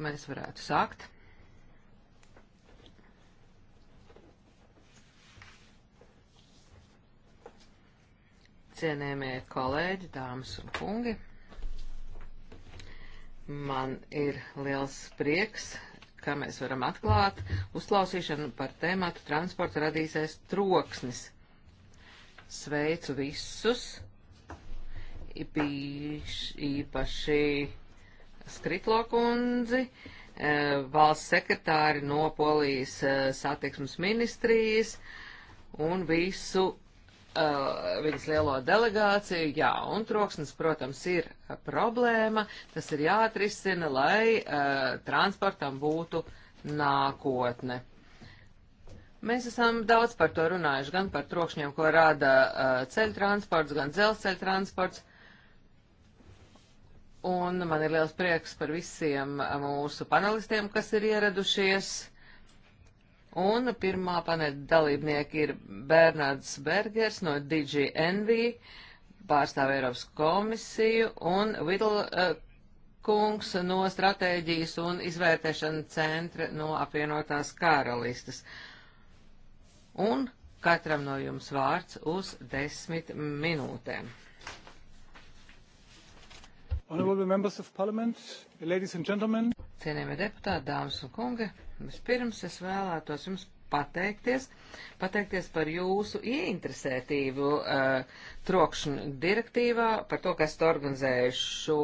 ka mēs varētu sākt. Cienējamie kolēģi, dāmas un kungi, man ir liels prieks, ka mēs varam atklāt uzklausīšanu par tēmatu transporta radīsies troksnis. Sveicu visus! īpaši Skritlo kundzi, e, valsts sekretāri no Polijas e, satiksmes ministrijas un visu Uh, viņas lielo delegāciju, jā, un troksnis, protams, ir problēma, tas ir jāatrisina, lai uh, transportam būtu nākotne. Mēs esam daudz par to runājuši, gan par trokšņiem, ko rada uh, ceļtransports, gan dzelzceļtransports, Un man ir liels prieks par visiem mūsu panelistiem, kas ir ieradušies. Un pirmā paneļa dalībnieki ir Bernards Bergers no DG Envy, pārstāv Eiropas komisiju, un Vidl uh, eh, kungs no stratēģijas un izvērtēšana centra no apvienotās karalistes. Un katram no jums vārds uz desmit minūtēm. Honorable members of parliament, ladies and gentlemen. Cienījamie deputāti, dāmas un kungi, vispirms es vēlētos jums pateikties, pateikties par jūsu ieinteresētību uh, trokšņu direktīvā, par to, ka esat organizējuši šo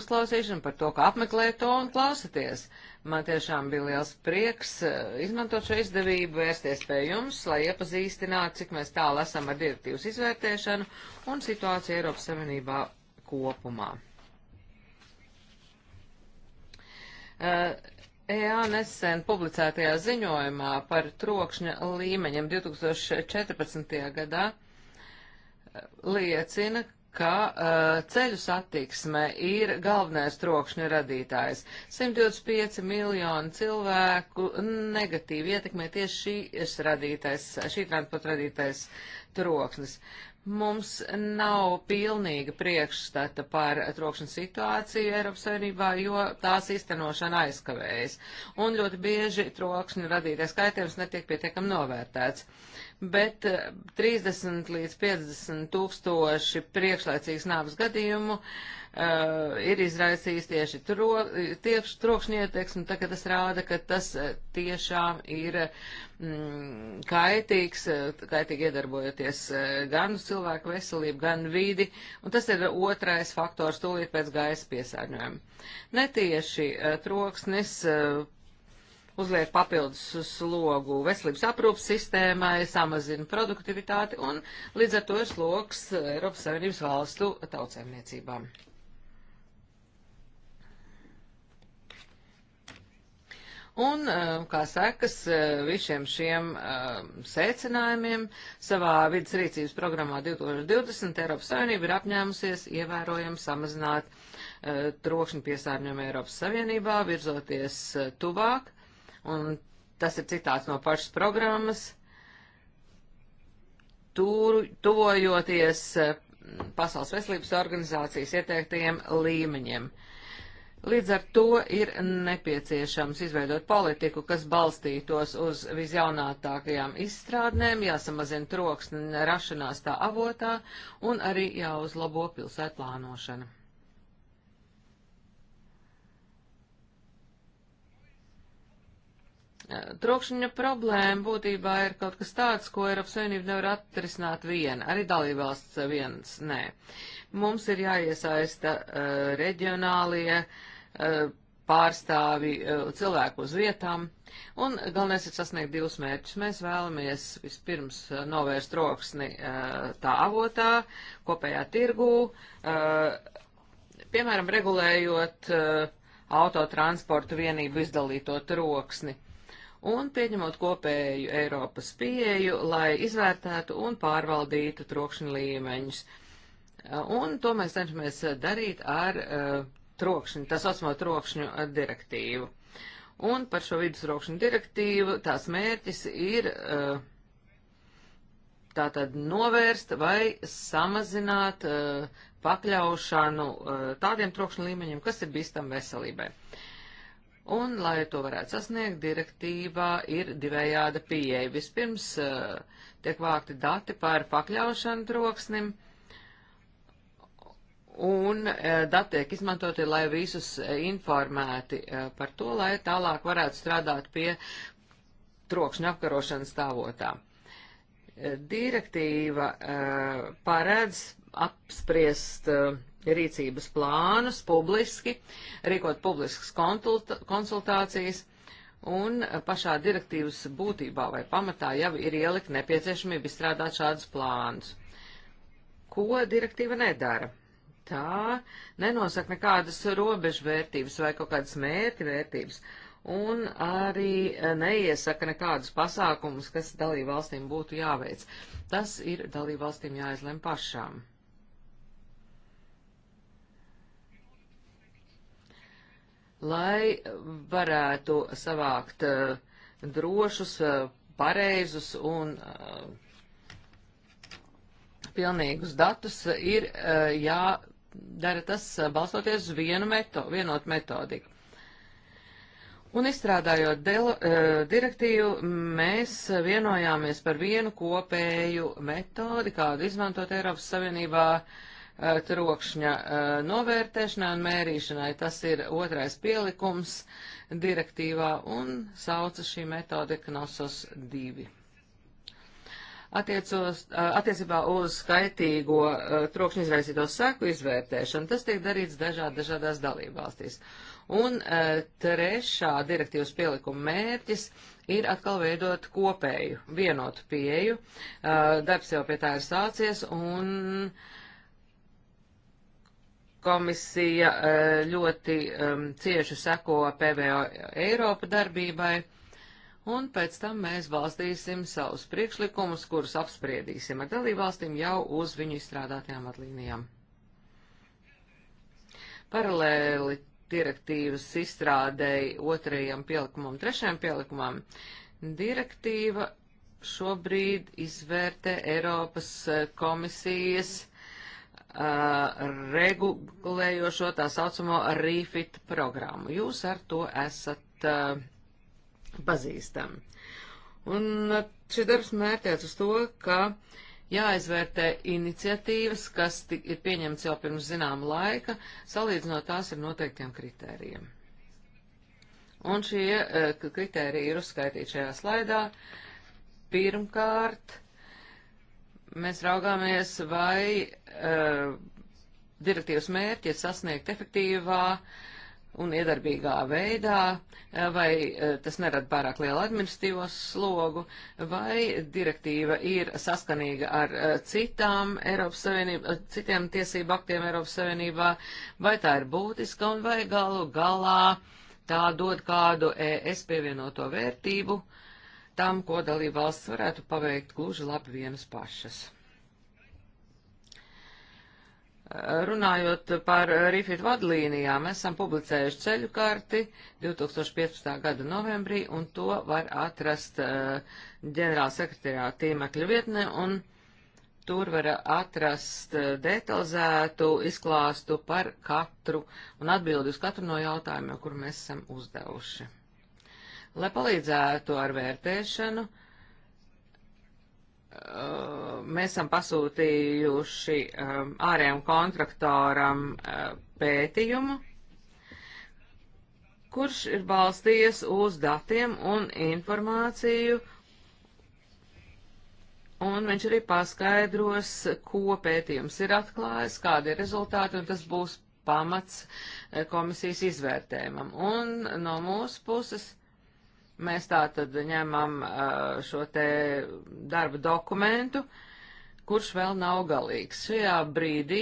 uzklausīšanu, par to, ka apmeklējat to un klausaties. Man tiešām bija liels prieks uh, izmantot šo izdevību, vērsties pie jums, lai iepazīstinātu, cik mēs tālu esam ar direktīvas izvērtēšanu un situāciju Eiropas Savienībā kopumā. EA eh, e nesen publicētajā ziņojumā par trokšņa līmeņiem 2014. gadā eh, liecina, ka uh, ceļu satiksme ir galvenais trokšņa radītājs. 125 miljonu cilvēku negatīvi ietekmē tieši šīs radītais, šī transporta radītais troksnis. Mums nav pilnīga priekšstata par trokšņa situāciju Eiropas Savienībā, jo tās īstenošana aizkavējas. Un ļoti bieži trokšņa radītais kaitējums netiek pietiekam novērtēts bet 30 eh, līdz 50 tūkstoši priekšlaicīgas nāves gadījumu uh, uh, ir izraisījis tieši tro, tieši trokšņa ietekmi, tagad tas rāda, ka tas uh, tiešām ir mm, kaitīgs, uh, kaitīgi iedarbojoties uh, gan uz cilvēku veselību, gan vidi, un tas ir otrais faktors tūlīt pēc gaisa piesārņojuma. Netieši uh, troksnis uh, uzliek papildus slogu veselības aprūpas sistēmai, samazina produktivitāti un līdz ar to ir sloks Eiropas Savienības valstu tautsēmniecībām. Un, uh, kā sekas uh, visiem šiem uh, secinājumiem, savā vidas rīcības programmā 2020 Eiropas Savienība ir apņēmusies ievērojami samazināt trokšņu piesārņojumu Eiropas Savienībā, virzoties tuvāk. Un tas ir citāts no pašas programmas tūru, tuvojoties Pasaules veselības organizācijas ieteiktajiem līmeņiem. Uh, Līdz ar to ir nepieciešams izveidot politiku, kas balstītos uz visjaunātākajām izstrādnēm, jāsamazina troksni rašanās tā avotā un arī jāuzlabo pilsētu plānošana. Trokšņa problēma būtībā ir kaut kas tāds, ko Eiropas Savienība nevar atrisināt viena, arī dalībvalsts viens nē. Mums ir jāiesaista uh, reģionālie uh, E, pārstāvi e, cilvēku uz vietām. Un galvenais ir sasniegt divus mērķus. Mēs vēlamies vispirms e, novērst troksni tā avotā, kopējā tirgū, piemēram, regulējot autotransportu vienību izdalīto troksni un pieņemot kopēju Eiropas pieeju, lai izvērtētu un pārvaldītu trokšņa līmeņus. Un to mēs cenšamies darīt ar uh, trokšņu, tas osmo trokšņu eh, direktīvu. Un par šo vidustrokšņu direktīvu tās mērķis ir uh, tātad novērst vai samazināt uh, pakļaušanu uh, tādiem trokšņu līmeņiem, kas ir bīstam veselībai. Un, lai to varētu sasniegt, direktīvā ir divējāda pieeja. Vispirms uh, tiek vākti dati par pakļaušanu troksnim, uh, un e, dati tiek izmantoti, lai visus e, informēti e, par to, lai tālāk varētu strādāt pie trokšņa apkarošanas stāvotā. Direktīva paredz apspriest rīcības plānus publiski, rīkot publiskas konsultācijas, un pašā direktīvas būtībā vai pamatā jau ir ielikt nepieciešamība izstrādāt šādus plānus. Ko direktīva nedara? tā nenosaka nekādas robežvērtības vai kaut kādas mērķvērtības, un arī eh, neiesaka nekādus pasākumus, kas dalību valstīm būtu jāveic. Tas ir dalību valstīm jāizlem pašām. Lai varētu savākt uh, drošus, uh, pareizus un uh, pilnīgus datus ir uh, jā, dara tas eh, balstoties uz vienu meto, vienotu metodiku. Un izstrādājot del, eh, direktīvu, mēs vienojāmies par vienu kopēju metodi, kādu izmantot Eiropas Savienībā eh, trokšņa novērtēšanai un mērīšanai. Tas ir otrais pielikums direktīvā un sauca šī metode Knosos 2. Attiecos, attiecībā uz skaitīgo trokšņu izraisīto seku izvērtēšanu, tas tiek darīts dažād, dažādās dalībvalstīs. Un trešā direktīvas pielikuma mērķis ir atkal veidot kopēju, vienotu pieju. Darbs jau pie tā ir sācies un komisija ļoti cieši seko PVO Eiropa darbībai un pēc tam mēs balstīsim savus priekšlikumus, kurus apspriedīsim ar dalībvalstīm jau uz viņu izstrādātajām atlīnijām. Paralēli direktīvas izstrādēji otrajam pielikumam, trešajam pielikumam, direktīva šobrīd izvērtē Eiropas eh, komisijas uh, regulējošo tā saucamo REFIT programmu. Jūs ar to esat uh, pazīstam. Un šis darbs mērķēts uz to, ka jāizvērtē iniciatīvas, kas ir pieņemts jau pirms zināma laika, salīdzinot tās ar noteiktiem kritērijiem. Un šie eh, kritēriji ir uzskaitīti šajā slaidā. Pirmkārt, mēs raugāmies, vai uh, direktīvas mērķi ir sasniegt efektīvā uh, un iedarbīgā veidā, eh, vai eh, tas nerada pārāk lielu administratīvo slogu, vai direktīva ir saskanīga ar eh, citām Eiropas Savienībā, citiem tiesību aktiem Eiropas Savienībā, vai tā ir būtiska un vai galu galā tā dod kādu ES pievienoto vērtību tam, ko dalība valsts varētu paveikt gluži labi vienas pašas. Runājot par Rifit vadlīnijām, mēs esam publicējuši ceļu karti 2015. gada novembrī, un to var atrast uh, eh, ģenerāla sekretārā tīmekļa vietne, un tur var atrast eh, detalizētu izklāstu par katru un atbildi uz katru no jautājumiem, kur mēs esam uzdevuši. Lai palīdzētu ar vērtēšanu, uh, mēs esam pasūtījuši um, ārējiem kontraktoram uh, pētījumu, kurš ir balstījies uz datiem un informāciju, un viņš arī paskaidros, ko pētījums ir atklājis, kādi ir rezultāti, un tas būs pamats uh, komisijas izvērtējumam. Un no mūsu puses Mēs tā tad ņemam uh, šo te darba dokumentu, kurš vēl nav galīgs. Šajā brīdī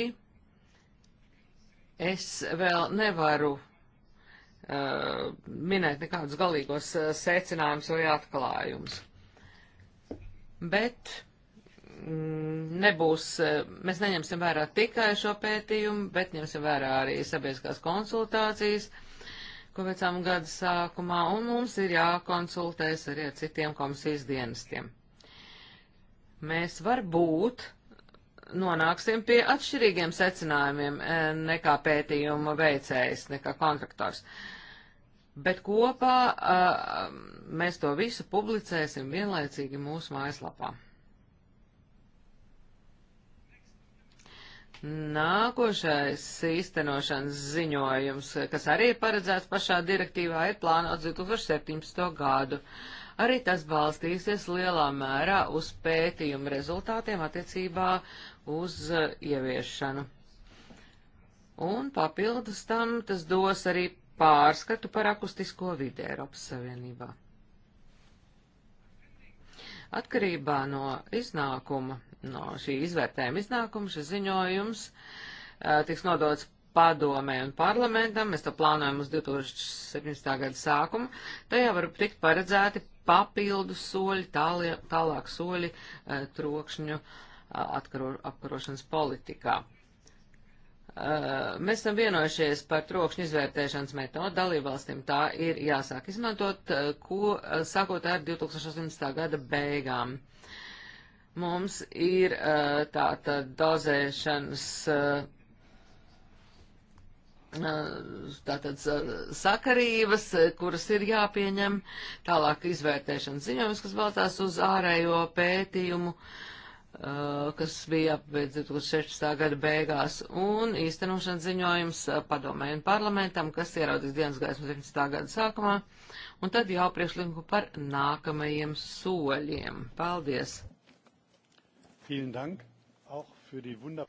es vēl nevaru uh, minēt nekādus galīgos uh, secinājumus vai atklājumus. Bet mm, nebūs, mēs neņemsim vērā tikai šo pētījumu, bet ņemsim vērā arī sabiedriskās konsultācijas. Uh, ko veicām gada sākumā, un mums ir jākonsultēs arī ar citiem komisijas dienestiem. Mēs varbūt nonāksim pie atšķirīgiem secinājumiem e, nekā pētījuma veicējs, nekā kontraktors. Bet kopā uh, mēs to visu publicēsim vienlaicīgi mūsu mājaslapā. Nākošais īstenošanas ziņojums, kas arī ir paredzēts pašā direktīvā, ir plānots 2017. gadu. Arī tas balstīsies lielā mērā uz pētījumu rezultātiem attiecībā uz uh, ieviešanu. Un papildus tam tas dos arī pārskatu par akustisko vidi Eiropas Savienībā. Atkarībā no iznākuma no šī izvērtējuma iznākuma šis ziņojums tiks nodots padomē un parlamentam, mēs to plānojam uz 2017. gada sākumu, tajā var tikt paredzēti papildu soļi, tālie, tālāk soļi trokšņu atkaro, apkarošanas politikā. Mēs esam vienojušies par trokšņu izvērtēšanas metodu. Dalībvalstīm tā ir jāsāk izmantot, ko sakot ar 2018. gada beigām. Uh, Mums ir eh, tāda dozēšanas eh, eh, tātad sakarības, kuras ir jāpieņem, tālāk izvērtēšanas ziņojums, kas balstās uz ārējo pētījumu, kas bija apmēram 2016. gada beigās, un īstenošanas ziņojums padomē un parlamentam, kas ieraudīs dienas gaismu 17. gada sākumā, un tad jau priekšlikumu par nākamajiem soļiem. Paldies! Vielen Dank auch für die wunder...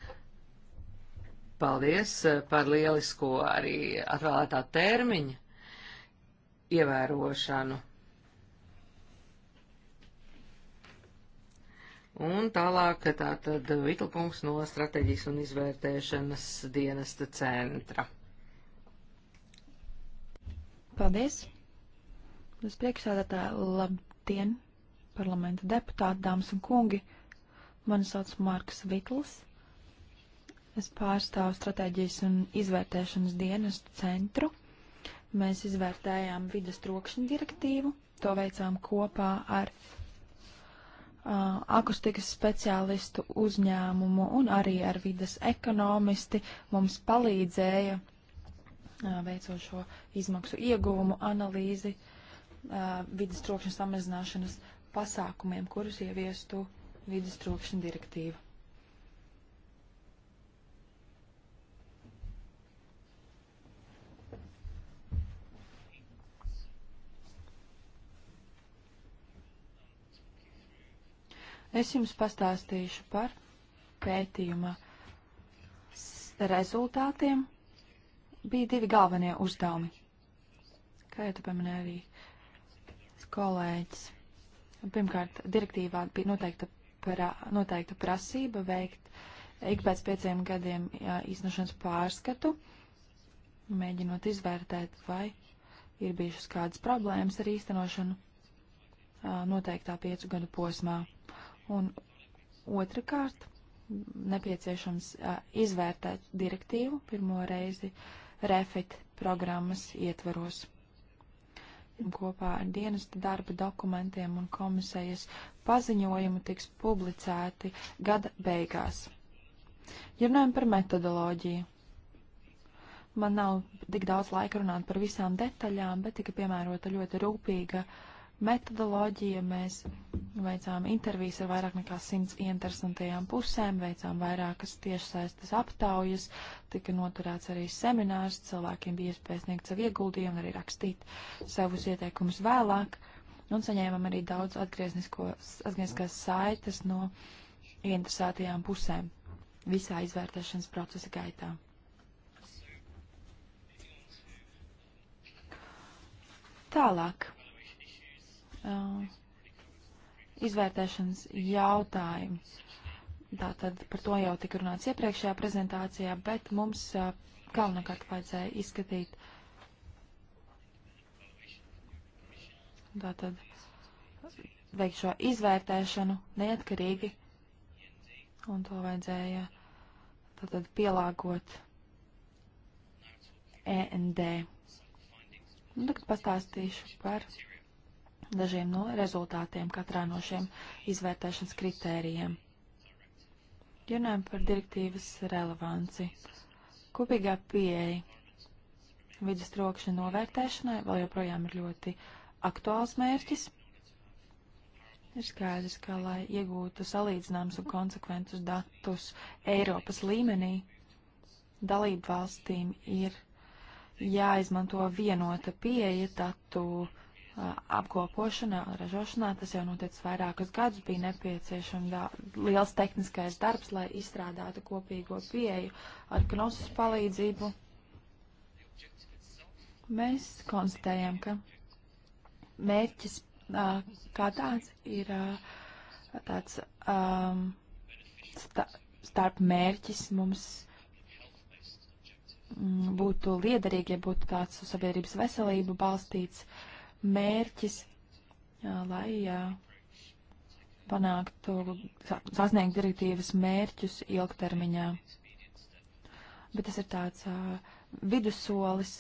Paldies eh, par lielisko arī atvēlētā termiņa ievērošanu. Un tālāk eh, tātad Vitlkungs no strateģijas un izvērtēšanas dienesta centra. Paldies! Uz priekšsēdētāju labdien, parlamenta deputāti, dāmas un kungi! Mani sauc Marks Vitls. Es pārstāvu stratēģijas un izvērtēšanas dienestu centru. Mēs izvērtējām vidas trokšņa direktīvu. To veicām kopā ar uh, akustikas speciālistu uzņēmumu un arī ar vidas ekonomisti. Mums palīdzēja uh, veicot šo izmaksu ieguvumu analīzi uh, vidas trokšņa samazināšanas pasākumiem, kurus ieviestu uh, vidas trokšņa direktīva. Es jums pastāstīšu par pētījuma rezultātiem. Bija divi galvenie uzdevumi, kā jau tu pieminēji arī kolēģis. Pirmkārt, direktīvā bija noteikta pra, noteikta prasība veikt ik pēc pieciem gadiem jā, īstenošanas pārskatu, mēģinot izvērtēt, vai ir bijušas kādas problēmas ar īstenošanu jā, noteiktā piecu gadu posmā. Un otrkārt, nepieciešams jā, izvērtēt direktīvu pirmo reizi refit programmas ietvaros kopā ar dienas darba dokumentiem un komisijas paziņojumu tiks publicēti gada beigās. Ja runājam par metodoloģiju, man nav tik daudz laika runāt par visām detaļām, bet tika piemērota ļoti rūpīga uh, metodoloģija. Mēs veicām intervijas ar vairāk nekā simts interesantajām pusēm, veicām vairākas tiešsaistes aptaujas, tika noturēts arī seminārs, cilvēkiem bija iespēja sniegt savu ieguldījumu, arī rakstīt savus ieteikumus vēlāk, un saņēmām arī daudz atgriezniskās saites no interesētajām pusēm visā izvērtēšanas procesa gaitā. Tālāk uh, izvērtēšanas jautājumu. Tātad par to jau tika runāts iepriekšējā prezentācijā, bet mums uh, galvenokārt vajadzēja izskatīt tātad veikt šo izvērtēšanu neatkarīgi, un to vajadzēja tātad pielāgot END. Un tagad pastāstīšu par dažiem no rezultātiem katrā no šiem izvērtēšanas kritērijiem. Runājam par direktīvas relevanci. Kopīgā pieeja vidusstrokšņa novērtēšanai vēl joprojām ir ļoti aktuāls mērķis. Ir skaidrs, ka, lai iegūtu salīdzināmus un konsekventus datus Eiropas līmenī, dalību valstīm ir jāizmanto vienota pieeja datu apkopošanā, ražošanā. Tas jau notiek vairākus gadus, bija nepieciešams liels tehniskais darbs, lai izstrādātu kopīgo pieeju ar Knosas palīdzību. Mēs konstatējam, ka mērķis uh, kā tāds ir uh, tāds um, sta starp mērķis mums būtu liederīgi, ja būtu tāds uz sabiedrības veselību balstīts uh, mērķis, lai panāktu, sasniegt direktīvas mērķus ilgtermiņā. Bet tas ir tāds vidussolis,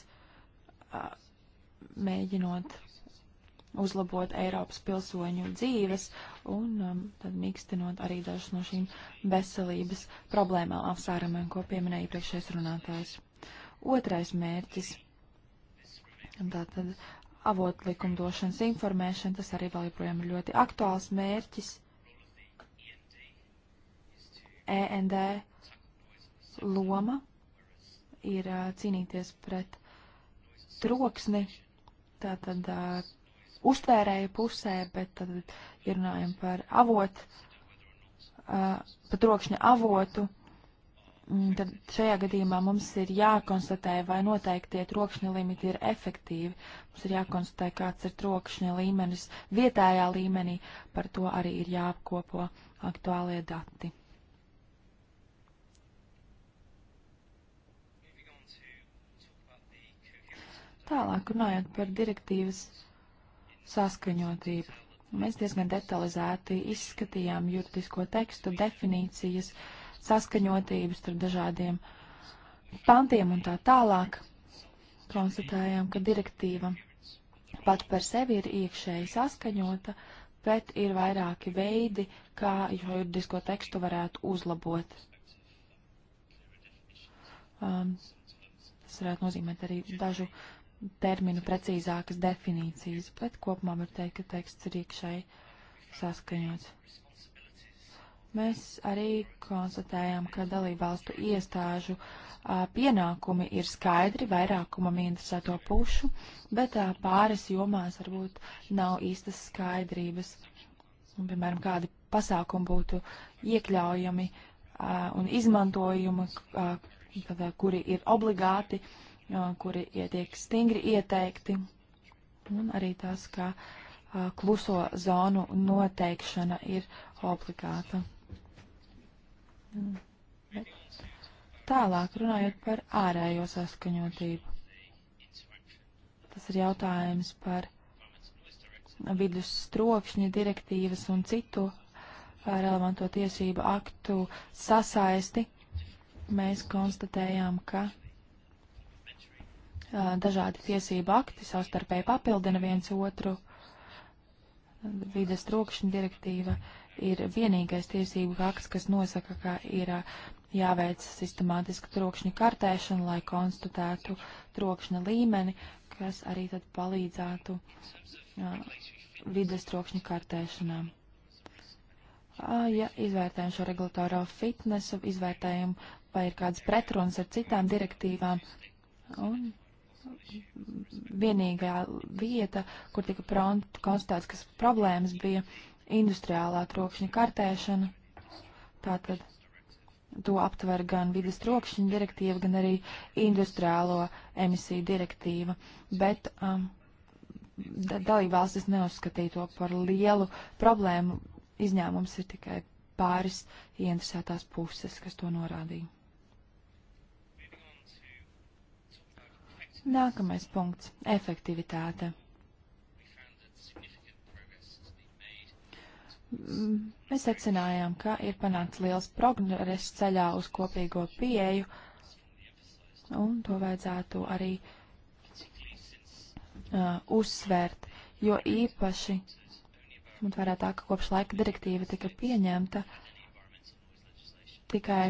mēģinot uzlabot Eiropas pilsoņu dzīves un um, tad mīkstinot arī dažas no šīm veselības problēmām apsārumiem, ko pieminēja iepriekšējais runātājs. Otrais mērķis. Tātad avotlikumdošanas informēšana, tas arī vēl joprojām ir ļoti aktuāls mērķis. END loma ir uh, cīnīties pret troksni, tātad uh, uztvērēju pusē, bet tad runājam par avotu, uh, par trokšņa avotu, tad šajā gadījumā mums ir jākonstatē, vai noteiktie trokšņa limiti ir efektīvi. Mums ir jākonstatē, kāds ir trokšņa līmenis vietējā līmenī, par to arī ir jāapkopo aktuālie dati. Tālāk runājot par direktīvas saskaņotību. Mēs diezgan detalizēti izskatījām juridisko tekstu definīcijas, uh, saskaņotības starp dažādiem pantiem un tā tālāk. Konstatējām, ka direktīva pat par sevi ir iekšēji saskaņota, bet ir vairāki veidi, kā juridisko tekstu varētu uzlabot. Um, tas varētu nozīmēt arī dažu terminu precīzākas definīcijas, bet kopumā var teikt, ka teksts ir iekšēji saskaņots. Mēs arī konstatējām, ka dalībvalstu iestāžu a, pienākumi ir skaidri vairākumam interesēto pušu, bet a, pāris jomās varbūt nav īstas skaidrības. Un, piemēram, kādi pasākumi būtu iekļaujami a, un izmantojumi, tādā, kuri ir obligāti, kuri tiek stingri ieteikti, un arī tas, ka kluso zonu noteikšana ir obligāta. Bet tālāk runājot par ārējo saskaņotību. Tas ir jautājums par vidus stropšņa direktīvas un citu eh, relevanto tiesību aktu sasaisti. Mēs konstatējām, ka eh, dažādi tiesību akti savstarpēji papildina viens otru. Vides trokšņa direktīva uh, ir vienīgais tiesību akts, kas nosaka, ka ir jāveic sistemātiska trokšņa kartēšana, lai konstatētu trokšņa līmeni, kas arī tad palīdzētu vides trokšņa kartēšanā. Ja izvērtējam šo regulatoro fitnesu, izvērtējam, vai ir kādas pretrunas ar citām direktīvām, un vienīgā vieta, kur tika konstatēts, kas problēmas bija industriālā trokšņa kartēšana. Tātad to aptver gan vidas trokšņa direktīva, gan arī industriālo emisiju direktīva. Bet um, da dalībvalstis neuzskatīja to par lielu problēmu. Izņēmums ir tikai pāris ieinteresētās puses, kas to norādīja. Nākamais punkts - efektivitāte. Mēs secinājām, ka ir panākts liels progress ceļā uz kopīgo pieeju, un to vajadzētu arī uh, uzsvērt, jo īpaši, un varētu tā, ka kopš laika direktīva tika pieņemta, tikai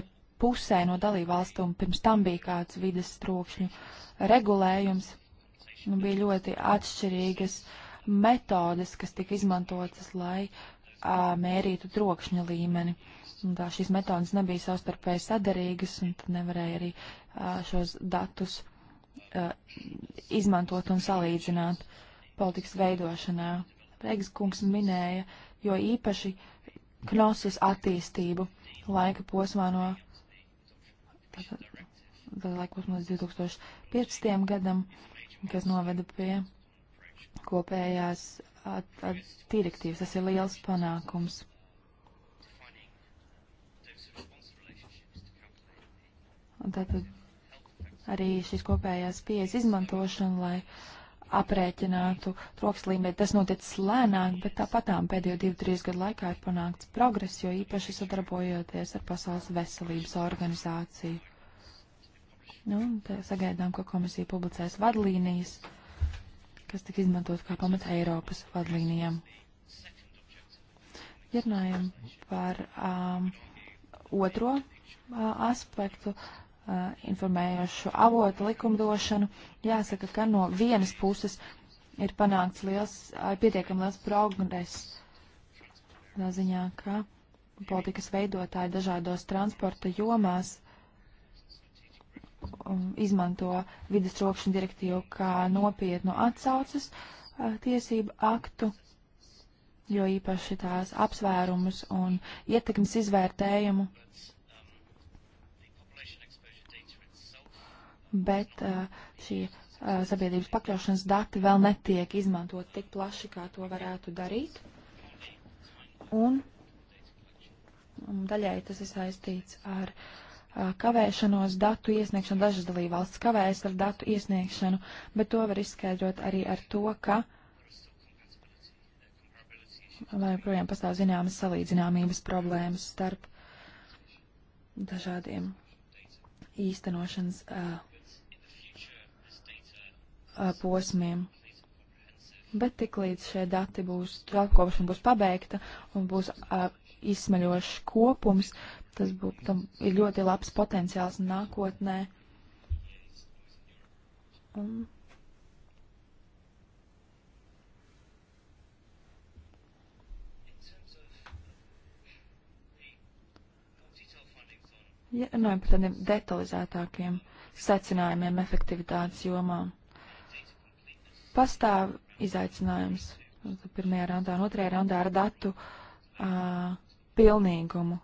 pusē no dalībvalstu, un pirms tam bija kāds vides trokšņu regulējums, un bija ļoti atšķirīgas metodes, kas tika izmantotas, lai uh, a, mērītu trokšņa līmeni. Un tā šīs metodas nebija savstarpēji sadarīgas, un tad nevarēja arī a, šos datus a, izmantot un salīdzināt politikas veidošanā. Reigas kungs minēja, jo īpaši Knosis attīstību laika posmā no tātad, tātad laika posmā līdz 2015. gadam, kas noveda pie kopējās at, at direktīvas. Tas ir liels panākums. Un tātad arī šīs kopējās pieejas izmantošana, lai aprēķinātu trokslīm, bet tas noticis lēnāk, bet tāpatām pēdējo divu, trīs gadu laikā ir panākts progress, jo īpaši sadarbojoties ar Pasaules veselības organizāciju. Nu, sagaidām, ka komisija publicēs vadlīnijas. Uh, kas tika izmantot kā pamats Eiropas vadlīnijām. Ja runājam par um, otro uh, aspektu, uh, informējošu avotu likumdošanu, jāsaka, ka no vienas puses ir panākts liels, uh, pietiekam liels progress. Tā ziņā, ka politikas veidotāji dažādos transporta jomās uh, Um, izmanto vidas trokšņa direktīvu kā nopietnu atsaucas uh, tiesību aktu, jo īpaši tās apsvērumus un ietekmes izvērtējumu. Bet uh, šie uh, sabiedrības pakļaušanas dati vēl netiek izmantot tik plaši, kā to varētu darīt. Un um, daļai tas ir saistīts ar uh, kavēšanos datu iesniegšanu, dažas dalībvalstis kavējas ar datu iesniegšanu, bet to var izskaidrot arī ar to, ka vai projām pastāv zināmas salīdzināmības problēmas starp dažādiem īstenošanas uh, uh, posmiem. Bet tiklīdz šie dati būs, apkopšana būs pabeigta un būs uh, izsmeļošs kopums, Tas būtu, tam ir ļoti labs potenciāls nākotnē. Un Ja runājam par tādiem detalizētākiem secinājumiem efektivitātes jomā, pastāv izaicinājums pirmajā randā un otrajā randā ar datu uh, pilnīgumu.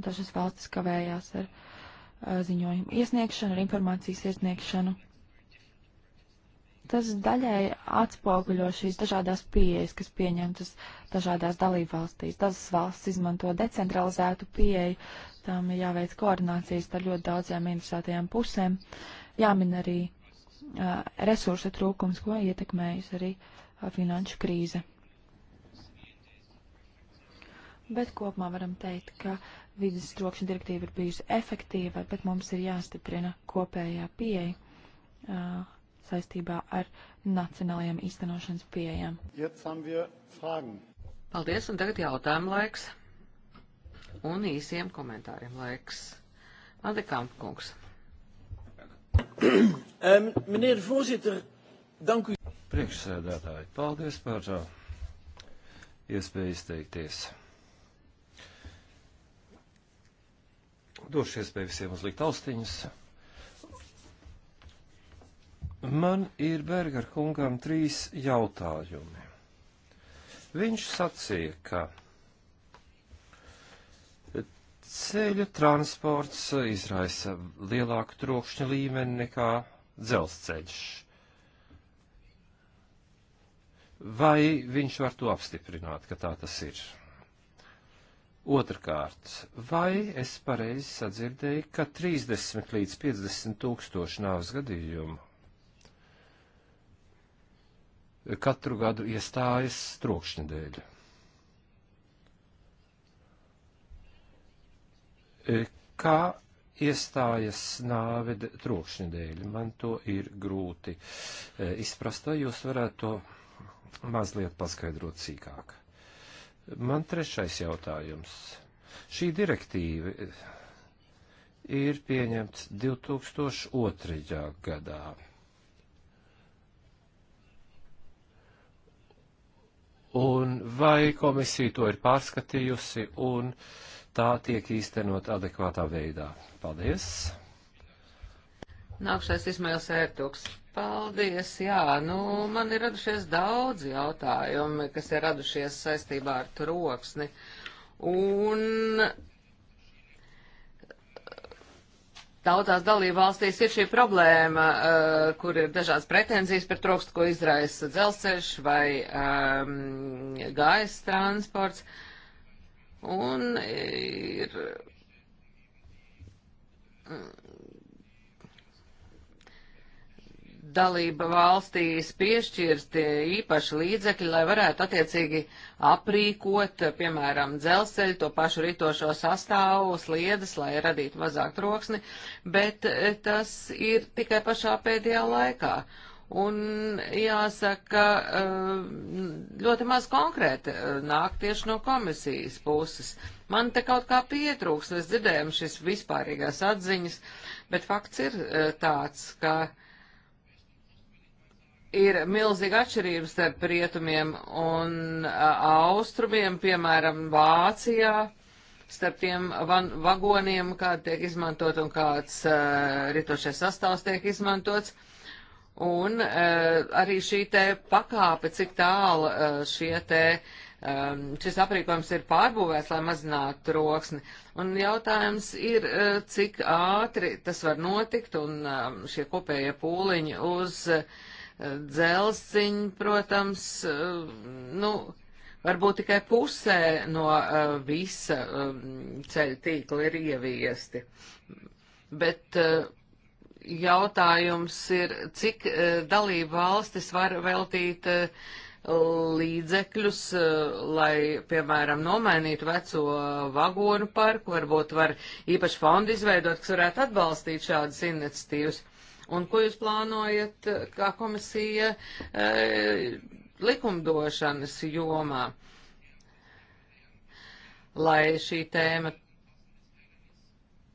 Dažas valstis kavējās ar ziņojumu iesniegšanu, ar informācijas iesniegšanu. Tas daļai atspoguļo šīs dažādās pieejas, kas pieņemtas dažādās dalībvalstīs. Dažas valstis izmanto decentralizētu pieeju, tām ir jāveic koordinācijas par ļoti daudzām interesētajām pusēm. Jāmin arī uh, resursa trūkums, ko ietekmējas arī uh, finanšu krīze bet kopumā varam teikt, ka vidas trokšņa direktīva ir bijusi efektīva, bet mums ir jāstiprina kopējā pieeja uh, saistībā ar nacionālajiem īstenošanas pieejām. Paldies, un tagad jautājumu laiks un īsiem komentāriem laiks. Andi Kampkungs. Ehm, meneer de voorzitter, dank u. Priekšsēdētāji, paldies par iespēju izteikties. došu iespēju visiem uzlikt austiņas. Man ir Berger kungam trīs jautājumi. Viņš sacīja, ka ceļu transports izraisa lielāku trokšņa līmeni nekā dzelzceļš. Vai viņš var to apstiprināt, ka tā tas ir? Otrakārt, vai es pareizi sadzirdēju, ka 30 līdz 50 tūkstoši nāvs gadījumu katru gadu iestājas strokšņa dēļ? E, kā iestājas nāve trokšņa dēļ? Man to ir grūti e, izprast, vai jūs varētu to mazliet paskaidrot sīkāk. Man trešais jautājums. Šī direktīva ir pieņemts 2002. gadā. Un vai komisija to ir pārskatījusi un tā tiek īstenot adekvātā veidā? Paldies! Nākšais Ismails Ērtoks. Paldies, jā, nu man ir radušies daudz jautājumi, kas ir radušies saistībā ar troksni. Un daudzās dalībvalstīs ir šī problēma, uh, kur ir dažādas pretenzijas par trokstu, ko izraisa dzelzceļš vai um, gaisa transports. Un ir. Um, dalība valstīs piešķirti īpaši līdzekļi, lai varētu attiecīgi aprīkot, piemēram, dzelzceļu, to pašu ritošo sastāvu, sliedas, lai radītu mazāk troksni, bet e, tas ir tikai pašā pēdējā laikā. Un jāsaka, e, ļoti maz konkrēti e, nāk tieši no komisijas puses. Man te kaut kā pietrūks, mēs dzirdējam šis vispārīgās atziņas, bet fakts ir tāds, ka ir milzīga atšķirība starp rietumiem un austrumiem, piemēram, Vācijā, starp tiem van, vagoniem, kāda tiek izmantot un kāds uh, ritošais sastāvs tiek izmantots. Un uh, arī šī te pakāpe, cik tālu uh, šie te, um, šis aprīkojums ir pārbūvēts, lai mazinātu troksni. Un jautājums ir, uh, cik ātri tas var notikt un um, šie kopējie pūliņi uz uh, dzelziņi, protams, eh, nu, varbūt tikai pusē no eh, visa eh, ceļa tīkla ir ieviesti. Bet jautājums ir, cik dalību valstis var veltīt līdzekļus, lai, piemēram, nomainītu veco vagonu parku, varbūt var īpaši fondu izveidot, kas varētu atbalstīt šādas iniciatīvas. Un ko jūs plānojat eh, kā komisija e, likumdošanas jomā, lai šī tēma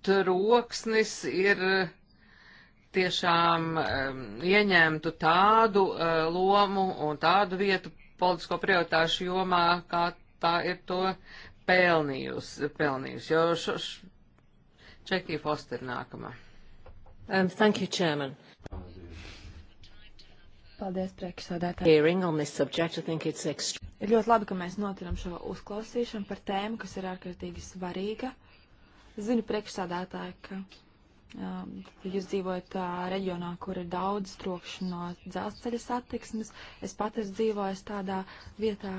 troksnis ir eh, tiešām e, ieņemtu tādu e, lomu un tādu vietu politisko prioritāšu jomā, kā tā ir to pelnījusi, pelnījusi jo šo, Čekija Foster nākamā. Um, thank you, Chairman. Paldies, priekšsādātāji. Ir ļoti labi, ka mēs noturam šo uzklausīšanu par tēmu, kas ir ārkārtīgi svarīga. Zinu, priekšsādātāji, ka um, jūs dzīvojat uh, reģionā, kur ir daudz trokšņu no dzelzceļa satiksmes. Es pat es dzīvoju tādā vietā,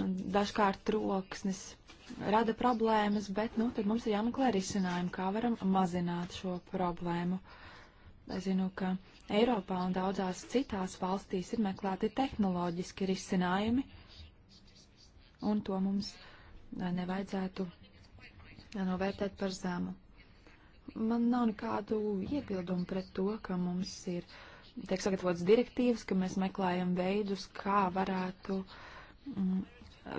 um, dažkārt troksnis rada problēmas, bet nu, tad mums ir jāmeklē risinājumi, kā varam mazināt šo problēmu. Es zinu, ka Eiropā un daudzās citās valstīs ir meklēti tehnoloģiski risinājumi, un to mums eh, nevajadzētu novērtēt par zemu. Man nav nekādu iebildumu pret to, ka mums ir tiek sagatavotas direktīvas, ka mēs meklējam veidus, kā varētu mm,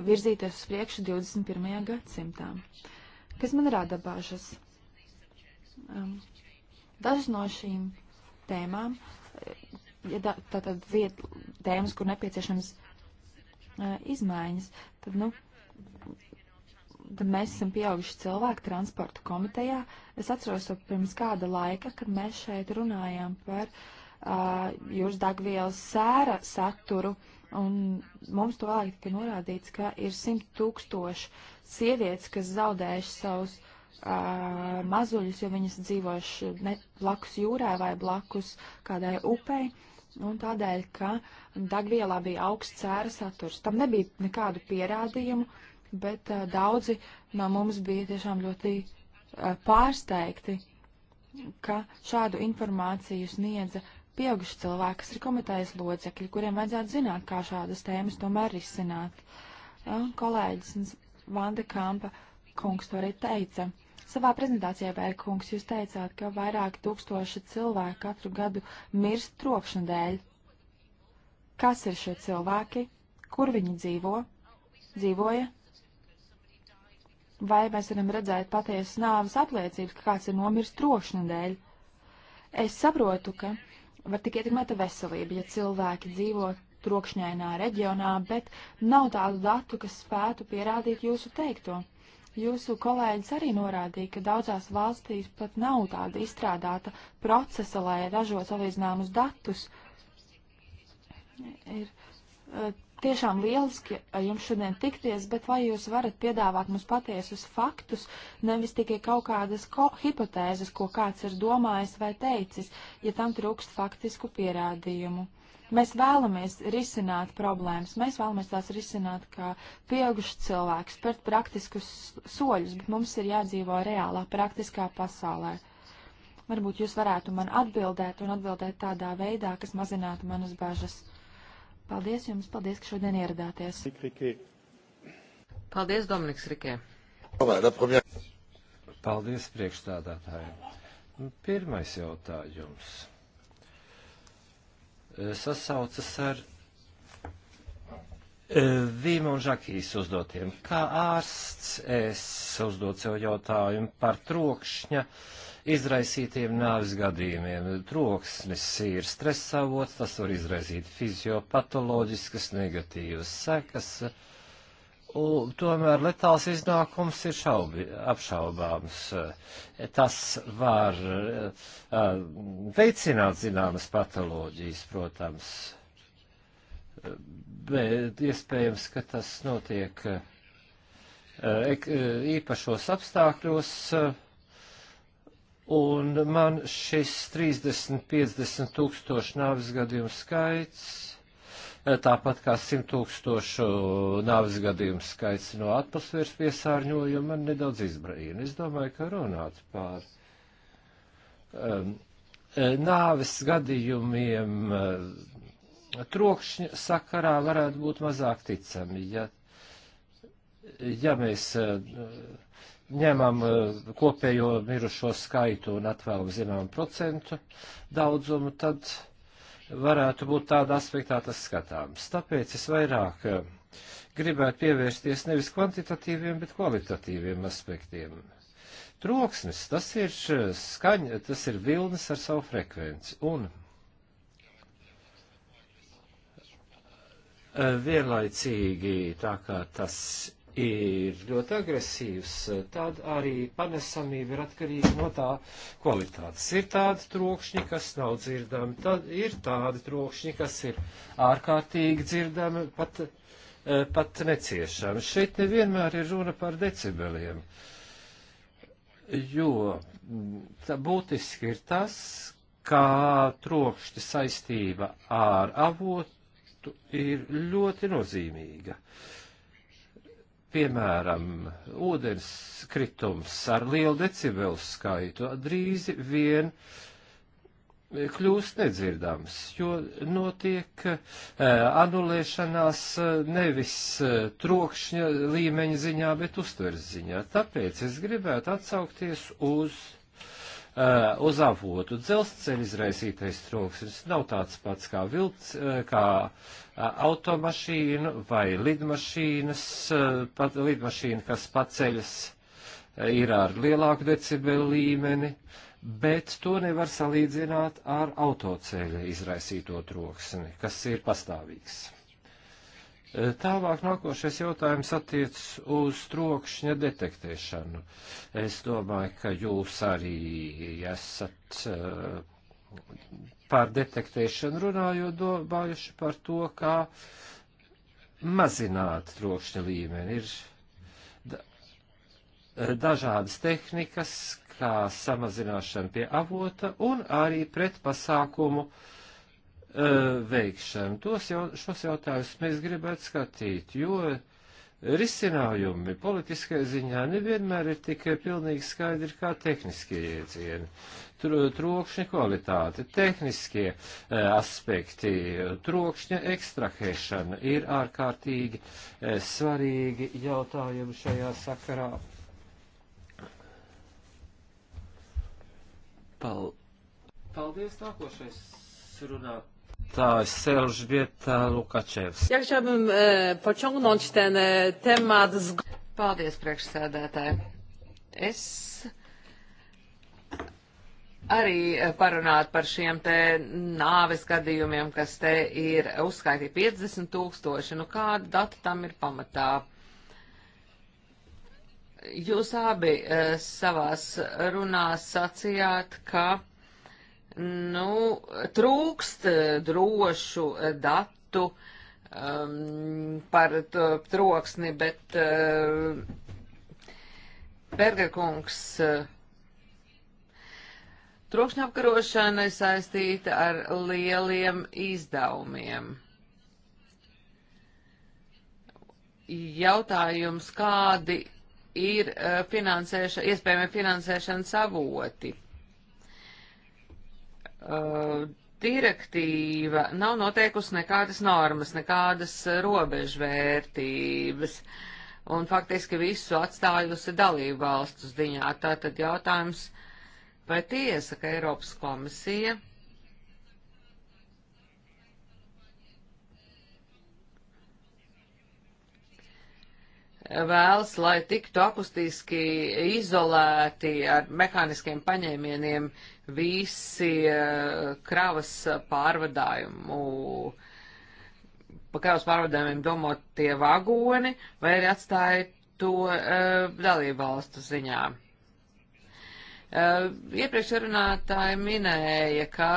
virzīties uz priekšu 21. gadsimtā. Kas man rada bažas? Um, dažas no šīm tēmām, ja da, tā tad viet tēmas, kur nepieciešams uh, izmaiņas, tad, nu, tad mēs esam pieauguši cilvēku transporta komitejā. Es atceros, ka pirms kāda laika, kad mēs šeit runājām par uh, jūras dagvielas sēra saturu, uh, Un mums to laiku tika norādīts, ka ir simt tūkstoši sievietes, kas zaudējuši savus uh, mazuļus, jo viņas dzīvojuši ne, blakus jūrā vai blakus kādai upei. Un tādēļ, ka dagvielā bija augsts cēra saturs. Tam nebija nekādu pierādījumu, bet uh, daudzi no mums bija tiešām ļoti uh, pārsteigti, ka šādu informāciju sniedza pieauguši cilvēki, kas ir komitejas locekļi, kuriem vajadzētu zināt, kā šādas tēmas tomēr risināt. Ja, kolēģis Vanda Kampa kungs to arī teica. Savā prezentācijā, Bērk kungs, jūs teicāt, ka vairāki tūkstoši cilvēki katru gadu mirst trokšņa dēļ. Kas ir šie cilvēki? Kur viņi dzīvo? Dzīvoja? Vai mēs varam redzēt patiesas nāves apliecības, ka kāds ir nomirs trokšņa dēļ? Es saprotu, ka var tik ietekmēta veselība, ja cilvēki dzīvo trokšņainā reģionā, bet nav tādu datu, kas spētu pierādīt jūsu teikto. Jūsu kolēģis arī norādīja, ka daudzās valstīs pat nav tāda izstrādāta procesa, lai ražot salīdzināmus datus. Ir eh, tiešām lieliski eh, jums šodien tikties, bet vai jūs varat piedāvāt mums patiesus faktus, nevis tikai kaut kādas ko hipotēzes, ko kāds ir domājis vai teicis, ja tam trūkst faktisku pierādījumu? Mēs vēlamies risināt problēmas, mēs vēlamies tās risināt kā pieaugušs cilvēks, spērt praktiskus soļus, bet mums ir jādzīvo reālā, praktiskā pasaulē. Varbūt jūs varētu man atbildēt un atbildēt tādā veidā, kas mazinātu manas bažas. Paldies jums, paldies, ka šodien ieradāties. Paldies, Dominiks Rikē. Paldies, priekšstādātāji. Nu, pirmais jautājums e, sasaucas ar e, Vīma un Žakīs uzdotiem. Kā ārsts es uzdotu sev jautājumu par trokšņa uh, izraisītiem nāvis gadījumiem. Troksnis ir stresavots, tas var izraisīt fiziopatoloģiskas negatīvas sekas. Un, tomēr letāls iznākums ir šaubi, apšaubāms. Tas var veicināt zināmas patoloģijas, protams, bet iespējams, ka tas notiek īpašos apstākļos. Uh, Un man šis 30-50 tūkstoši nāvis gadījumu skaits, eh, tāpat kā 100 tūkstošu nāvis gadījumu skaits no atmosfēras piesārņojuma, man nedaudz izbrīna. Es domāju, ka runāt par um, ehm, eh, nāvis gadījumiem um, trokšņa sakarā varētu būt mazāk ticami, ja, ja mēs. Uh, ņemam eh, kopējo mirušo skaitu un atvēlam zinām procentu daudzumu, tad varētu būt tādā aspektā tas skatāms. Tāpēc es vairāk eh, gribētu pievērsties nevis kvantitatīviem, bet kvalitatīviem aspektiem. Troksnis, tas ir eh, skaņa, tas ir vilnis ar savu frekvenci. Un vienlaicīgi, tā kā tas ir ļoti agresīvs, tad arī panesamība ir atkarīga no tā kvalitātes. Ir tādi trokšņi, kas nav dzirdami, tad ir tādi trokšņi, kas ir ārkārtīgi dzirdami, pat, eh, pat neciešami. Šeit nevienmēr ir runa par decibeliem, jo mm, tā būtiski ir tas, kā trokšņa saistība ar avotu ir ļoti nozīmīga. Uh, piemēram, ūdens kritums ar lielu decibelu skaitu drīz vien kļūst nedzirdams, jo notiek uh, anulēšanās eh, nevis uh, trokšņa līmeņa ziņā, bet uztvers ziņā. Tāpēc es gribētu atsaukties uz uh, uz avotu. Dzelzceļa izraisītais troksnis nav tāds pats kā vilts, uh, kā uh, automašīnu vai lidmašīnas, uh, pat, lidmašīna, kas paceļas, uh, ir ar lielāku decibelu līmeni, bet to nevar salīdzināt ar autoceļa izraisīto troksni, kas ir pastāvīgs. Tālāk nākošais jautājums attiec uz trokšņa detektēšanu. Es domāju, ka jūs arī esat eh, par detektēšanu runājot, domājuši par to, kā mazināt trokšņa līmeni. Ir eh, dažādas tehnikas, kā samazināšana pie avota un arī pretpasākumu uh, veikšanu. Tos jau, šos jautājumus mēs gribētu skatīt, jo risinājumi politiskai ziņā nevienmēr ir tikai pilnīgi skaidri kā tehniskie jēdzieni. Trokšņa kvalitāte, tehniskie e, aspekti, trokšņa ekstrahēšana ir ārkārtīgi e, svarīgi jautājumi šajā sakarā. Pal Paldies, nākošais runāt. Tājs Selž vietā Lukačevs. Ja chciałbym e, pociągnąć ten e, temat z... Paldies, priekšsēdētāji. Es arī parunāt par šiem te nāves gadījumiem, kas te ir uzskaitīti 50 tūkstoši. Nu, kāda data tam ir pamatā? Jūs abi e, savās runās sacījāt, ka nu, trūkst eh, drošu eh, datu um, par to troksni, bet uh, eh, Bergerkungs. Uh, Trokšņa apkarošana ir saistīta ar lieliem izdevumiem. Jautājums, kādi ir uh, finansēša, iespējami finansēšanas avoti? Uh, direktīva nav noteikusi nekādas normas, nekādas robežvērtības. Un faktiski visu atstājusi dalību valstu ziņā. Tātad jautājums, vai tiesa, ka Eiropas komisija vēlas, lai tiktu akustiski izolēti ar mehāniskiem paņēmieniem uh, visi eh, kravas pārvadājumu, pa kravas pārvadājumiem domotie vagoni, vai arī atstāja to uh, dalību valstu ziņā. Uh, iepriekš runātāji minēja, ka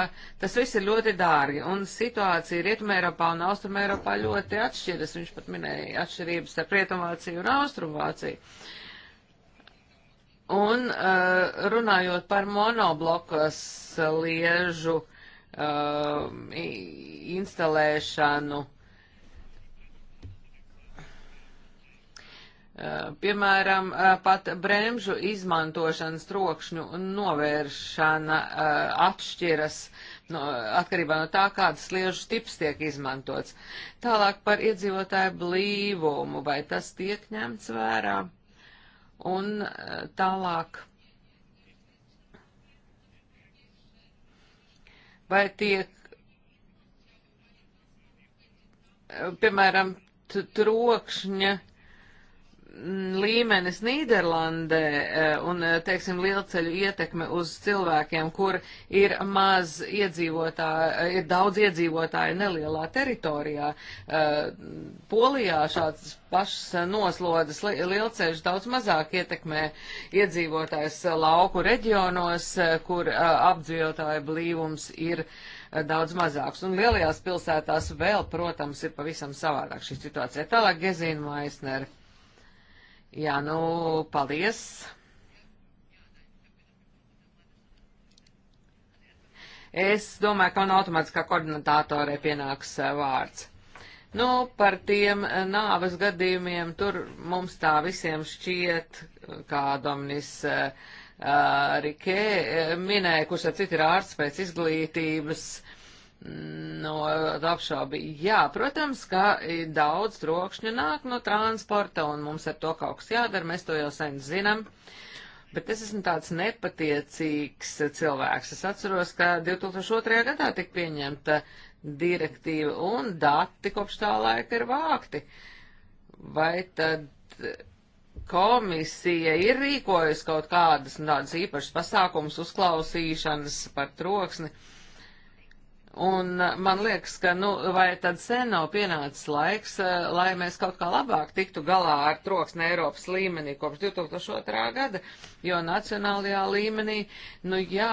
tas viss ir ļoti dārgi, un situācija Rietumēropā un Austrumēropā ļoti atšķiras. Viņš pat minēja atšķirības starp Rietumvāciju un Austrumvāciju. Uh, Un eh, runājot par monoblokas liežu eh, instalēšanu, eh, Piemēram, pat bremžu izmantošanas trokšņu novēršana atšķiras no, atkarībā no tā, kādas sliežu tips tiek izmantots. Tālāk par iedzīvotāju blīvumu, vai tas tiek ņemts vērā? un eh, tālāk. Vai tiek, eh, piemēram, trokšņa līmenis Nīderlandē e, un, e, teiksim, lielceļu ietekme uz cilvēkiem, kur ir maz iedzīvotāji, e, ir daudz iedzīvotāju nelielā teritorijā. Polijā šāds pašas noslodzes lielceļš daudz mazāk ietekmē iedzīvotājs lauku reģionos, kur apdzīvotāju blīvums ir daudz mazāks. Un lielajās pilsētās vēl, protams, ir pavisam savādāk šī situācija. Tālāk Gezīna Maisneri. Jā, nu, paldies. Es domāju, ka man automātiskā koordinatātorē pienāks eh, vārds. Nu, par tiem eh, nāves gadījumiem tur mums tā visiem šķiet, kā Dominis uh, Rikē minēja, kurš ar citu ir ārsts pēc izglītības, No apšaubi. Jā, protams, ka daudz trokšņa nāk no transporta un mums ar to kaut kas jādara, mēs to jau sen zinām. Bet es esmu tāds nepatiecīgs cilvēks. Es atceros, ka 2002. gadā tika pieņemta direktīva un dati kopš tā laika ir vākti. Vai tad komisija ir rīkojusi kaut kādas un tādas īpašas pasākumas, uzklausīšanas par troksni? Uh, Un eh, man liekas, ka, nu, vai tad sen nav pienācis laiks, eh, lai mēs kaut kā labāk tiktu galā ar troksni Eiropas līmenī kopš 2002. gada, jo nacionālajā līmenī, nu jā,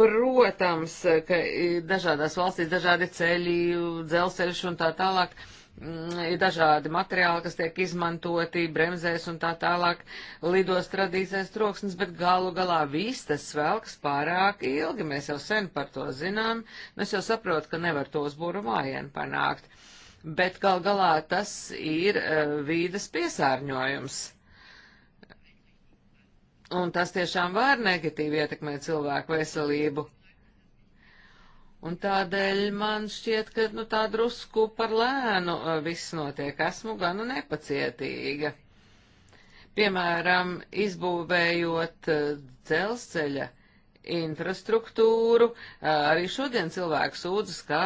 protams, ka dažādās valstīs dažādi ceļi, dzelzceļš un tā tālāk. Uh, Mm, ir dažādi materiāli, kas tiek izmantoti, bremzēs un tā tālāk, lidos tradīsies troksnis, bet galu galā viss tas velks pārāk ilgi. Mēs jau sen par to zinām, mēs jau saprotu, ka nevar to uzbūru mājienu panākt. Bet gal galā tas ir uh, e, vīdas piesārņojums. Un tas tiešām var negatīvi ietekmēt cilvēku veselību. Un tādēļ man šķiet, ka nu, tā drusku par lēnu viss notiek. Esmu gana nepacietīga. Piemēram, izbūvējot dzelzceļa infrastruktūru, arī šodien cilvēks sūdzas, ka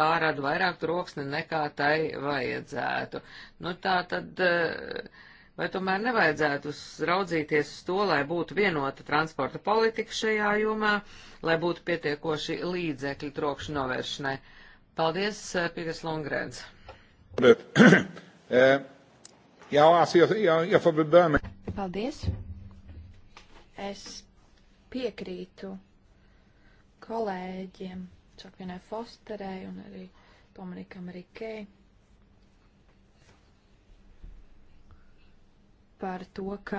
tā rada vairāk troksni nekā tai vajadzētu. Nu, tā tad. Uh, Vai tomēr nevajadzētu raudzīties uz to, lai būtu vienota transporta politika šajā jomā, lai būtu pietiekoši līdzekļi trokšu novēršanai? Paldies, eh, Pīters Lungrēns. Eh, Paldies. Es piekrītu kolēģiem Čakvienai Fosterei un arī Dominikam Rikei. par to, ka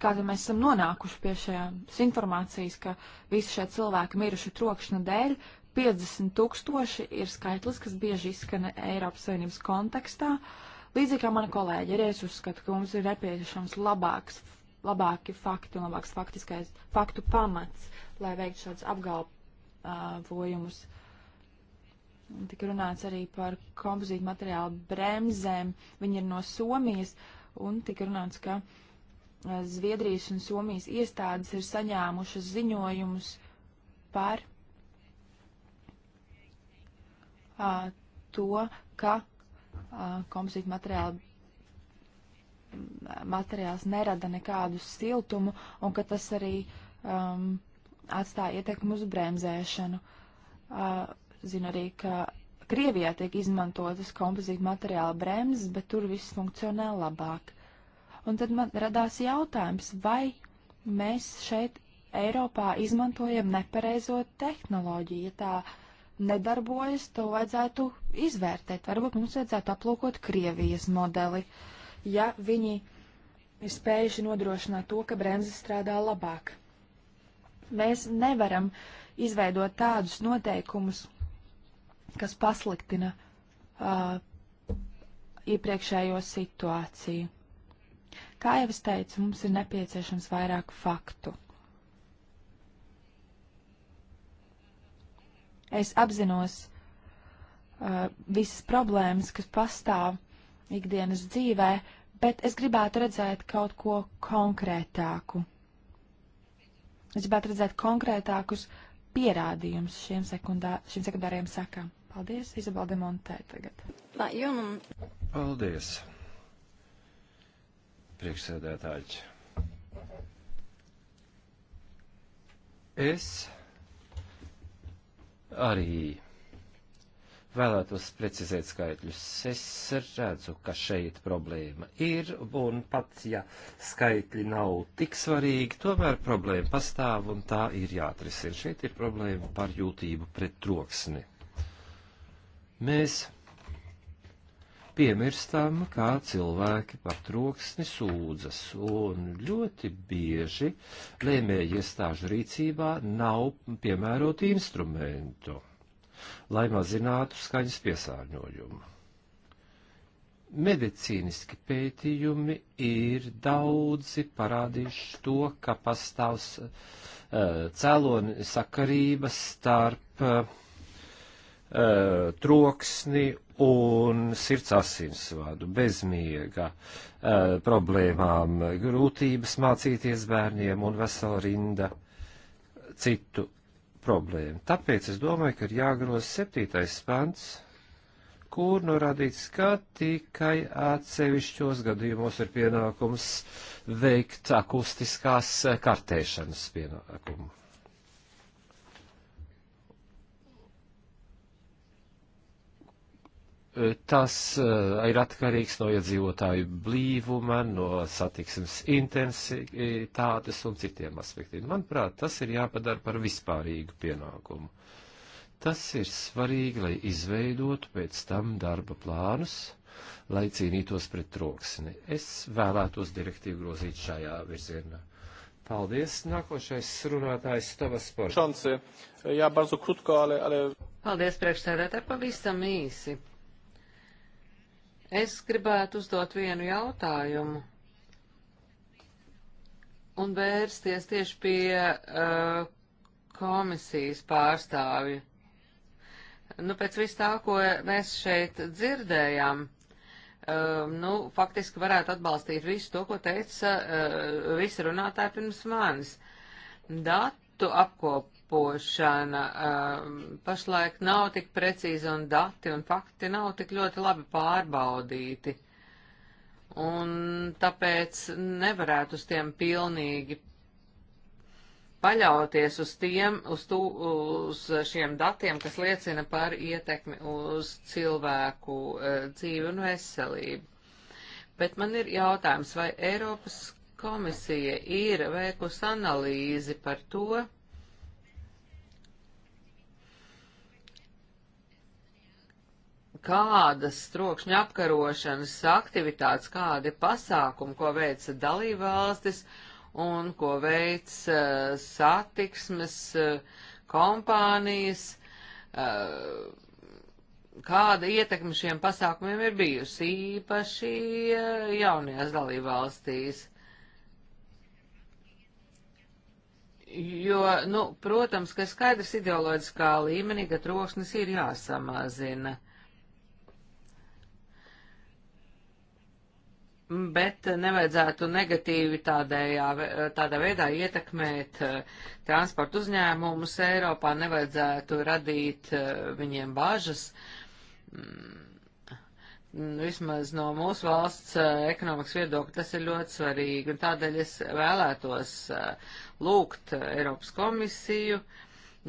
kāda mēs esam nonākuši pie šajās informācijas, ka visi šie cilvēki miruši trokšņa dēļ, 50 tūkstoši ir skaitlis, kas bieži izskana Eiropas Savienības kontekstā. Līdzīgi kā mana kolēģi, arī es uzskatu, ka mums ir nepieciešams labāks, labāki fakti un labāks faktiskais faktu pamats, lai veiktu šādus apgalvojumus. Uh, Tik runāts arī par kompozītu materiālu bremzēm. Viņi ir no Somijas, un tik runāts, ka eh, Zviedrijas un Somijas iestādes ir saņēmušas ziņojumus par a, to, ka kompozītu materiālu materiāls nerada nekādu siltumu, un ka tas arī um, atstāja ietekmi uz bremzēšanu. Uh, Zinu arī, ka Krievijā tiek izmantotas kompozīta materiāla bremzes, bet tur viss funkcionē labāk. Un tad man radās jautājums, vai mēs šeit Eiropā izmantojam nepareizo tehnoloģiju. Ja tā nedarbojas, to vajadzētu izvērtēt. Varbūt mums vajadzētu aplūkot Krievijas modeli. Ja viņi ir spējuši nodrošināt to, ka bremzes strādā labāk. Mēs nevaram izveidot tādus noteikumus, kas pasliktina uh, iepriekšējo situāciju. Kā jau es teicu, mums ir nepieciešams vairāk faktu. Es apzinos uh, visas problēmas, kas pastāv ikdienas dzīvē, bet es gribētu redzēt kaut ko konkrētāku. Es gribētu redzēt konkrētākus pierādījumus šiem, sekundā, šiem sekundāriem sakām. Paldies, Izabela Demontē tagad. Lai jums. Nu- Paldies, priekšsēdētāji. Es arī vēlētos precizēt skaitļus. Es redzu, ka šeit problēma ir, un pat ja skaitļi nav tik svarīgi, tomēr problēma pastāv un tā ir jāatrisina. Šeit ir problēma par jūtību pret troksni. Mēs piemirstam, kā cilvēki par troksni sūdzas, un ļoti bieži lēmēji iestāžu rīcībā nav piemēroti instrumentu, lai mazinātu skaņas piesārņojumu. Medicīniski pētījumi ir daudzi parādījuši to, ka pastāvs uh, eh, cēloni sakarības starp uh, uh, troksni un sirds asinsvadu, bezmiega uh, problēmām, grūtības mācīties bērniem un vesela rinda citu problēmu. Tāpēc es domāju, ka ir jāgroza septītais pants, kur norādīts, ka tikai atsevišķos gadījumos ir pienākums veikt akustiskās kartēšanas pienākumu. tas eh, ir atkarīgs no iedzīvotāju blīvuma, no satiksmes intensitātes un citiem aspektiem. Manuprāt, tas ir jāpadara par vispārīgu pienākumu. Tas ir svarīgi, lai izveidotu pēc tam darba plānus, lai cīnītos pret troksni. Es vēlētos direktīvu grozīt šajā virzienā. Paldies. Nākošais runātājs Tavas Sports. Paldies, priekšsēdētāji, pavisam īsi Es gribētu uzdot vienu jautājumu un vērsties tieši pie uh, komisijas pārstāvju. Nu, pēc vis tā, ko mēs šeit dzirdējām, uh, nu, faktiski varētu atbalstīt visu to, ko teica uh, visi runātāji pirms manis. Datu apkop apkalpošana um, ehm, pašlaik nav tik precīza un dati un fakti nav tik ļoti labi pārbaudīti. Un tāpēc nevarētu uz tiem pilnīgi paļauties uz tiem, uz, tū, uz šiem datiem, kas liecina par ietekmi uz cilvēku uh, dzīvi un veselību. Bet man ir jautājums, vai Eiropas komisija ir veikusi analīzi par to, kādas trokšņa apkarošanas aktivitātes, kādi pasākumi, ko veica dalībvalstis un ko veic uh, eh, satiksmes uh, kompānijas, uh, kāda ietekme šiem pasākumiem ir bijusi īpaši jaunajās dalībvalstīs. Jo, nu, protams, ka skaidrs ideoloģiskā līmenī, ka troksnis ir jāsamazina. Uh, bet nevajadzētu negatīvi tādējā, tādā veidā ietekmēt eh, transportu uzņēmumus Eiropā, nevajadzētu radīt eh, viņiem bāžas. Mm, vismaz no mūsu valsts eh, ekonomikas viedokļa tas ir ļoti svarīgi, un tādēļ es vēlētos lūgt Eiropas komisiju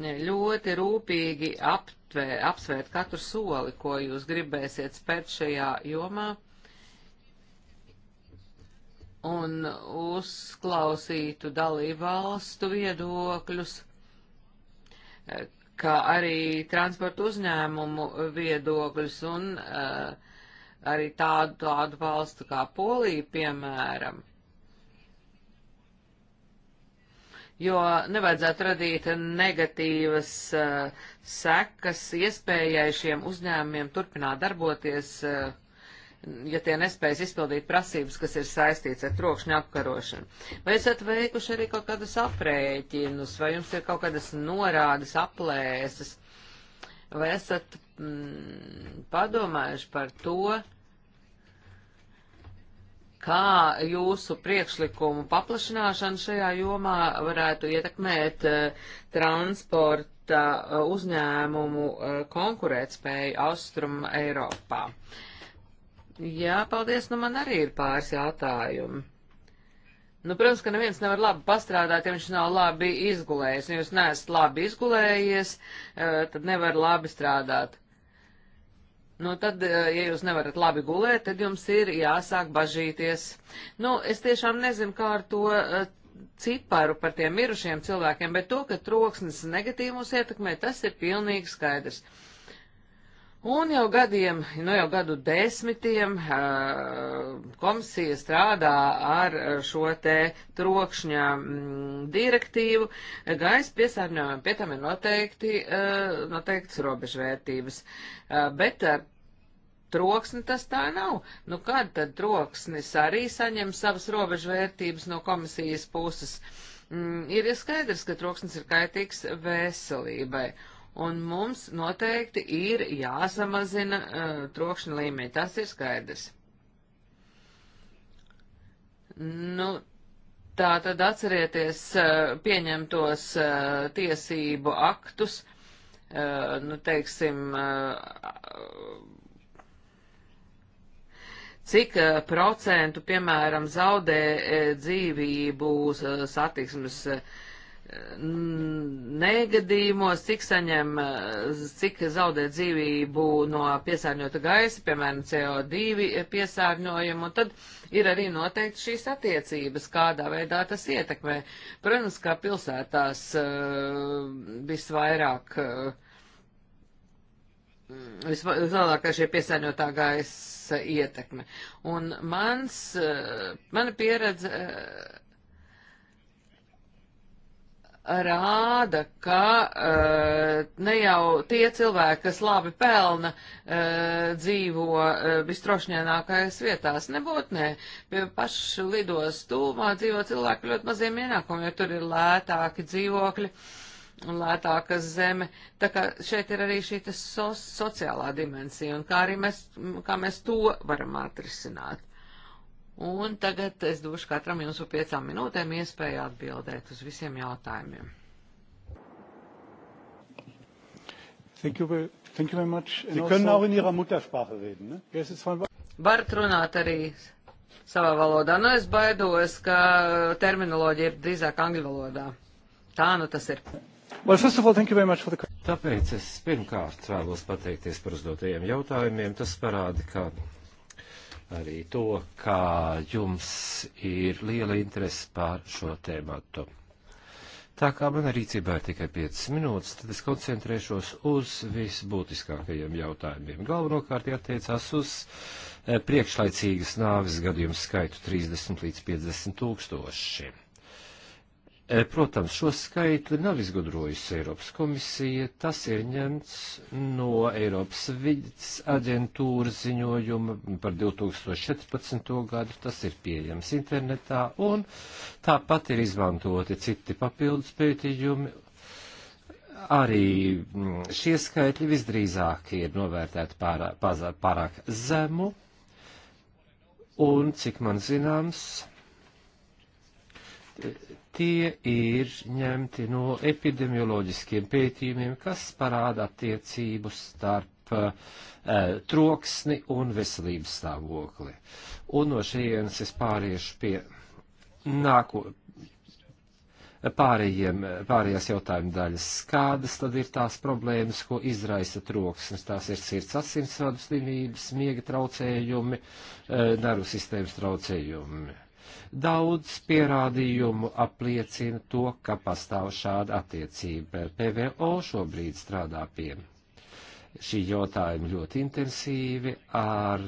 ļoti rūpīgi aptvēr, apsvērt katru soli, ko jūs gribēsiet spērt šajā jomā un uzklausītu dalību valstu viedokļus, kā arī transporta uzņēmumu viedokļus un uh, arī tādu, tādu valstu kā Polija, piemēram. Jo nevajadzētu radīt negatīvas uh, sekas iespējai šiem uzņēmumiem turpināt darboties uh, ja tie nespējas izpildīt prasības, kas ir saistīts ar trokšņu apkarošanu. Vai esat veikuši arī kaut kādus aprēķinus, vai jums ir kaut kādas norādes, aplēses, vai esat mm, padomājuši par to, kā jūsu priekšlikumu paplašināšana šajā jomā varētu ietekmēt uh, transporta uh, uzņēmumu uh, konkurētspēju Austrum Eiropā. Uh, Jā, paldies, nu man arī ir pāris jautājumi. Nu, protams, ka neviens nevar labi pastrādāt, ja viņš nav labi izgulējies. Nu, ja jūs neesat labi izgulējies, eh, tad nevar labi strādāt. Nu, tad, eh, ja jūs nevarat labi gulēt, tad jums ir jāsāk bažīties. Nu, es tiešām nezinu, kā ar to eh, ciparu par tiem mirušiem cilvēkiem, bet to, ka troksnis negatīvi mūs ietekmē, tas ir pilnīgi skaidrs. Uh, Un jau gadiem, nu jau gadu desmitiem komisija strādā ar šo te trokšņa mm, direktīvu. Gaisa piesārņojumam pie tam ir noteikti, noteikts robežvērtības, bet ar troksni tas tā nav. Nu kad tad troksnis arī saņem savas robežvērtības no komisijas puses? Mm, ir skaidrs, ka troksnis ir kaitīgs veselībai un mums noteikti ir jāsamazina uh, trokšņa līmeņi. Tas ir skaidrs. Nu, tā tad atcerieties uh, pieņemtos uh, tiesību aktus, uh, nu, teiksim, uh, cik procentu, piemēram, zaudē dzīvību satiksmes. Uh, negadījumos, cik saņem, cik zaudē dzīvību no piesārņota gaisa, piemēram, CO2 piesārņojumu, un tad ir arī noteikti šīs attiecības, kādā veidā tas ietekmē. Protams, kā pilsētās eh, visvairāk, eh, vislielākā šie piesārņotā gaisa ietekme. Un mans, eh, mana pieredze rāda, ka uh, ne jau tie cilvēki, kas labi pelna, uh, dzīvo uh, eh, vistrošņēnākajās vietās. Nebūtu, nē. Pie pašu lidostūmā dzīvo cilvēki ļoti maziem ienākumiem, jo tur ir lētāki dzīvokļi un lētāka zeme. Tā kā šeit ir arī šī so sociālā dimensija un kā arī mēs, kā mēs to varam atrisināt. Un tagad es došu katram jums uz piecām minūtēm iespēju atbildēt uz visiem jautājumiem. Thank you very, thank you very much. Sie also, können auch in Ihrer Muttersprache reden, ne? Yes, it's fine. Varat runāt arī savā valodā. Nu, es baidos, ka terminoloģija ir drīzāk angļu valodā. Tā nu tas ir. Well, first of all, thank you very much for the... Tāpēc es pirmkārt vēlos pateikties par uzdotajiem jautājumiem. Tas parāda, ka arī to, kā jums ir liela interese pār šo tēmatu. Tā kā man rīcībā ir tikai 5 minūtes, tad es koncentrēšos uz visbūtiskākajiem jautājumiem. Galvenokārt attiecās uz eh, priekšlaicīgas nāves gadījumu skaitu 30 līdz 50 tūkstošiem. E, protams, šo skaitli nav izgudrojusi Eiropas komisija, tas ir ņemts no Eiropas vidas aģentūras ziņojuma par 2014. gadu, tas ir pieejams internetā, un tāpat ir izmantoti citi papildus pētījumi. Arī mm, šie skaitļi visdrīzāk ir novērtēti pārāk, pārāk zemu, un cik man zināms, tie ir ņemti no epidemioloģiskiem pētījumiem, kas parāda attiecību starp e, troksni un veselības stāvokli. Un no šejienes es pāriešu pie nāko, pārējiem, pārējās jautājuma daļas. Kādas tad ir tās problēmas, ko izraisa troksnis? Tās ir sirds asinsvadu slimības, miega traucējumi, e, nervu sistēmas traucējumi Daudz pierādījumu apliecina to, ka pastāv šāda attiecība. PVO šobrīd strādā pie šī jautājuma ļoti intensīvi ar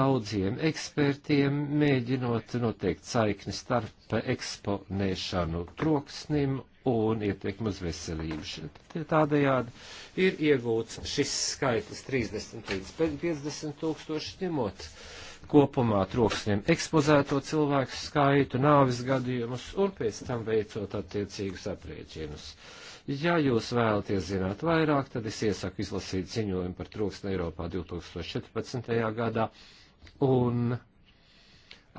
daudziem ekspertiem, mēģinot noteikt saikni starp eksponēšanu troksnim un ietekmu uz veselību. Tādējādi ir iegūts šis skaitlis 30 līdz 50 tūkstoši ņemot kopumā troksnim ekspozēto cilvēku skaitu, nāvis gadījumus un pēc tam veicot attiecīgus aprēķinus. Ja jūs vēlaties zināt vairāk, tad es iesaku izlasīt ziņojumu par troksni Eiropā 2014. gadā un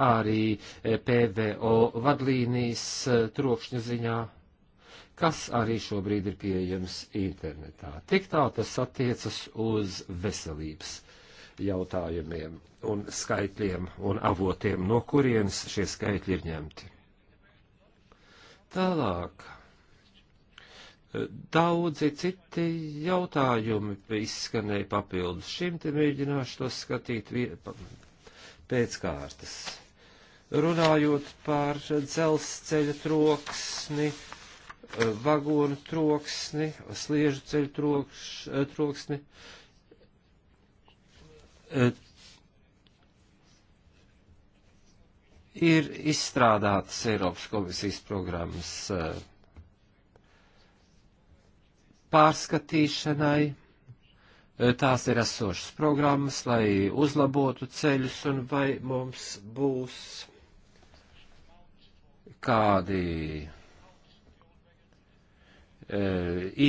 arī e, PVO vadlīnijas e, trokšņa ziņā kas arī šobrīd ir pieejams internetā. Tik tā tas attiecas uz veselības jautājumiem un skaitļiem un avotiem, no kurienes šie skaitļi ir ņemti. Tālāk. Daudzi citi jautājumi izskanēja papildus šim, te mēģināšu tos skatīt pēc kārtas. Runājot par dzelzceļa troksni, vagonu troksni, sliežu ceļu trokš, troksni, Eh, ir izstrādātas Eiropas komisijas programmas eh, pārskatīšanai. Eh, tās ir esošas programmas, lai uzlabotu ceļus un vai mums būs kādi E,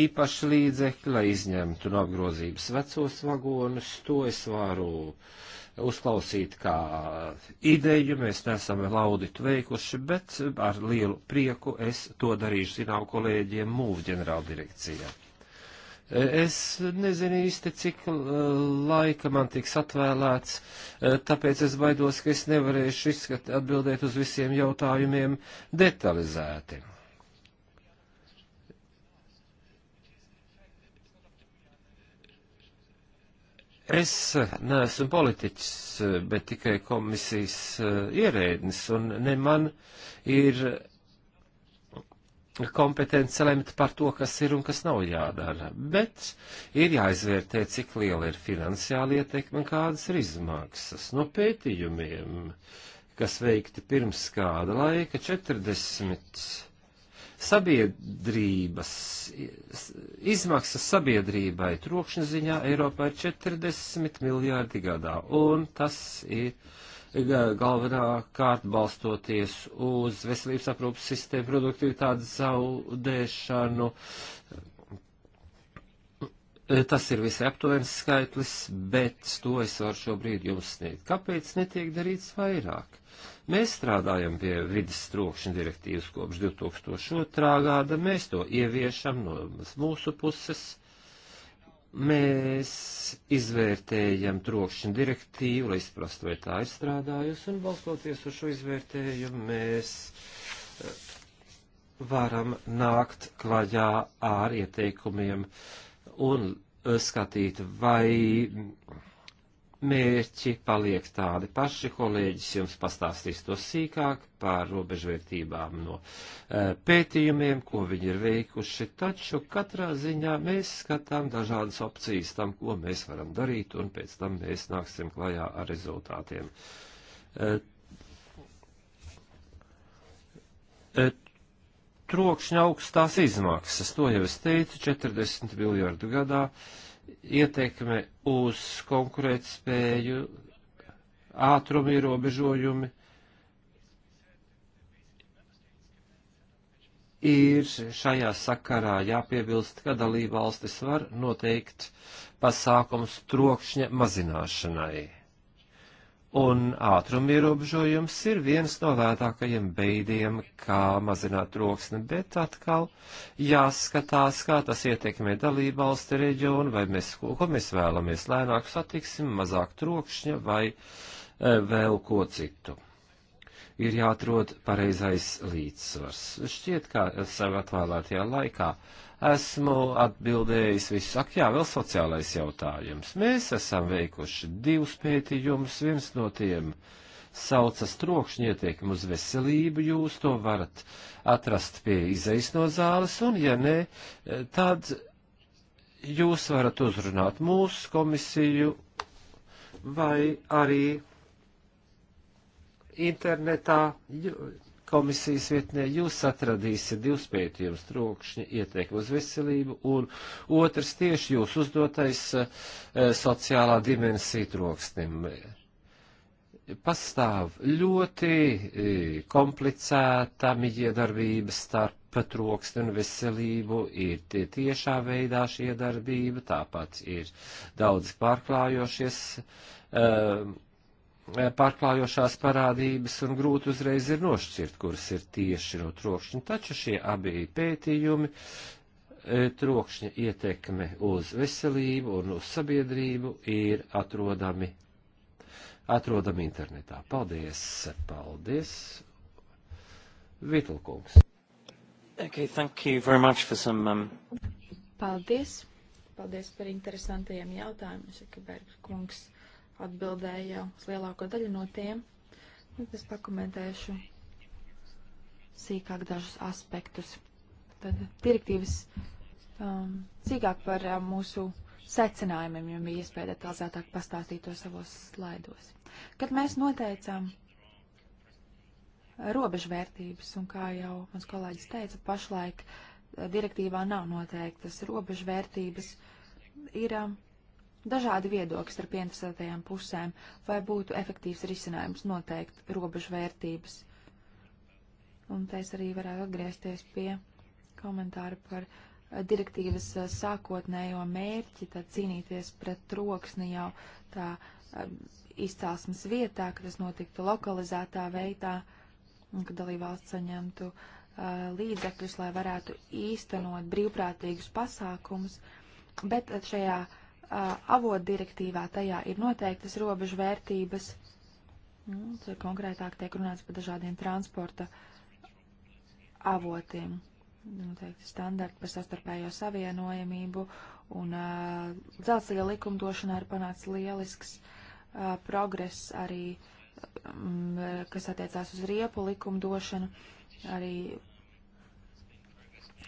īpaši līdzekļi, lai izņemtu no apgrozības vecos vagonus. To es varu uzklausīt kā ideju. Mēs neesam vēl auditu veikuši, bet ar lielu prieku es to darīšu zinām kolēģiem MUV ģenerāldirekcijā. E, es nezinu īsti, cik e, laika man tiks atvēlēts, tāpēc es baidos, ka es nevarēšu izskat, atbildēt uz visiem jautājumiem detalizētiem. Es neesmu politiķis, bet tikai komisijas eh, ierēdnis, un ne man ir kompetence lemt par to, kas ir un kas nav jādara, bet ir jāizvērtē, cik liela ir finansiāla ietekme un kādas ir izmaksas. No pētījumiem, kas veikti pirms kāda laika, 40 sabiedrības, izmaksas sabiedrībai trokšņa ziņā Eiropā ir 40 miljārdi gadā, un tas ir galvenā kārt balstoties uz veselības aprūpas sistēmu produktivitātes zaudēšanu. Tas ir visai aptuvenis skaitlis, bet to es varu šobrīd jums sniegt. Kāpēc netiek darīts vairāk? Mēs strādājam pie vidas trokšņa direktīvas kopš 2002. gada, mēs to ieviešam no mūsu puses. Mēs izvērtējam trokšņa direktīvu, lai izprastu, vai tā ir strādājusi, un balstoties uz šo izvērtējumu, mēs eh, varam nākt klajā ar ieteikumiem un eh, skatīt, vai mērķi paliek tādi paši. Kolēģis jums pastāstīs to sīkāk par robežvērtībām no e, pētījumiem, ko viņi ir veikuši, taču katrā ziņā mēs skatām dažādas opcijas tam, ko mēs varam darīt, un pēc tam mēs nāksim klajā ar rezultātiem. E, e, trokšņa augstās izmaksas, to jau es teicu, 40 miljardu gadā. Uh, ietekme uz konkurētspēju, ātrumi ierobežojumi ir šajā sakarā jāpiebilst, ka dalībvalstis var noteikt pasākums trokšņa mazināšanai un ātruma ierobežojums ir viens no lētākajiem veidiem, kā mazināt troksni, bet atkal jāskatās, kā tas ietekmē dalību valsti reģionu, vai mēs, ko, ko mēs vēlamies, lēnāku satiksim, mazāk trokšņa vai e, vēl ko citu. Ir jāatrod pareizais līdzsvars. Šķiet, kā sev atvēlētajā laikā. Uh, esmu atbildējis visu. Ak, jā, vēl sociālais jautājums. Mēs esam veikuši divus pētījumus, viens no tiem saucas trokšņi ieteikumu uz veselību, jūs to varat atrast pie izejas no zāles, un ja nē, tad jūs varat uzrunāt mūsu komisiju vai arī internetā komisijas vietnē jūs atradīsiet divus pētījumus trokšņa ietekmi uz veselību un otrs tieši jūs uzdotais eh, sociālā dimensija troksnim. Pastāv ļoti eh, komplicēta mijiedarbība starp troksni un veselību, ir tie tiešā veidā šī iedarbība, tāpat ir daudz pārklājošies um, Eh, pārklājošās parādības un grūti uzreiz ir nošķirt, kuras ir tieši no trokšņa, taču šie abi pētījumi eh, trokšņa ietekme uz veselību un uz sabiedrību ir atrodami, atrodami internetā. Paldies, paldies, Vitlkungs. Okay, thank you very much for some... Um... Paldies, paldies par interesantajiem jautājumiem, Saka Bergs kungs atbildēja uz lielāko daļu no tiem, bet es pakomentēšu sīkāk dažus aspektus. Tad direktīvas um, sīkāk par um, mūsu secinājumiem, jo bija iespēja detalizētāk pastāstīt to savos slaidos. Kad mēs noteicām robežvērtības, un kā jau mans kolēģis teica, pašlaik uh, direktīvā nav noteiktas robežvērtības, ir um, dažādi viedokļi starp interesētajām pusēm, vai būtu efektīvs risinājums noteikt robežu vērtības. Un te es arī varētu atgriezties pie komentāra par eh, direktīvas eh, sākotnējo mērķi, tad cīnīties pret troksni jau tā eh, izcelsmes vietā, ka tas notiktu lokalizētā veidā, un ka dalībvalsts saņemtu līdzekļus, lai varētu īstenot brīvprātīgus pasākumus, bet šajā uh, avotdirektīvā tajā ir noteiktas robežu vērtības. Nu, tur konkrētāk tiek runāts par dažādiem transporta avotiem. Noteikti standarti par sastarpējo savienojamību un uh, dzelzceļa likumdošanā ir panāks lielisks uh, progress arī, um, kas attiecās uz riepu likumdošanu. Arī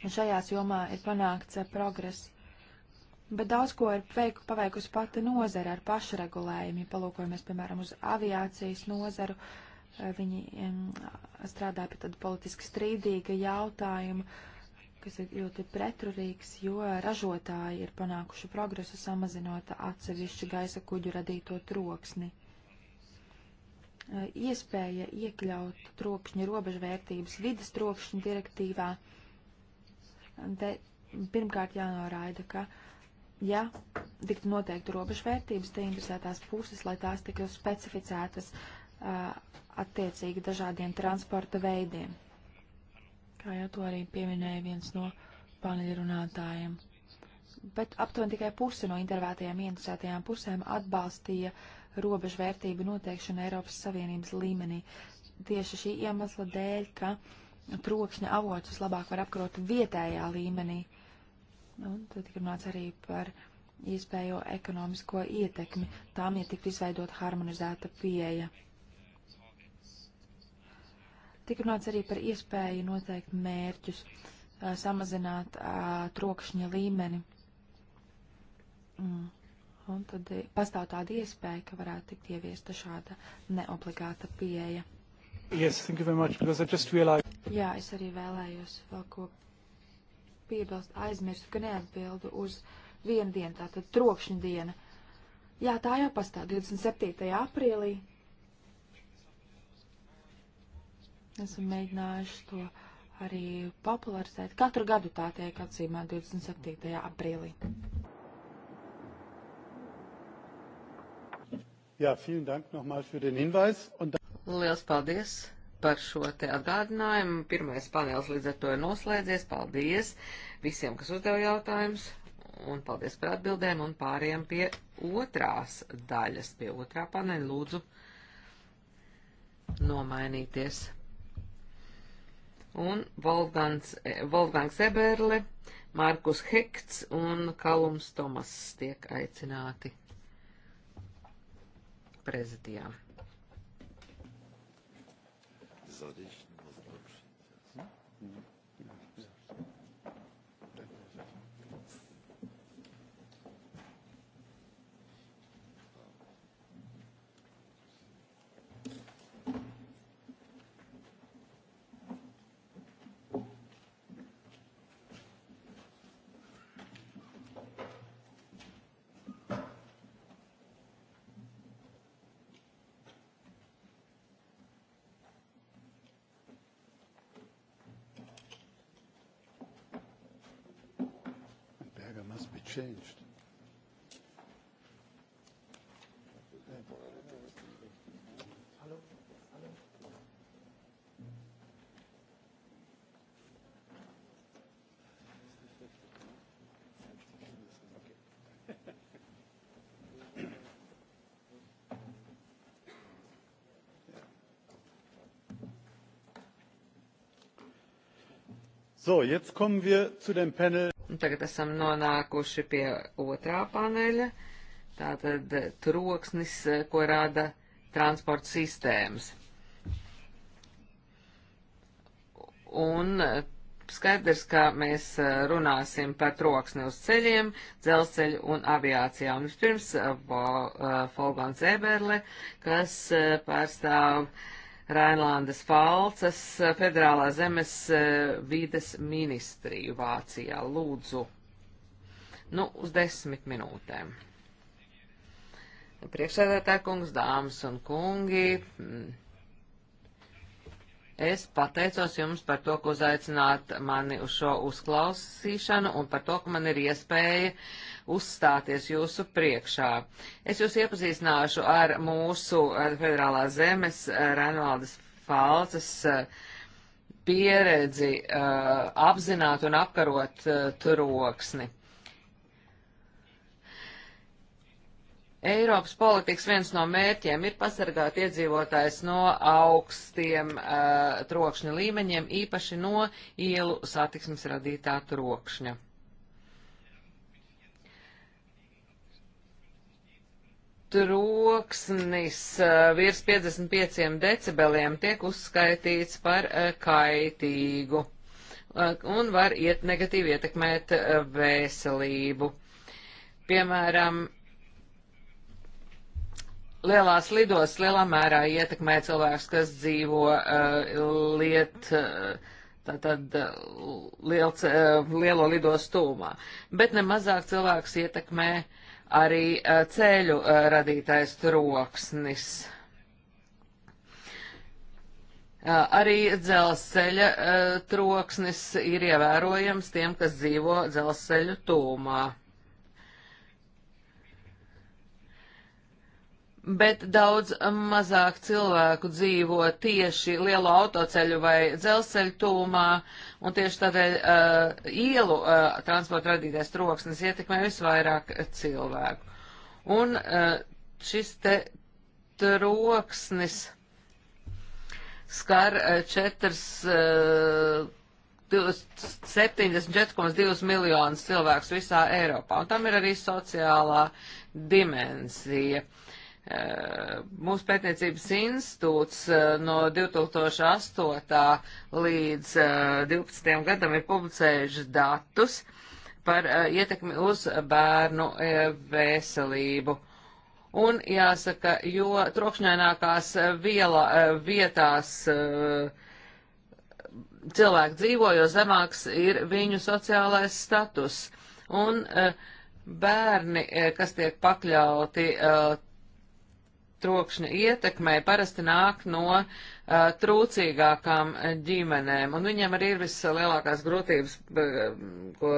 šajās jomā ir panākts uh, progress bet daudz ko ir veiku, paveikusi pati nozara ar pašregulējumu. Ja palūkojamies, piemēram, uz aviācijas nozaru, eh, viņi strādā pie tāda politiski strīdīga jautājuma, kas ir ļoti pretrurīgs, jo ražotāji ir panākuši progresu samazinot atsevišķu gaisa kuģu radīto troksni. Eh, iespēja iekļaut trokšņa robežvērtības vidas trokšņa direktīvā. Te pirmkārt jānoraida, ka uh, ja tiktu noteikti robežvērtības, tie interesētās puses, lai tās tiktu specificētas uh, attiecīgi dažādiem transporta veidiem. Kā jau to arī pieminēja viens no paneļrunātājiem. Bet aptuveni tikai puse no intervētajām interesētajām pusēm atbalstīja robežvērtību noteikšanu Eiropas Savienības līmenī. Tieši šī iemesla dēļ, ka trokšņa avotus labāk var apkarot vietējā līmenī. Uh, Un nu, tad tika runāts arī par iespējo ekonomisko ietekmi. Tām ir tiktu izveidot harmonizēta pieeja. Tik runāts arī par iespēju noteikt mērķus, a, samazināt a, trokšņa līmeni. Mm. Un tad pastāv tāda iespēja, ka varētu tikt ieviesta šāda neobligāta pieeja. Yes, thank you very much, because I just realized... Jā, es arī vēlējos vēl ko piebilst, aizmirstu, ka neatbildu uz vienu dienu, tātad trokšņa diena. Jā, tā jau pastāv 27. aprīlī. Esam mēģinājuši to arī popularizēt. Katru gadu tā tiek atzīmē 27. aprīlī. Jā, vielen dank nochmal für den Hinweis. Un... Liels paldies! par šo te atgādinājumu. Pirmais panels līdz ar to ir noslēdzies. Paldies visiem, kas uzdeva jautājumus, un paldies par atbildēm, un pāriem pie otrās daļas, pie otrā paneļa. Lūdzu, nomainīties un Volgans, e, Volgans Eberle, Markus Hekts un Kalums Tomas tiek aicināti prezidijām. changed. So, jetzt kommen wir zu dem Panel. Un tagad esam nonākuši pie otrā paneļa, tātad troksnis, ko rada transporta sistēmas. Un skaidrs, ka mēs runāsim par troksni uz ceļiem, dzelzceļu un aviācijā. Un vispirms Folgons Eberle, kas pārstāv uh, Rainlandes Falcas eh, federālā zemes eh, vides ministriju Vācijā. Lūdzu, nu, uz desmit minūtēm. Priekšsēdētāja kungs, dāmas un kungi, mm. Es pateicos jums par to, ka uzaicināt mani uz šo uzklausīšanu un par to, ka man ir iespēja uzstāties jūsu priekšā. Es jūs iepazīstināšu ar mūsu federālā zemes Renaldas Falcas eh, pieredzi eh, apzināt un apkarot eh, troksni. Eiropas politikas viens no mērķiem ir pasargāt iedzīvotājs no augstiem uh, trokšņa līmeņiem, īpaši no ielu satiksmes radītā trokšņa. Troksnis uh, virs 55 decibeliem tiek uzskaitīts par uh, kaitīgu uh, un var iet negatīvi ietekmēt uh, veselību. Piemēram, lielās lidos lielā mērā ietekmē cilvēks, kas dzīvo uh, liet, uh, eh, tātad eh, liels, uh, lielo lidos tūmā, bet nemazāk cilvēks ietekmē arī uh, ceļu uh, radītais troksnis. Arī dzelzceļa troksnis ir ievērojams tiem, kas dzīvo dzelzceļu tūmā. bet daudz mazāk cilvēku dzīvo tieši lielo autoceļu vai dzelzceļu tūmā, un tieši tādēļ uh, ielu uh, transporta radītais troksnis ietekmē visvairāk cilvēku. Un uh, šis te troksnis skar uh, 4. Uh, 74,2 miljonus cilvēkus visā Eiropā, un tam ir arī sociālā dimensija. Uh, Mūsu pētniecības institūts eh, no 2008. līdz 2012. Eh, gadam ir publicējuši datus par eh, ietekmi uz bērnu veselību. Un jāsaka, jo trokšņainākās vielā, vietās cilvēki dzīvo, jo zemāks ir viņu sociālais status. Un bērni, kas tiek pakļauti trokšņa ietekmē parasti nāk no uh, trūcīgākām ģimenēm, un viņiem arī ir vislielākās grūtības, ko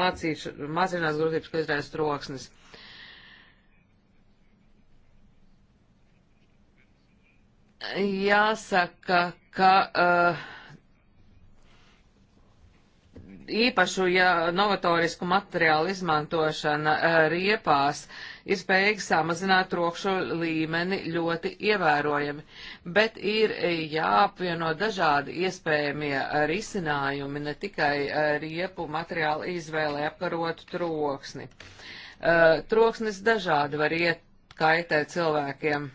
mācīš, mācīšanās grūtības, ko izraisa troksnis. Jāsaka, ka uh, īpašu ja novatorisku materiālu izmantošana uh, riepās uh, ir spējīgi samazināt trokšo līmeni ļoti ievērojami, bet ir jāapvieno dažādi iespējamie risinājumi, ne tikai riepu materiālu izvēlē apkarot troksni. Troksnis dažādi var iet kaitē cilvēkiem.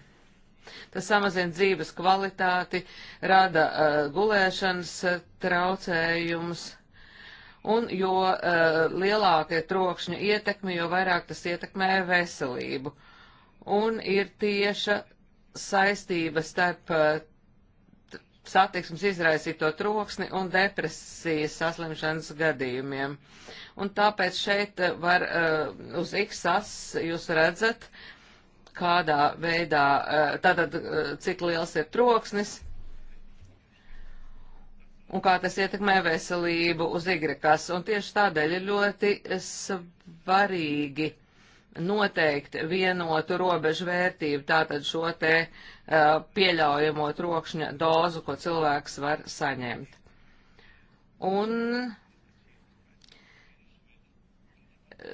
Tas samazina dzīves kvalitāti, rada uh, gulēšanas traucējumus un jo uh, eh, lielāka ir trokšņa ietekme, jo vairāk tas ietekmē veselību. Un ir tieša saistība starp uh, satiksmes izraisīto troksni un depresijas saslimšanas gadījumiem. Un tāpēc šeit eh, var uh, uz X-as jūs redzat, kādā veidā, tātad cik liels ir troksnis, un kā tas ietekmē veselību uz igrekas. Un tieši tādēļ ir ļoti svarīgi noteikt vienotu robežu vērtību, tātad šo te uh, pieļaujamo trokšņa dozu, ko cilvēks var saņemt. Un uh,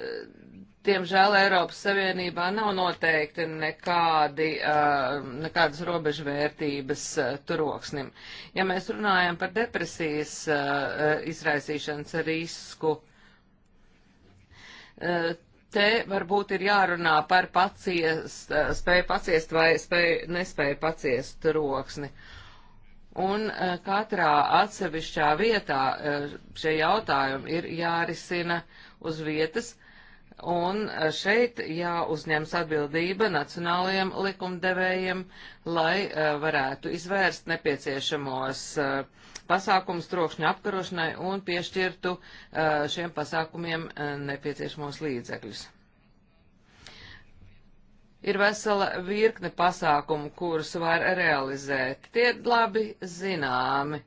Diemžēl Eiropas Savienībā nav noteikti nekādi, uh, nekādas robežvērtības uh, turoksnim. Ja mēs runājam par depresijas uh, izraisīšanas risku, uh, te varbūt ir jārunā par paciest, uh, spēju paciest vai spēju, nespēju paciest turoksni. Un uh, katrā atsevišķā vietā šie jautājumi ir jārisina uz vietas Un e, šeit jāuzņems atbildība nacionālajiem likumdevējiem, lai uh, varētu izvērst nepieciešamos uh, pasākumus trokšņa apkarošanai un piešķirtu uh, šiem pasākumiem nepieciešamos līdzekļus. Ir vesela virkne pasākumu, kurus var realizēt. Tie ir labi zināmi.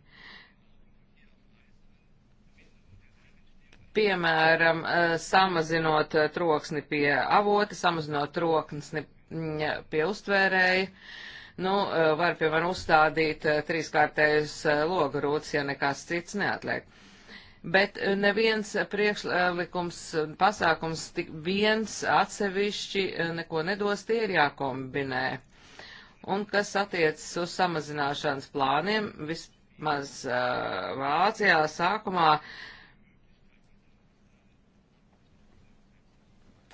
Piemēram, eh, samazinot eh, troksni pie avota, samazinot troksni mm, pie uztvērēja. Nu, eh, var, piemēram, uzstādīt trīskārtējus logurūts, ja nekas cits neatliek bet neviens priekšlikums, pasākums tik viens atsevišķi neko nedos, tie ir jākombinē. Un kas attiecas uz samazināšanas plāniem, vismaz uh, Vācijā sākumā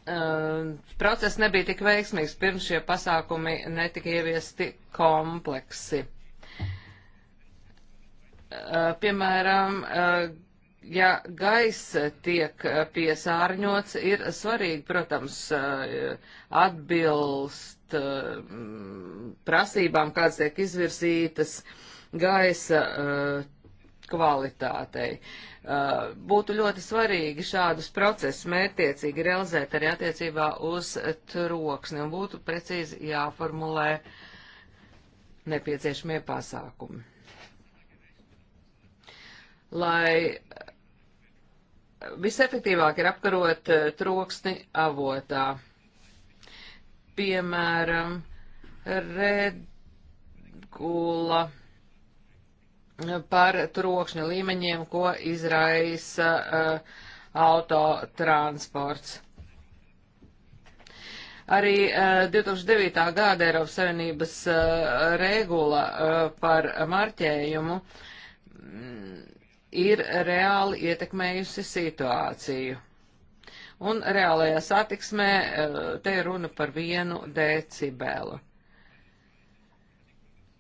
Eh, process nebija tik veiksmīgs, pirms šie pasākumi netika ieviesti kompleksi. Eh, piemēram, eh, ja gaisa tiek piesārņots, ir svarīgi, protams, atbilst prasībām, kādas tiek izvirzītas gaisa kvalitātei. Uh, būtu ļoti svarīgi šādus procesus mērtiecīgi realizēt arī attiecībā uz troksni un būtu precīzi jāformulē nepieciešamie pasākumi. Lai visefektīvāk ir apkarot eh, troksni avotā. Piemēram, regula par trokšņa līmeņiem, ko izraisa uh, autotransports. Arī uh, 2009. gada Eiropas Savienības uh, regula uh, par marķējumu mm, ir reāli ietekmējusi situāciju. Un reālajā satiksmē uh, te ir runa par vienu decibelu.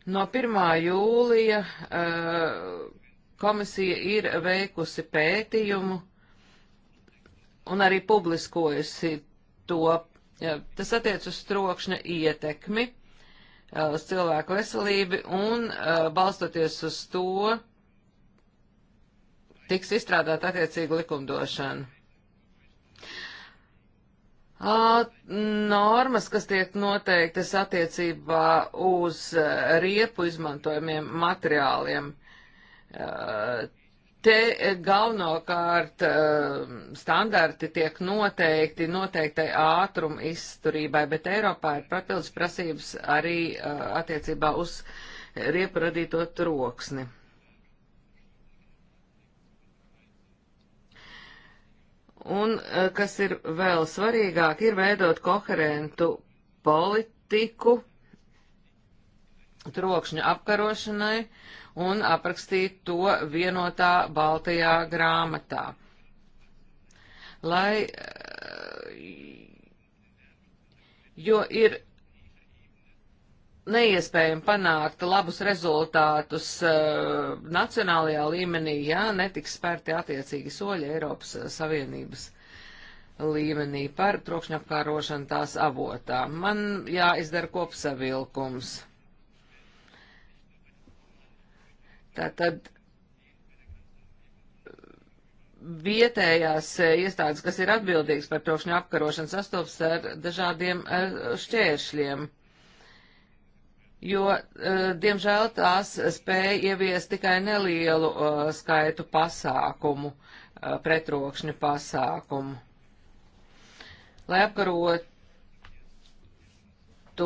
No 1. jūlija eh, komisija ir veikusi pētījumu un arī publiskojusi to. Tas attiec uz trokšņa ietekmi eh, uz cilvēku veselību un eh, balstoties uz to tiks izstrādāt attiecīgi likumdošana. A, normas, kas tiek noteiktas attiecībā uz e, riepu izmantojumiem materiāliem, e, te galvenokārt e, standarti tiek noteikti noteiktai ātrumu izturībai, bet Eiropā ir papildus prasības arī attiecībā uz riepu radīto troksni. Un, eh, kas ir vēl svarīgāk, ir veidot koherentu politiku trokšņa apkarošanai un aprakstīt to vienotā Baltajā grāmatā. Lai, eh, jo ir neiespējami panākt labus rezultātus uh, nacionālajā līmenī, ja netiks spērti attiecīgi soļi Eiropas eh, Savienības līmenī par trokšņa apkārošanu tās avotā. Man jāizdara kopsavilkums. Tātad vietējās eh, iestādes, kas ir atbildīgas par trokšņa apkarošanu, sastopas ar dažādiem šķēršļiem jo, eh, diemžēl, tās spēja ieviest tikai nelielu eh, skaitu pasākumu, eh, pretrokšņu pasākumu. Lai apkarotu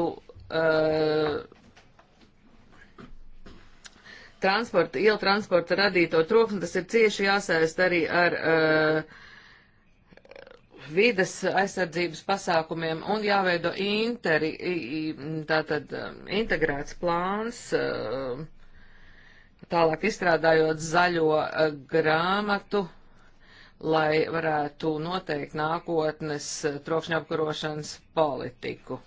transporta, ielu transporta radīto troksni, tas ir cieši jāsaist arī ar uh, vides aizsardzības pasākumiem un jāveido interi, tātad um, integrēts plāns, um, tālāk izstrādājot zaļo uh, grāmatu, lai varētu noteikt nākotnes uh, trokšņa apkarošanas politiku.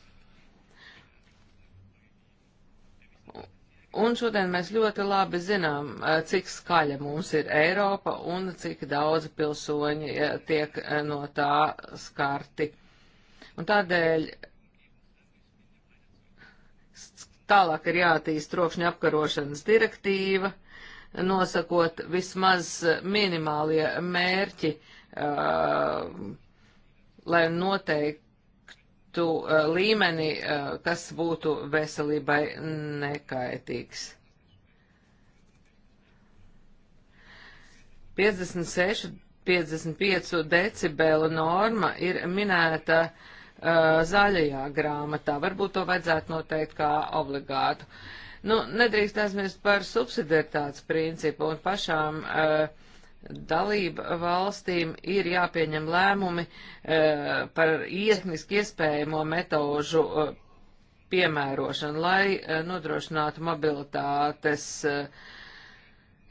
Un šodien mēs ļoti labi zinām, eh, cik skaļa mums ir Eiropa un cik daudz pilsoņi eh, tiek eh, no tā skarti. Un tādēļ tālāk ir jātīst trokšņa apkarošanas direktīva, nosakot vismaz minimālie mērķi, uh, lai noteikti noteiktu uh, eh, līmeni, uh, kas būtu veselībai nekaitīgs. 56, 55 decibelu norma ir minēta uh, zaļajā grāmatā. Varbūt to vajadzētu noteikt kā obligātu. Nu, nedrīkst aizmirst par subsidiaritātes principu un pašām uh, dalība valstīm ir jāpieņem lēmumi uh, par iesniski iespējamo metožu uh, piemērošanu, lai uh, nodrošinātu mobilitātes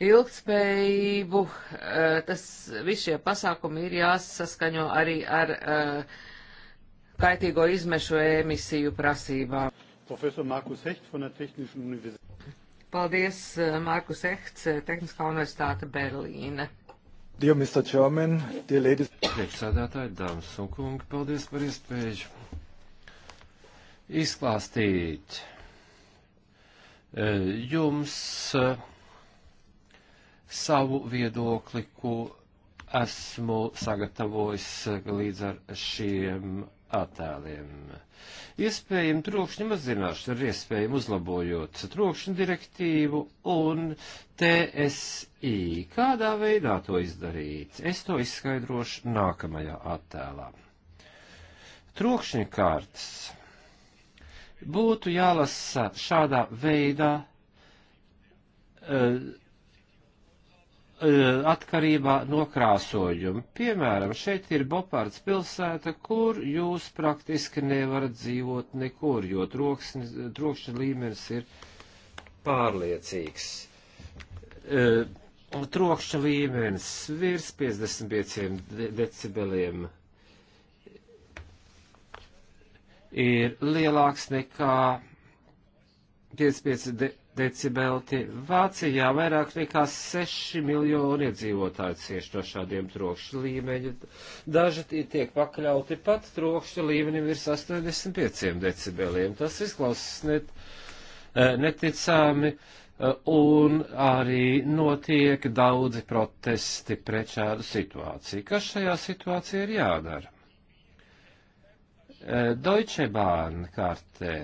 ilgtspējību. Tas viss šie pasākumi ir jāsaskaņo arī ar kaitīgo izmešu emisiju prasībām. Profesor Markus Hecht von der Technischen Universität. Paldies, Markus Ehts, Tehniskā universitāte Berlīne. Dear Mr. Chairman, dear ladies. Priekšsēdētāji, dāmas un kungi, paldies par iespēju izklāstīt eh, jums eh, savu viedokli, ko esmu sagatavojis eh, līdz ar šiem attēliem. Iespējami trokšņa mazināšana ir iespējama uzlabojot trokšņa direktīvu un TSI. Kādā veidā to izdarīt? Es to izskaidrošu nākamajā attēlā. Trokšņa kārtas būtu jālasa šādā veidā. Uh, Eh, atkarībā no krāsojuma. Piemēram, šeit ir Bopards pilsēta, kur jūs praktiski nevarat dzīvot nekur, jo troksni, trokšņa līmenis ir pārliecīgs. Eh, trokšņa līmenis virs 55 decibeliem ir lielāks nekā 55 decibeliem decibelti. Vācijā vairāk nekā 6 miljoni iedzīvotāji cieši no šādiem trokšņa līmeņa. Daži tiek pakļauti pat trokšņa līmenim virs 85 decibeliem. Tas izklausās net, e, neticami. E, un arī notiek daudzi protesti pret šādu situāciju. Kas šajā situācijā ir jādara? E, Deutsche Bahn kartē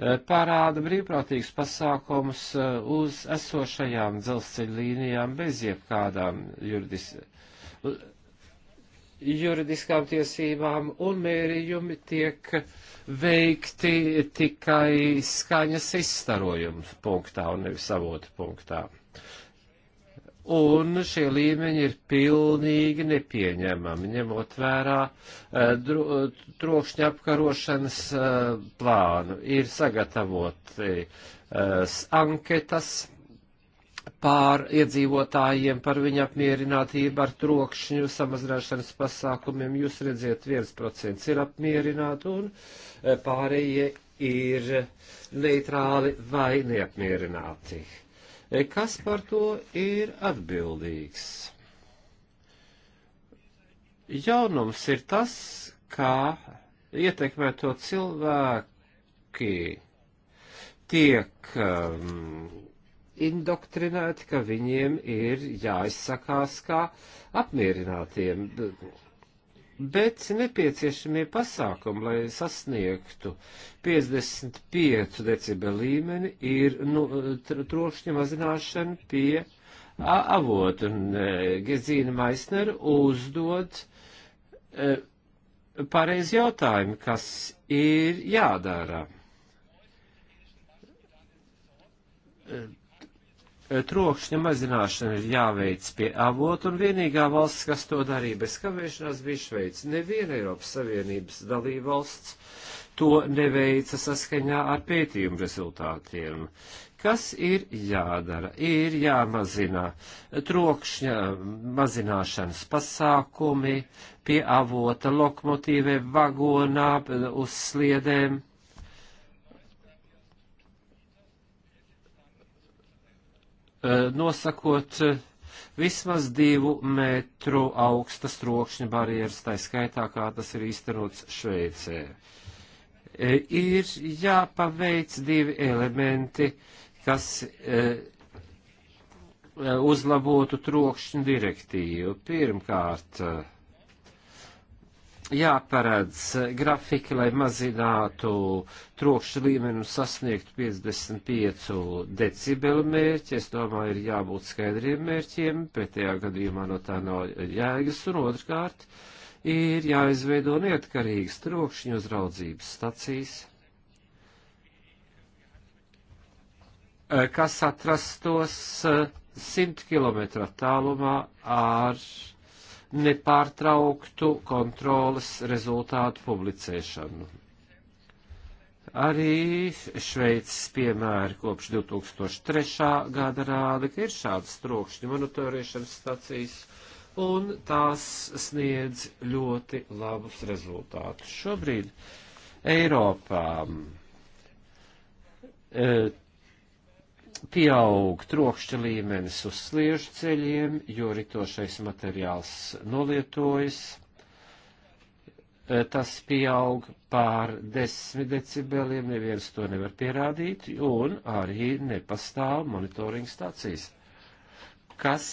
Eh, parāda brīvprātīgus pasākumus eh, uz esošajām dzelzceļa līnijām bez jebkādām juridis, juridiskām tiesībām, un mērījumi tiek veikti tikai skaņas izstarojums punktā un nevis avotu punktā un šie līmeņi ir pilnīgi nepieņemami, ņemot vērā uh, trokšņa apkarošanas uh, plānu. Ir sagatavoti uh, anketas pār iedzīvotājiem par viņa apmierinātību ar trokšņu samazināšanas pasākumiem. Jūs redziet, 1% ir apmierināti un pārējie ir neitrāli vai neapmierināti. Uh, E, kas par to ir atbildīgs? Jaunums ir tas, kā ietekmē to cilvēki tiek um, indoktrinēti, ka viņiem ir jāizsakās kā apmierinātiem bet nepieciešamie pasākumi, lai sasniegtu 55 decibeli līmeni, ir nu, trokšņa mazināšana pie avotu. Un e, Gezīna Maisner uzdod e, pareizi jautājumu, kas ir jādara e, trokšņa mazināšana ir jāveic pie avotu, un vienīgā valsts, kas to darīja bez kavēšanās, bija Šveica. Neviena Eiropas Savienības dalībvalsts to neveica saskaņā ar pētījumu rezultātiem. Kas ir jādara? Ir jāmazina trokšņa mazināšanas pasākumi pie avota, lokmotīvē, vagonā, uz sliedēm Eh, nosakot eh, vismaz divu metru augstas trokšņa barjeras, tā skaitā, kā tas ir īstenots Šveicē. Eh, ir jāpaveic divi elementi, kas uzlabotu trokšņu direktīvu. Pirmkārt, jāparedz grafiki, lai mazinātu trokšņa līmeni un sasniegtu 55 decibelu mērķi. Es domāju, ir jābūt skaidriem mērķiem, pretējā gadījumā no tā nav jēgas. Un otrkārt, ir jāizveido neatkarīgas trokšņa uzraudzības stacijas, kas atrastos 100 km attālumā ar nepārtrauktu kontroles rezultātu publicēšanu. Arī Šveices piemēri kopš 2003. gada rāda, ka ir šādas trokšņu monitorēšanas stacijas, un tās sniedz ļoti labus rezultātus. Šobrīd Eiropā e, pieaug trokšķa līmenis uz sliežu ceļiem, jo ritošais materiāls nolietojas. Eh, tas pieaug pār 10 decibeliem, neviens to nevar pierādīt, un arī nepastāv monitoringa stācijas, kas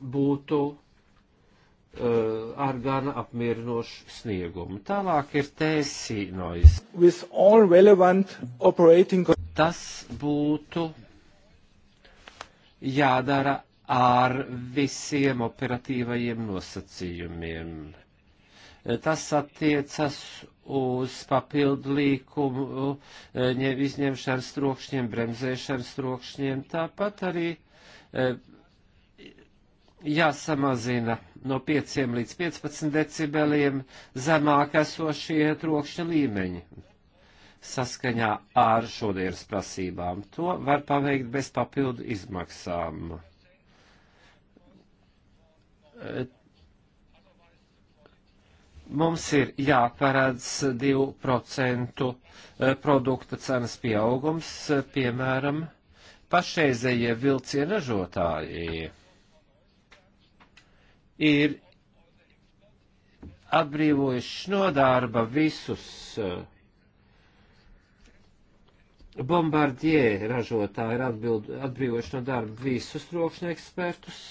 būtu Uh, ar gan apmierinošu sniegumu. Tālāk ir tēsīnojs. Operating... Tas būtu jādara ar visiem operatīvajiem nosacījumiem. Tas attiecas uz papildu līkumu, uh, izņemšanas trokšņiem, bremzēšanas trokšņiem, tāpat arī uh, jāsamazina no 5 līdz 15 decibeliem zemāk esošie trokšņa līmeņi saskaņā ar šodienas prasībām. To var paveikt bez papildu izmaksām. Mums ir jāparedz 2% eh, produkta cenas pieaugums, eh, piemēram, pašreizējie vilcienu ražotāji ir atbrīvojuši no darba visus eh, bombardie ražotāji, ir atbild, atbrīvojuši no darba visus trokšņa ekspertus,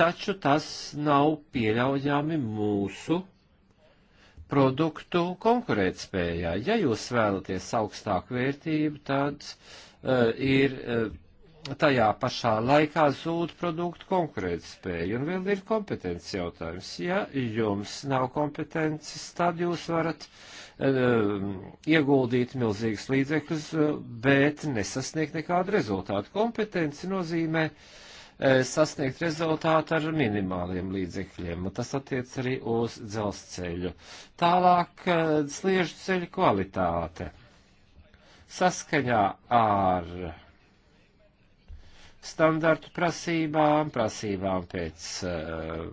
taču tas nav pieļaujami mūsu produktu konkurētspējā. Ja jūs vēlaties augstāku vērtību, tad uh, ir uh, tajā pašā laikā zūd produktu konkurētspēja. Un vēl ir kompetences jautājums. Ja jums nav kompetences, tad jūs varat um, ieguldīt milzīgas līdzekļus, uh, bet nesasniegt nekādu rezultātu. Kompetenci nozīmē uh, sasniegt rezultātu ar minimāliem līdzekļiem, un tas attiec arī uz dzelzceļu. Tālāk uh, sliežu ceļu kvalitāte. Saskaņā ar standartu prasībām, prasībām pēc uh,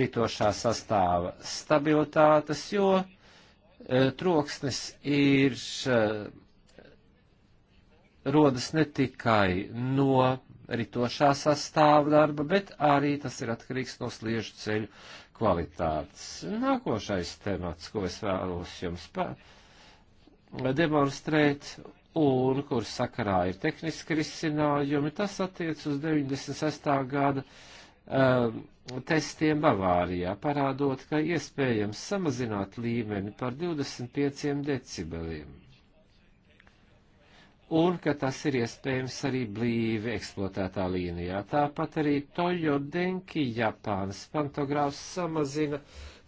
ritošā sastāva stabilitātes, jo uh, troksnis ir uh, rodas ne tikai no ritošā sastāva darba, bet arī tas ir atkarīgs no sliežu ceļu kvalitātes. Nākošais temats, ko es vēlos jums pa demonstrēt un kur sakarā ir tehniski risinājumi, tas attiec uz 96. gada um, testiem Bavārijā, parādot, ka iespējams samazināt līmeni par 25 decibeliem. Un ka tas ir iespējams arī blīvi eksploatētā līnijā. Tāpat arī Tojo Denki Japānas pantogrāfs samazina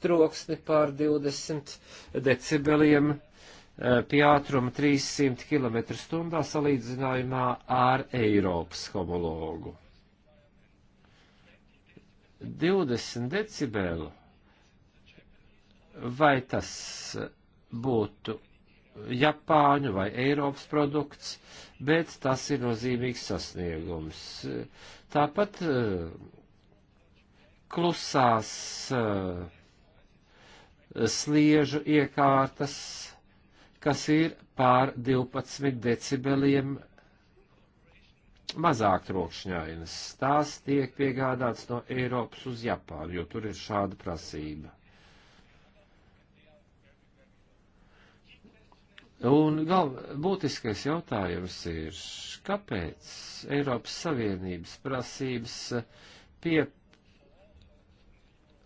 troksni pār 20 decibeliem Eh, pie ātruma 300 km stundā salīdzinājumā ar Eiropas homologu. 20 decibelu vai tas būtu Japāņu vai Eiropas produkts, bet tas ir nozīmīgs sasniegums. Tāpat eh, klusās eh, sliežu iekārtas kas ir pār 12 decibeliem mazāk trokšņainas. Tās tiek piegādāts no Eiropas uz Japānu, jo tur ir šāda prasība. Un gal, būtiskais jautājums ir, kāpēc Eiropas Savienības prasības pie,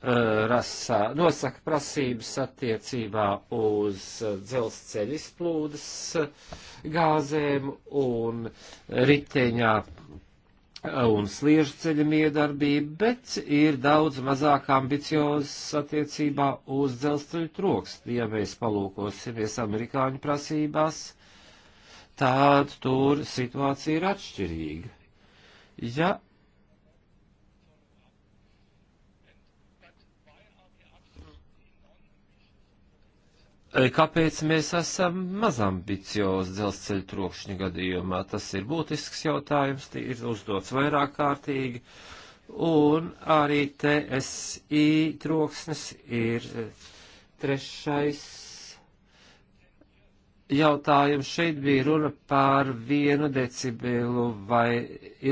Eh, rasā, nosaka prasības attiecībā uz eh, dzelzceļa izplūdes eh, gāzēm un riteņā un sliežu ceļa miedarbību, bet ir daudz mazāk ambiciozas attiecībā uz dzelzceļu troksni. Ja mēs palūkosimies amerikāņu prasībās, tad tur situācija ir atšķirīga. Ja E, kāpēc mēs esam mazambiciozi dzelzceļa trokšņa gadījumā? Tas ir būtisks jautājums, ir uzdots vairāk kārtīgi, un arī TSI troksnis ir e, trešais jautājums. Šeit bija runa par vienu decibelu vai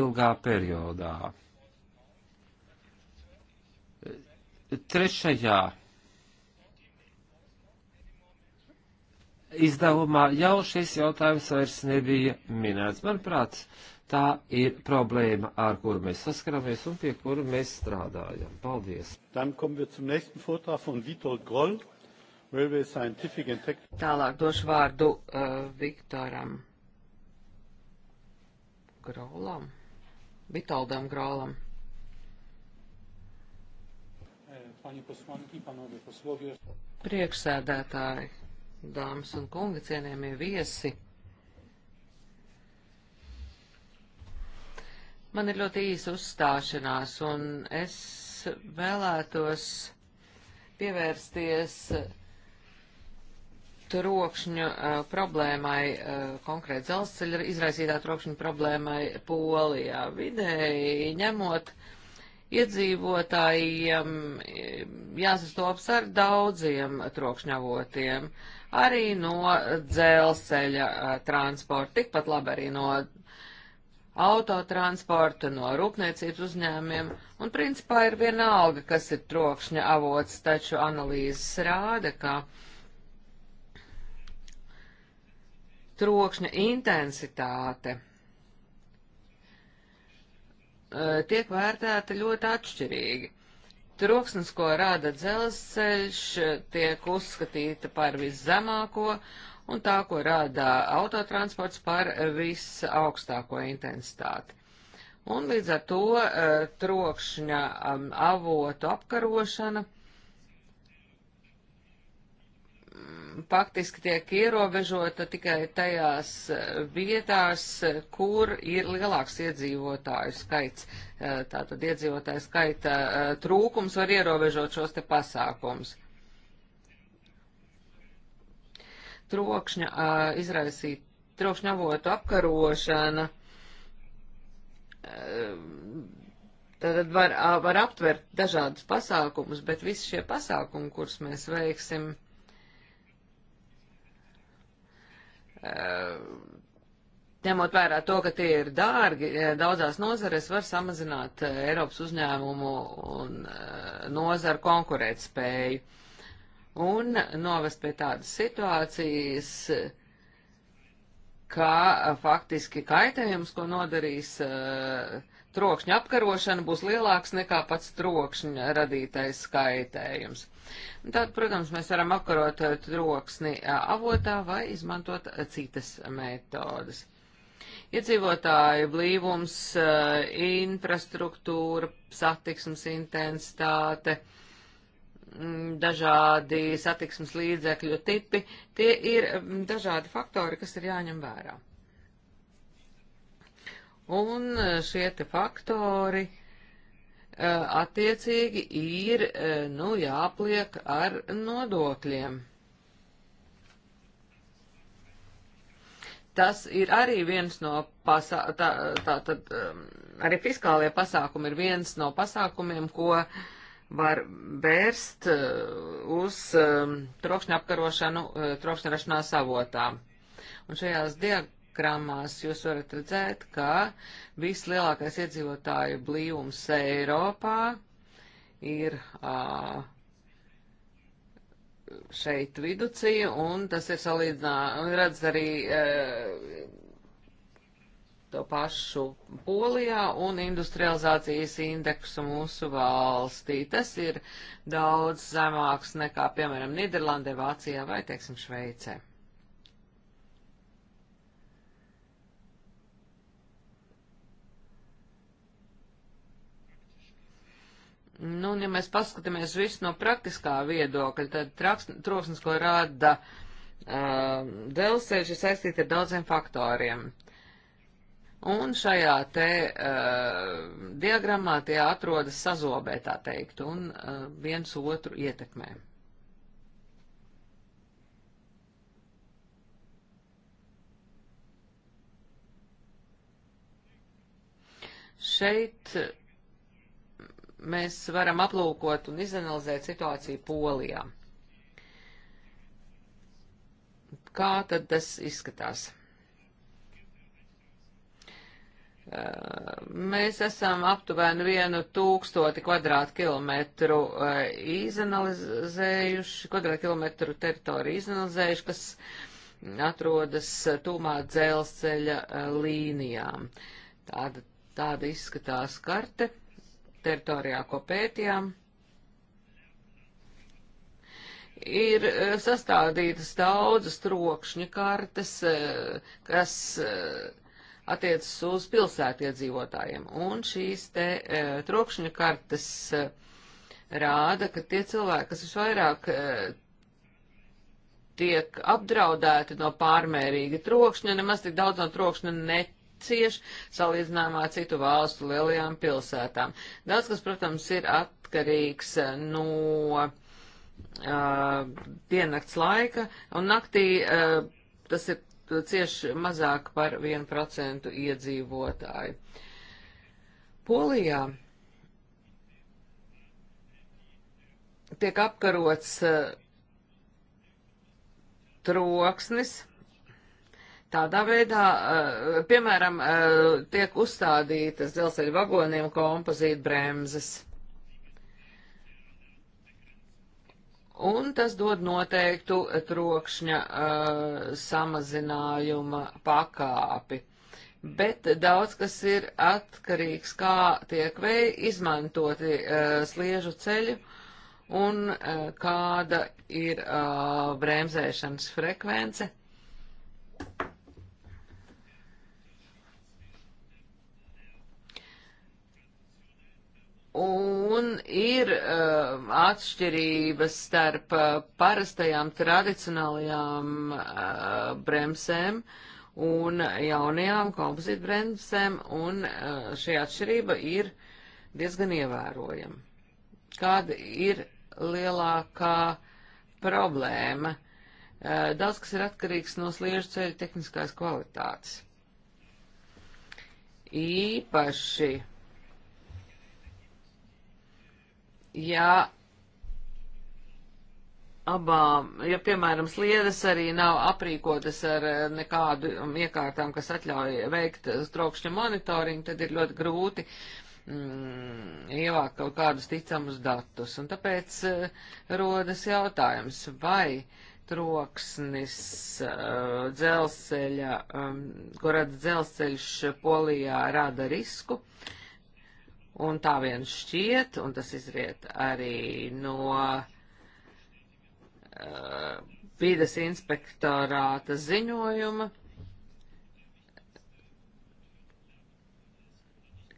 ilgā periodā. E, trešajā izdevumā jau šis jautājums vairs nebija minēts. Manuprāt, tā ir problēma, ar kuru mēs saskaramies un pie kura mēs strādājam. Paldies! Groll, Tālāk došu vārdu uh, Viktoram Grolam, Vitaldam Grolam. Priekšsēdētāji, dāmas un kungi, cienējamie viesi. Man ir ļoti īsa uzstāšanās, un es vēlētos pievērsties trokšņu uh, problēmai, uh, konkrēt dzelzceļa izraisītā trokšņu problēmai Polijā. Vidēji ņemot iedzīvotājiem jāsastopas ar daudziem trokšņavotiem. Uh, arī no dzelzceļa transporta, tikpat labi arī no autotransporta, no rūpniecības uzņēmiem, un principā ir vienalga, kas ir trokšņa avots, taču analīzes rāda, ka trokšņa intensitāte tiek vērtēta ļoti atšķirīgi. Troksnis, ko rada dzelzceļš, tiek uzskatīta par viszemāko un tā, ko rada autotransports par visaugstāko intensitāti. Un līdz ar to eh, trokšņa um, avotu apkarošana faktiski tiek ierobežota tikai tajās eh, vietās, eh, kur ir lielāks iedzīvotāju skaits. Eh, tātad iedzīvotāju skaita trūkums var ierobežot šos te pasākums. Trokšņa izraisīt, trokšņa avotu apkarošana tad var, var aptvert dažādus pasākumus, bet visi šie pasākumi, kurus mēs veiksim, Eh, ņemot vērā to, ka tie ir dārgi, eh, daudzās nozarēs var samazināt eh, Eiropas uzņēmumu un nozaru konkurētspēju un novest pie tādas situācijas, kā faktiski kaitējums, ko nodarīs uh, trokšņa apkarošana būs lielāks nekā pats trokšņa radītais skaitējums. Tad, protams, mēs varam apkarot eh, troksni eh, avotā vai izmantot eh, citas metodas. Iedzīvotāju blīvums, infrastruktūra, satiksmes intensitāte, mm, dažādi satiksmes līdzekļu tipi, tie ir mm, dažādi faktori, kas ir jāņem vērā. Un e, šie te faktori e, attiecīgi ir, e, nu, jāpliek ar nodokļiem. Tas ir arī viens no pasā, tā, tā, tā, um, arī fiskālie pasākumi ir viens no pasākumiem, ko var vērst uz um, trokšņa apkarošanu, trokšņa rašanās avotā. Un šajās diag diagrammās jūs varat redzēt, ka vislielākais iedzīvotāju blīvums Eiropā ir uh, šeit viducī, un tas ir salīdzinājums, redz arī uh, to pašu Polijā un industrializācijas indeksu mūsu valstī. Tas ir daudz zemāks nekā, piemēram, Niderlandē, Vācijā vai, teiksim, Šveicē. Nu, un ja mēs paskatāmies visu no praktiskā viedokļa, tad traks, troksnis, ko rada uh, dzelzceļš, ir saistīti ar daudziem faktoriem. Un šajā te uh, diagrammā tie atrodas sazobē, tā teikt, un uh, viens otru ietekmē. Šeit mēs varam aplūkot un izanalizēt situāciju Polijā. Kā tad tas izskatās? Uh, mēs esam aptuveni vienu tūkstoti kvadrātkilometru uh, izanalizējuši, kvadrātkilometru teritoriju izanalizējuši, kas atrodas tūmā dzelzceļa uh, līnijām. Tāda, tāda izskatās karte teritorijā, ko pētījām, ir eh, sastādītas daudzas trokšņa kartes, eh, kas eh, attiecas uz pilsētiedzīvotājiem. Un šīs te trokšņa kartes rāda, ka tie cilvēki, kas visvairāk tiek apdraudēti no pārmērīga trokšņa, nemaz tik daudz no trokšņa net cieši salīdzinājumā ar citu valstu lielajām pilsētām. Daudz, kas, protams, ir atkarīgs eh, no uh, eh, diennakts laika, un naktī uh, tas ir cieši mazāk par 1% iedzīvotāju. Polijā tiek apkarots uh, troksnis Tādā veidā, eh, piemēram, eh, tiek uzstādītas dzelzceļa vagoniem kompozīta bremzes. Un tas dod noteiktu trokšņa uh, samazinājuma pakāpi. Bet daudz kas ir atkarīgs, kā tiek vei izmantoti uh, sliežu ceļu un uh, kāda ir bremzēšanas frekvence Un ir uh, atšķirības starp uh, parastajām tradicionālajām uh, bremsēm un jaunajām kompozīt bremsēm, un uh, šī atšķirība ir diezgan ievērojama. Kāda ir lielākā problēma? Uh, daudz kas ir atkarīgs no sliežu ceļa tehniskās kvalitātes. Īpaši ja abām, ja, piemēram, sliedas arī nav aprīkotas ar eh, nekādu iekārtām, kas atļauj veikt eh, trokšņa monitoringu, tad ir ļoti grūti mm, ievākt kaut kādus ticamus datus. Un tāpēc uh, rodas jautājums, vai troksnis uh, dzelzceļa, um, ko rada dzelzceļš Polijā, rada risku. Uh, Un tā vien šķiet, un tas izriet arī no uh, vides inspektorāta ziņojuma,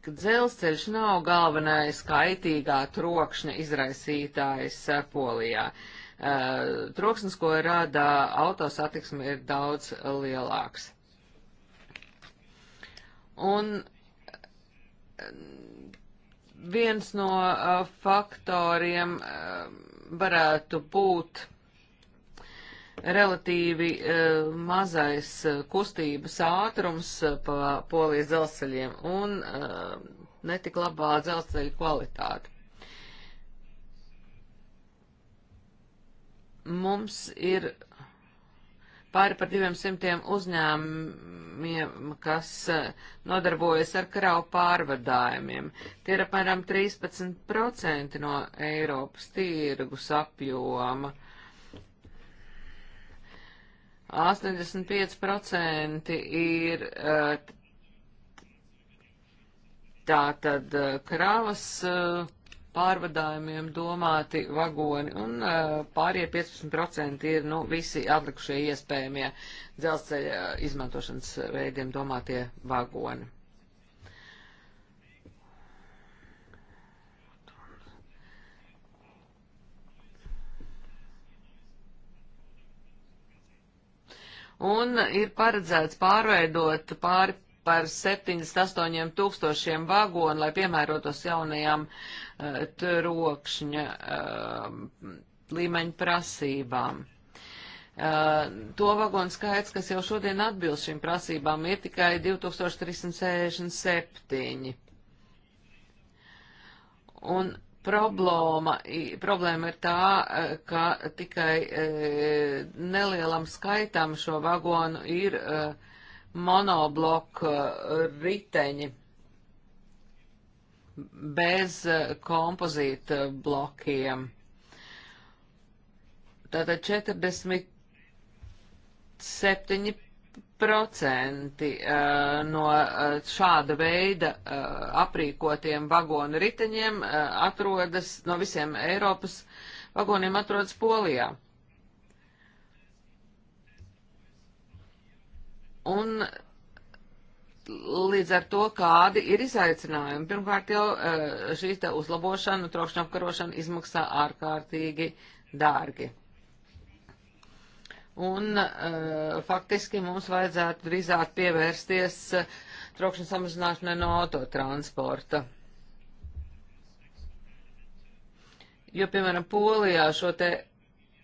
ka dzelzceļš nav galvenais kaitīgā trokšņa izraisītājs eh, Polijā. Uh, troksnis, ko rada autosatiksme, ir daudz lielāks. Un uh, viens no uh, faktoriem uh, varētu būt relatīvi uh, mazais uh, kustības ātrums uh, pa polijas dzelzceļiem un uh, netik labā dzelzceļa kvalitāte. Mums ir pāri par 200 uzņēmumiem, kas eh, nodarbojas ar kravu pārvadājumiem. Tie ir apmēram 13% no Eiropas tirgus apjoma. 85% ir eh, tātad eh, kravas pārvadājumiem domāti vagoni, un uh, pārējie 15% ir nu, visi atlikušie iespējamie dzelzceļa eh, izmantošanas veidiem domātie vagoni. Un ir paredzēts pārveidot pāri par 78 tūkstošiem vagonu, lai piemērotos jaunajām uh, trokšņa eh, līmeņa prasībām. Eh, to vagonu skaits, kas jau šodien atbilst šīm prasībām, ir tikai 2367. Un problēma, problēma ir tā, eh, ka tikai nelielam skaitam šo vagonu ir monobloku riteņi bez eh, kompozīta eh, blokiem. Tātad 47% eh, no šāda veida aprīkotiem vagonu riteņiem atrodas, no visiem Eiropas vagoniem atrodas Polijā. Un līdz ar to, kādi ir izaicinājumi. Pirmkārt, jau eh, šī te uzlabošana, trokšņa apkarošana izmaksā ārkārtīgi dārgi. Un eh, faktiski mums vajadzētu drīzāk pievērsties eh, trokšņa samazināšanai no autotransporta. Jo, piemēram, Polijā šo te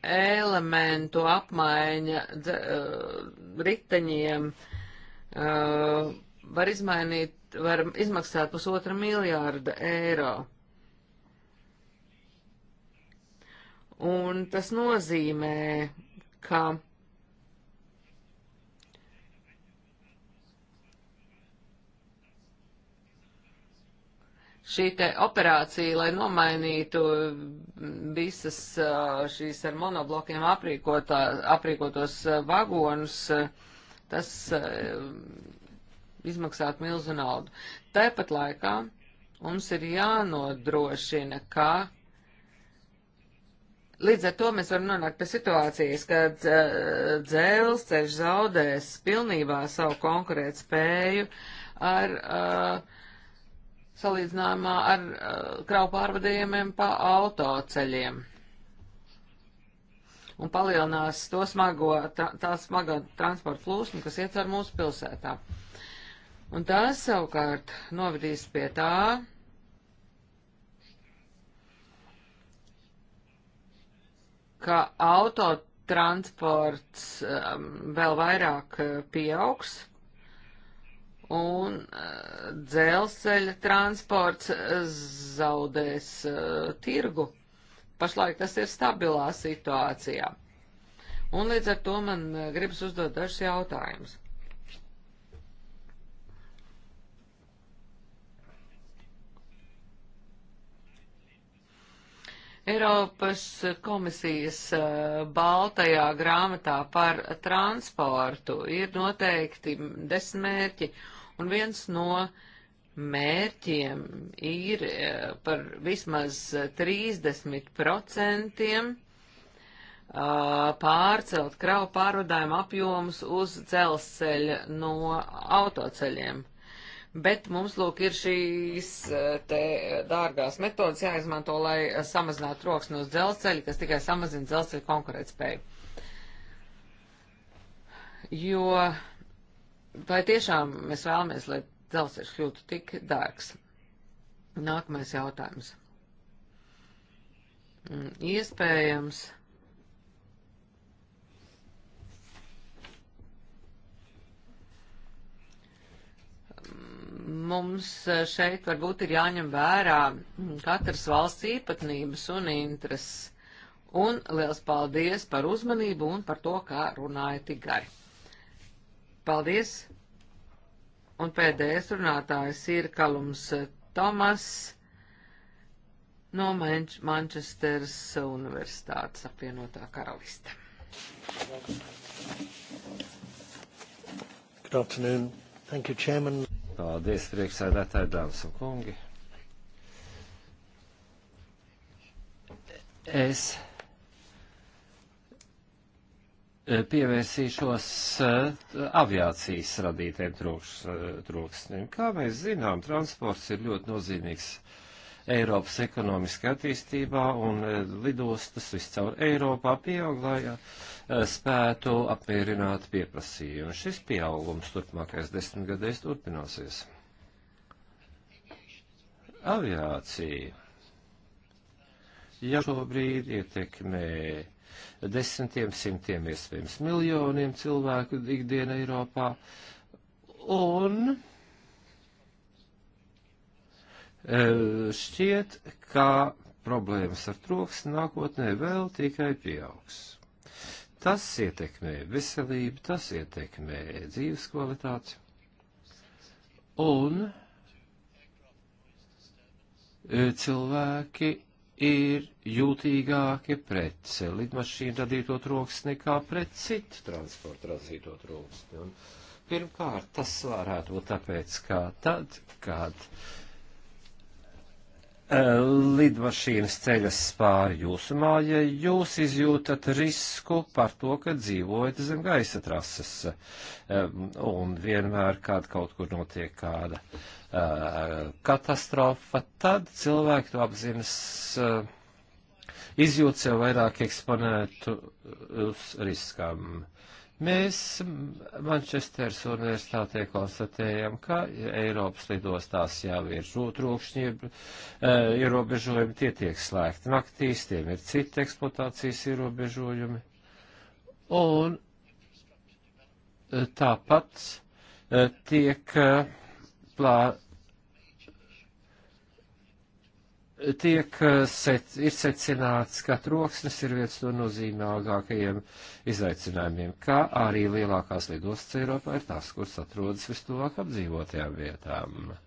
elementu apmaiņa riteņiem uh, var izmainīt, var izmaksāt pusotra miljārda eiro. Un tas nozīmē, ka šī te operācija, lai nomainītu visas šīs ar monoblokiem aprīkotā, aprīkotos vagonus, tas izmaksāt milzu naudu. Tāpat laikā mums ir jānodrošina, ka līdz ar to mēs varam nonākt pie situācijas, kad eh, dzelzceļš zaudēs pilnībā savu konkurēt spēju ar uh, salīdzinājumā ar uh, kravu pārvadījumiem pa autoceļiem un palielinās to smago, tā, tā smaga transporta plūsmu, kas iet ar mūsu pilsētā. Uh, Un tās savukārt novadīs pie tā, ka autotransports um, vēl vairāk uh, pieaugs un uh, dzelzceļa transports uh, zaudēs uh, tirgu. Pašlaik tas ir stabilā situācijā. Un līdz ar to man uh, gribas uzdot dažus jautājumus. Eiropas komisijas eh, baltajā grāmatā par transportu ir noteikti desmit mērķi, un viens no mērķiem ir eh, par vismaz 30% eh, pārcelt kravu pārvadājumu apjomus uz dzelzceļa no autoceļiem bet mums, lūk, ir šīs eh, te dārgās metodas jāizmanto, lai samazinātu troksni uz dzelzceļa, kas tikai samazina dzelzceļa konkurētspēju. Jo vai tiešām mēs vēlamies, lai dzelzceļš kļūtu tik dārgs? Nākamais jautājums. Mm, iespējams. Mm, mums eh, šeit varbūt ir jāņem vērā katras valsts īpatnības un intereses. Un liels paldies par uzmanību un par to, kā runāja tik gari. Paldies! Un pēdējais runātājs ir Kalums Tomas no Manč Manchesteras Universitātes apvienotā karaliste. Good afternoon. Thank you, Chairman. Paldies, priekšsēdētāji, dāmas un kungi. Es eh, pievērsīšos eh, aviācijas radītiem eh, trūksnim. Kā mēs zinām, transports ir ļoti nozīmīgs Eiropas ekonomiskā attīstībā un lidostas viscaur Eiropā pieaug, lai spētu apmierināt pieprasījumu. Šis pieaugums turpmākais desmitgadēs turpināsies. Aviācija jau šobrīd ietekmē desmitiem, simtiem, iespējams miljoniem cilvēku ikdienu Eiropā. Un e, šķiet, ka problēmas ar troksni nākotnē vēl tikai pieaugs. Tas ietekmē veselību, tas ietekmē dzīves kvalitāti. Un e, cilvēki ir jūtīgāki pret lidmašīnu radīto troksni nekā pret citu transportu radīto troksni. Un pirmkārt, tas varētu būt tāpēc, ka tad, kad Eh, lidmašīnas ceļas pāri jūsu mājai, jūs izjūtat risku par to, ka dzīvojat zem gaisa trases. Eh, un vienmēr, kad kaut kur notiek kāda eh, katastrofa, tad cilvēki to apzinas izjūt sev vairāk eksponētu uz riskam. Mēs Mančesteras universitātē konstatējam, ka Eiropas lidostās jau ir trūkšņi, e, ierobežojumi, tie tiek slēgti naktīs, tiem ir citi eksploatācijas ierobežojumi. Un e, tāpat e, tiek plā, tiek eh, sec, ir secināts, ka troksnis ir viens no nozīmīgākajiem izaicinājumiem, kā arī lielākās lidostas Eiropā ir tās, kuras atrodas vistuvāk apdzīvotajām vietām. Eh,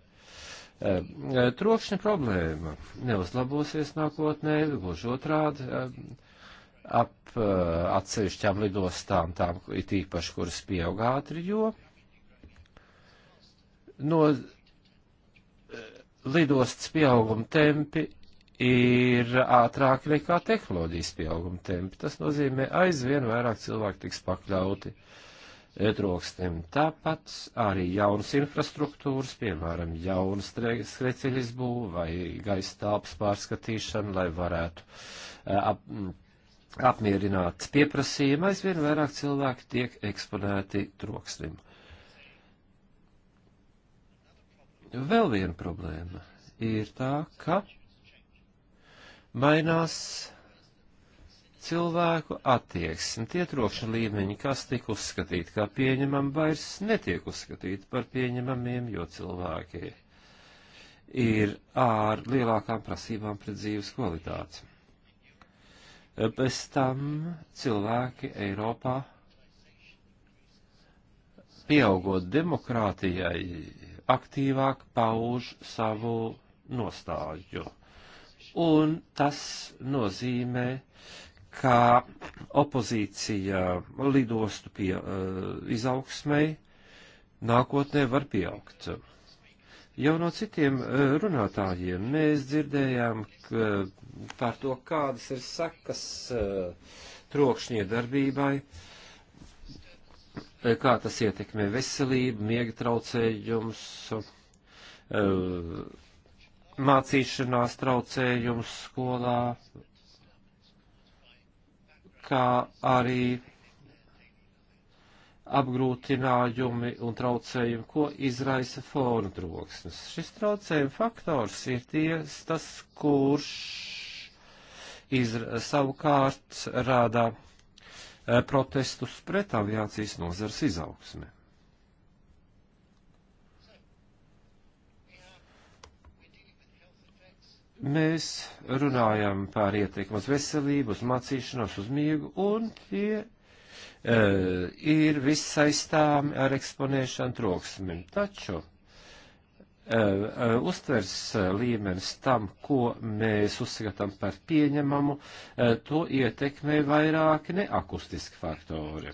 eh, Trokšņa problēma neuzlabosies nākotnē, gluži otrādi, ap atsevišķām lidostām, tām it īpaši, kuras pieaug ātri, jo no lidostas pieauguma tempi ir ātrāki nekā tehnoloģijas pieauguma tempi. Tas nozīmē aizvien vairāk cilvēku tiks pakļauti eh, troksnim. Tāpat arī jaunas infrastruktūras, piemēram, jaunas skreceļa izbūve vai gaisa telpas pārskatīšana, lai varētu eh, ap, apmierināt pieprasījumu, aizvien vairāk cilvēku tiek eksponēti troksnim. Vēl viena problēma ir tā, ka mainās cilvēku attieksmi. Tie trokšņa līmeņi, kas tika uzskatīti kā pieņemami, vairs netiek uzskatīti par pieņemamiem, jo cilvēki ir ar lielākām prasībām pret dzīves kvalitāti. Bez tam cilvēki Eiropā pieaugot demokrātijai aktīvāk pauž savu nostāju. Un tas nozīmē, ka opozīcija lidostu pie uh, eh, izaugsmai nākotnē var pieaugt. Jau no citiem eh, runātājiem mēs dzirdējām ka, par to, kādas ir sekas eh, trokšņie darbībai, uh, Eh, kā tas ietekmē veselību, miega traucējumus, eh, mācīšanās traucējumus skolā, kā arī apgrūtinājumi un traucējumi, ko izraisa fona troksnis. Šis traucējuma faktors ir ties, tas, kurš izra, savukārt rādā Eh, protestus pret aviācijas nozars izaugsmi. Mēs runājam par ietekmu uz veselību, uz mācīšanos, uz miegu, un tie uh, ir viss saistāmi ar eksponēšanu troksmim. Taču Eh, eh, uztvers eh, līmenis tam, ko mēs uzskatām par pieņemamu, to ietekmē vairāki neakustiski faktori.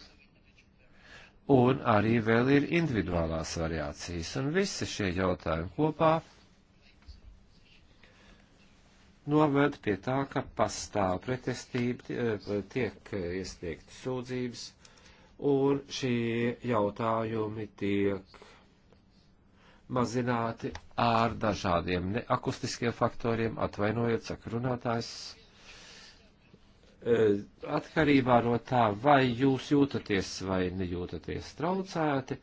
Un arī vēl ir individuālās variācijas, un visi šie jautājumi kopā noved pie tā, ka pastāv pretestība, tiek iesniegtas sūdzības, un šie jautājumi tiek mazināti ar dažādiem neakustiskiem faktoriem, atvainojiet, saka runātājs, e, atkarībā no tā, vai jūs jūtaties vai nejūtaties traucēti,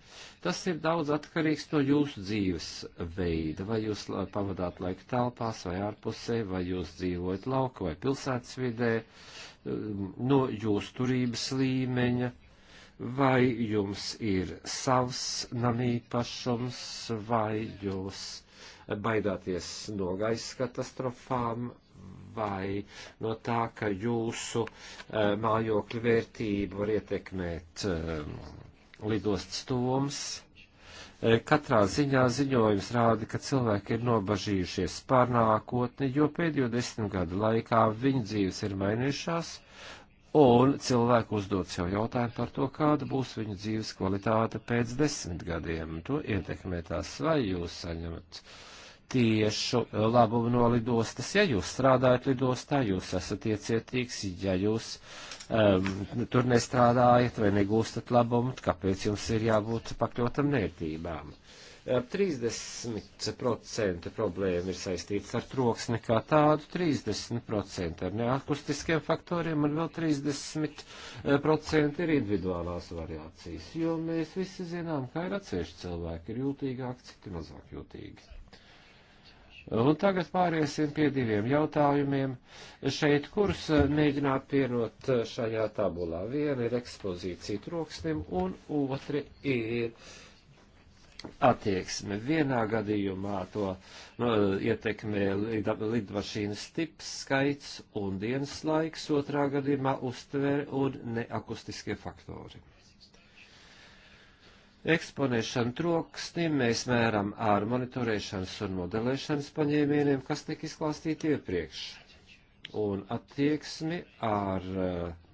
tas ir daudz atkarīgs no jūsu dzīves veida, vai jūs pavadāt laiku telpās vai ārpusē, vai jūs dzīvojat lauka vai pilsētas vidē, e, no jūsu turības līmeņa vai jums ir savs namīpašums, vai jūs baidāties no gaisa katastrofām, vai no tā, ka jūsu uh, eh, mājokļu vērtību var ietekmēt uh, lidostas toms. Uh, katrā ziņā ziņojums rāda, ka cilvēki ir nobažījušies par nākotni, jo pēdējo desmit gadu laikā viņu dzīves ir mainījušās, Un cilvēku uzdod sev jautājumu par to, kāda būs viņu dzīves kvalitāte pēc desmit gadiem. To ietekmē tās, vai jūs saņemat tiešu labumu no lidostas. Ja jūs strādājat lidostā, jūs esat iecietīgs, ja jūs um, tur nestrādājat vai negūstat labumu, kāpēc jums ir jābūt pakļautam nērtībām? Uh, 30% problēma ir saistīts ar troksni kā tādu, 30% ar neakustiskiem faktoriem un vēl 30% ir individuālās variācijas, jo mēs visi zinām, kā ir atsevišķi cilvēki, ir jūtīgāki, citi mazāk jūtīgi. Un tagad pāriesim pie diviem jautājumiem šeit, kurus mēģināt pienot šajā tabulā. Viena ir ekspozīcija troksnim un otra ir. Uh, attieksme. Vienā gadījumā to no, ietekmē lidmašīnas tips, skaits un dienas laiks, otrā gadījumā uztvere un neakustiskie faktori. Eksponēšanu troksnim mēs mēram ar monitorēšanas un modelēšanas paņēmieniem, kas tika izklāstīti iepriekš, un attieksmi ar uh,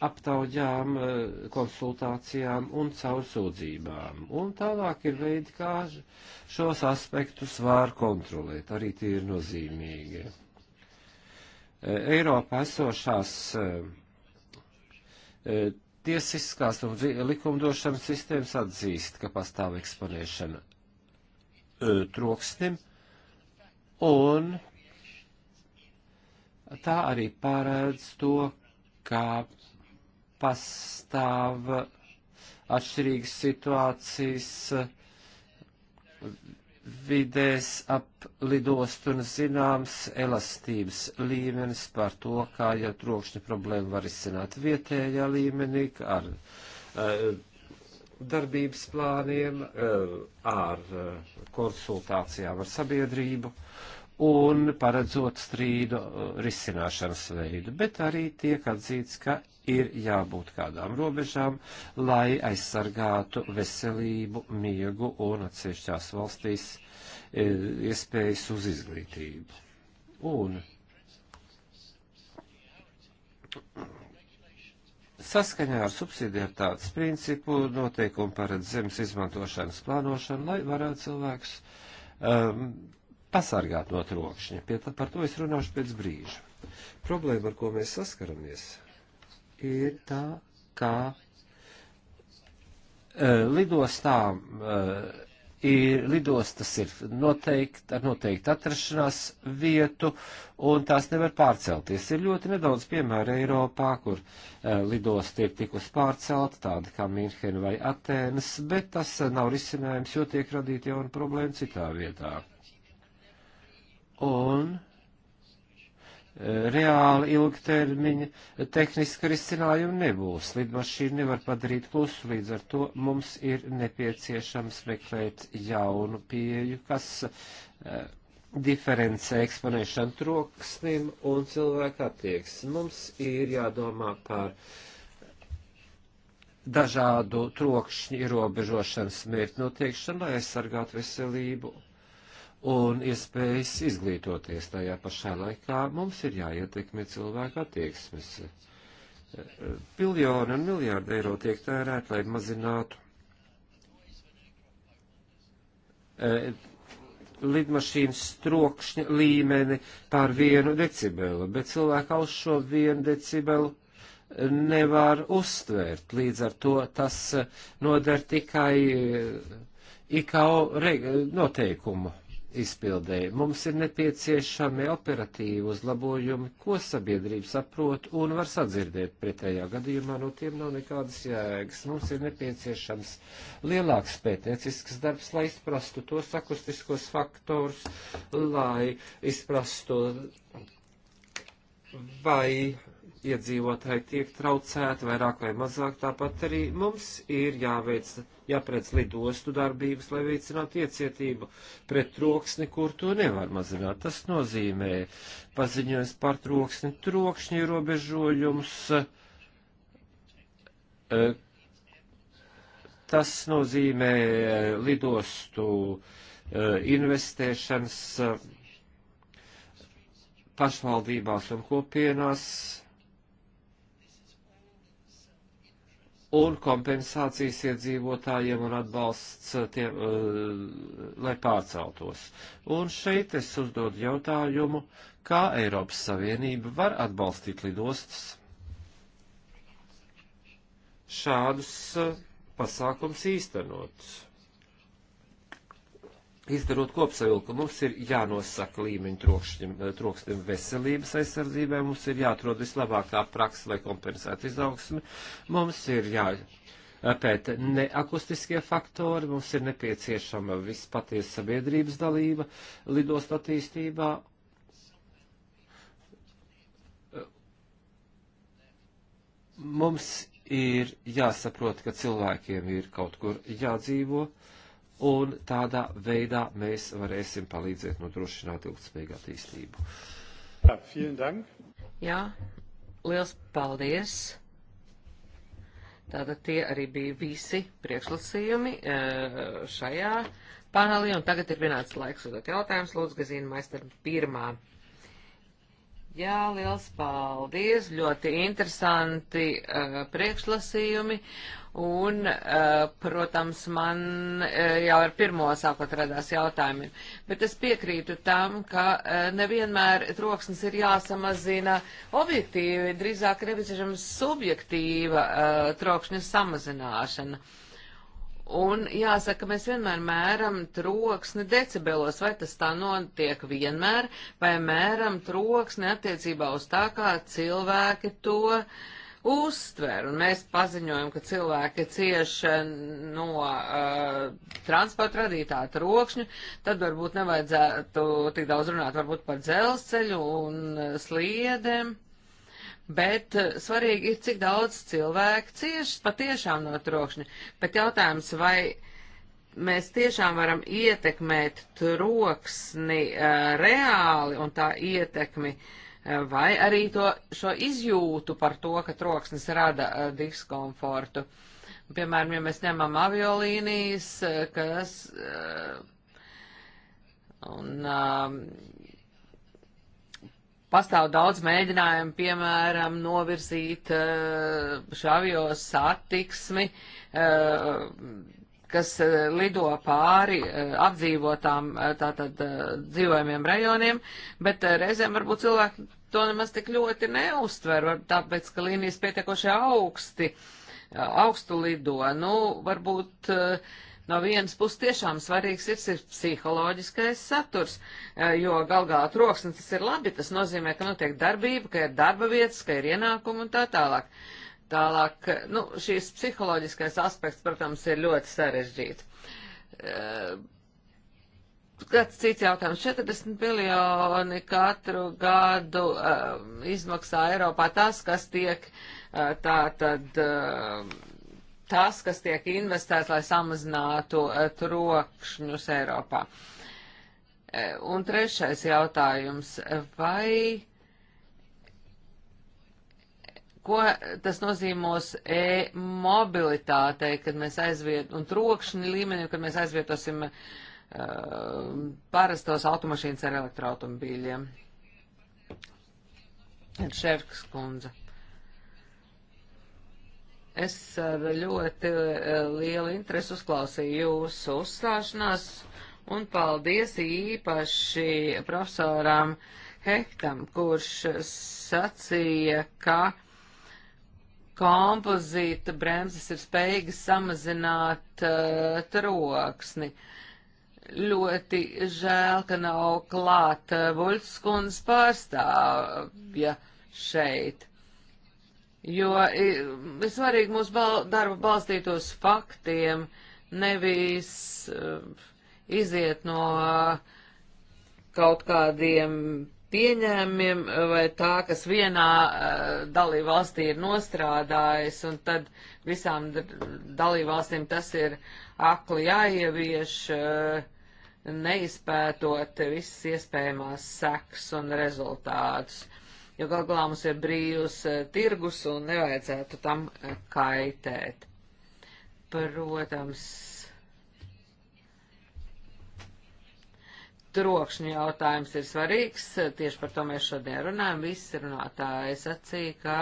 aptaujām, eh, konsultācijām un caur sūdzībām. Un tālāk ir veidi, kā šos aspektus var kontrolēt, arī tie ir nozīmīgi. Eh, Eiropā esošās eh, tiesiskās un likumdošanas sistēmas atzīst, ka pastāv eksponēšana troksnim, un tā arī pārēdz to, kā pastāv atšķirīgas situācijas vidēs ap lidostu un zināms elastības līmenis par to, kā jau trokšņa problēma var izsināt vietējā līmenī ar uh, darbības plāniem, uh, ar uh, konsultācijām ar sabiedrību un paredzot strīdu uh, risināšanas veidu, bet arī tiek atzīts, ka ir jābūt kādām robežām, lai aizsargātu veselību, miegu un atsevišķās valstīs uh, iespējas uz izglītību. Un Saskaņā ar subsidiaritātes principu noteikumi paredz zemes izmantošanas plānošanu, lai varētu cilvēks um, pasargāt no trokšņa. Pie tā, par to es runāšu pēc brīža. Problēma, ar ko mēs saskaramies, ir tā, kā uh, e, lidostām uh, ir, lidostas ir noteikti, ar noteikti atrašanās vietu, un tās nevar pārcelties. Ir ļoti nedaudz piemēra Eiropā, kur uh, e, lidosta ir tikus pārcelta, tāda kā Mīnhena vai Atēnas, bet tas nav risinājums, jo tiek radīta jauna problēma citā vietā un e, reāli ilgtermiņa tehniska risinājuma nebūs. Lidmašīna nevar padarīt klusu, līdz ar to mums ir nepieciešams meklēt jaunu pieju, kas uh, diferencē eksponēšanu troksnim un cilvēku attieksmi. Mums ir jādomā par dažādu trokšņu ierobežošanas mērķu noteikšanu, lai aizsargātu veselību un iespējas izglītoties tajā pašā laikā, mums ir jāietekmē cilvēku attieksmes. Biljoni un miljārdi eiro tiek tērēt, lai mazinātu e, lidmašīnas strokšņa līmeni pār vienu decibelu, bet cilvēku uz šo vienu decibelu nevar uztvērt. Līdz ar to tas noder tikai e, IKO noteikumu izpildēji. Mums ir nepieciešami operatīvi uzlabojumi, ko sabiedrība saprot un var sadzirdēt. Pretējā gadījumā no tiem nav nekādas jēgas. Mums ir nepieciešams lielāks pētniecisks darbs, lai izprastu tos akustiskos faktors, lai izprastu vai iedzīvotāji tiek traucēti vairāk vai mazāk, tāpat arī mums ir jāveic, jāprēc lidostu darbības, lai veicinātu iecietību pret troksni, kur to nevar mazināt. Tas nozīmē paziņojums par troksni, trokšņi ierobežojums. E, tas nozīmē lidostu e, investēšanas e, pašvaldībās un kopienās un kompensācijas iedzīvotājiem un atbalsts eh, tiem, eh, lai pārceltos. Un šeit es uzdodu jautājumu, kā Eiropas Savienība var atbalstīt lidostas šādus eh, pasākums īstenot. Izdarot kopsavilku, mums ir jānosaka līmeņa troksnim eh, veselības aizsardzībai, mums ir jāatrod vislabākā praksa, lai kompensētu izaugsmi, mums ir jāpēta eh, neakustiskie faktori, mums ir nepieciešama vispaties sabiedrības dalība lidost attīstībā. Mums ir jāsaprot, ka cilvēkiem ir kaut kur jādzīvo. Uh, un tādā veidā mēs varēsim palīdzēt nodrošināt ilgspējīgu attīstību. Jā, liels paldies! Tātad tie arī bija visi priekšlasījumi eh, šajā panelī, un tagad ir vienāds laiks uzdot jautājumus. Lūdzu, Gazīna Maistar pirmā. Jā, liels paldies, ļoti interesanti eh, priekšlasījumi. Un, eh, protams, man eh, jau ar pirmo sākot radās jautājumi, bet es piekrītu tam, ka eh, nevienmēr troksnis ir jāsamazina objektīvi, drīzāk ir nepieciešama subjektīva trokšņa samazināšana. Un jāsaka, mēs vienmēr mēram troksni decibelos, vai tas tā notiek vienmēr, vai mēram troksni attiecībā uz tā, kā cilvēki to uh, uztver, un mēs paziņojam, ka cilvēki cieš no uh, transporta radītāta rokšņa, tad varbūt nevajadzētu tik daudz runāt varbūt par dzelzceļu un uh, sliedēm. Bet uh, svarīgi ir, cik daudz cilvēku cieš patiešām no trokšņa. Bet jautājums, vai mēs tiešām varam ietekmēt troksni uh, reāli un tā ietekmi uh, vai arī to, šo izjūtu par to, ka troksnis rada eh, diskomfortu. Piemēram, ja mēs ņemam aviolīnijas, eh, kas. Eh, un, um, pastāv daudz mēģinājumu, piemēram, novirzīt šavio satiksmi kas eh, lido pāri eh, apdzīvotām eh, tātad dzīvojumiem rajoniem, bet reizēm varbūt cilvēki to nemaz tik ļoti neuztver, tāpēc, ka līnijas pietiekoši augsti, augstu lido. Nu, varbūt no vienas puses tiešām svarīgs ir, ir psiholoģiskais saturs, jo galgā troksnis tas ir labi, tas nozīmē, ka notiek darbība, ka ir darba vietas, ka ir ienākumi un tā tālāk. Uh, Tālāk, nu, šīs psiholoģiskais aspekts, protams, ir ļoti sarežģīti. Eh, kāds cits jautājums? 40 miljoni katru gadu uh, izmaksā Eiropā tas, kas tiek uh, tā tad. Uh, Tas, kas tiek investēts, lai samazinātu uh, trokšņus Eiropā. Uh, un trešais jautājums. Vai uh, ko tas nozīmos e-mobilitātei, kad mēs aizviet, un trokšņa līmenī, kad mēs aizvietosim uh, parastos automašīnas ar elektroautomobīļiem. Šerks kundze. Es ar ļoti uh, lielu interesi uzklausīju jūsu uzstāšanās un paldies īpaši profesoram Hektam, kurš sacīja, ka kompozīta bremzes ir spējīgas samazināt uh, troksni. Ļoti žēl, ka nav klāt uh, Buļskundas pārstāvja šeit, jo eh, ir svarīgi mūsu bal darbu balstītos faktiem, nevis uh, iziet no uh, kaut kādiem pieņēmumiem vai tā, kas vienā eh, dalību valstī ir nostrādājis, un tad visām dalību valstīm tas ir akli jāievieš, eh, neizpētot visas iespējamās seks un rezultātus. Jo galu galā mums ir brīvs eh, tirgus un nevajadzētu tam kaitēt. Protams, trokšņa jautājums ir svarīgs, tieši par to mēs šodien runājam, visi runātāji sacīja, ka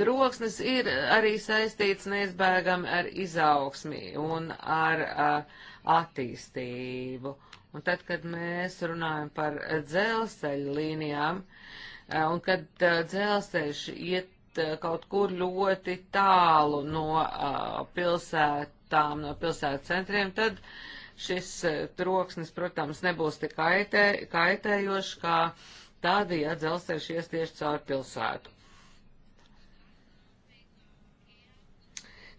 troksnis ir arī saistīts neizbēgami ar izaugsmi un ar a, attīstību. Un tad, kad mēs runājam par dzelzceļa līnijām, a, un kad dzelzceļš iet kaut kur ļoti tālu no a, pilsētu, vietām, no pilsētu centriem, tad šis e, troksnis, protams, nebūs tik kaitē, kaitējošs, kā tādi, ja dzelzceļš ies tieši caur pilsētu.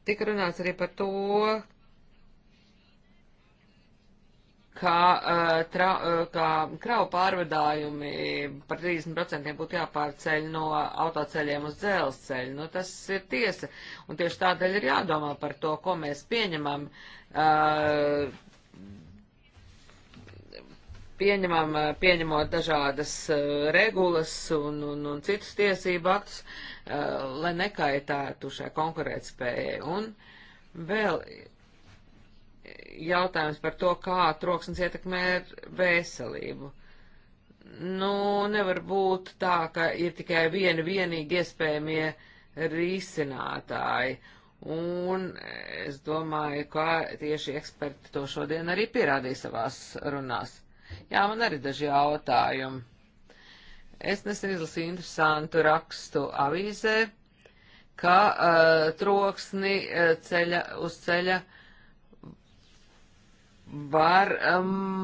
Tik runāts arī par to, kā, eh, tra, eh, kā kravu pārvadājumi par 30% būtu jāpārceļ no autoceļiem uz dzelzceļu. Nu, tas ir tiesa, un tieši tādēļ ir jādomā par to, ko mēs pieņemam. Uh, pieņemam, pieņemot dažādas uh, regulas un, un, un citus tiesību aktus, uh, lai nekaitētu šai konkurētspējai. Un vēl jautājums par to, kā troksnis ietekmē veselību. Nu, nevar būt tā, ka ir tikai vieni vienīgi iespējamie risinātāji. Un es domāju, ka tieši eksperti to šodien arī pierādīja savās runās. Jā, man arī daži jautājumi. Es nesen izlasīju interesantu rakstu avīzē, ka uh, troksni uh, ceļa uz ceļa uh, var eh,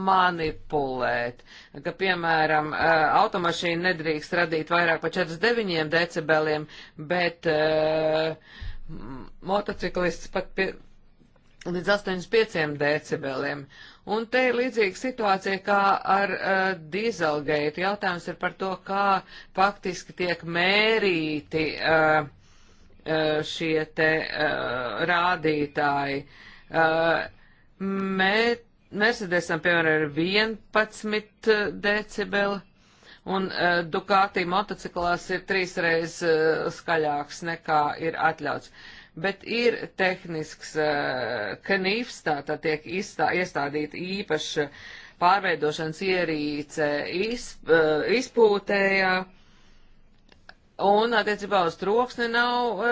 manipulēt, ka, piemēram, eh, automašīna nedrīkst radīt vairāk par 49 decibeliem, bet uh, motociklists pat pie, līdz 85 decibeliem. Un te ir līdzīga situācija kā ar uh, dizelgeitu. Jautājums ir par to, kā faktiski tiek mērīti uh, uh, šie te uh, rādītāji. Uh, Mē, Mercedesam, piemēram, ir 11 eh, decibeli, un uh, Ducati motociklās ir trīs reizes uh, skaļāks nekā ir atļauts. Bet ir tehnisks uh, eh, knīfs, tātad tā tiek izstā, iestādīta īpaša pārveidošanas ierīce iz, uh, izpūtējā. Uh, Un attiecībā uz troksni nav uh,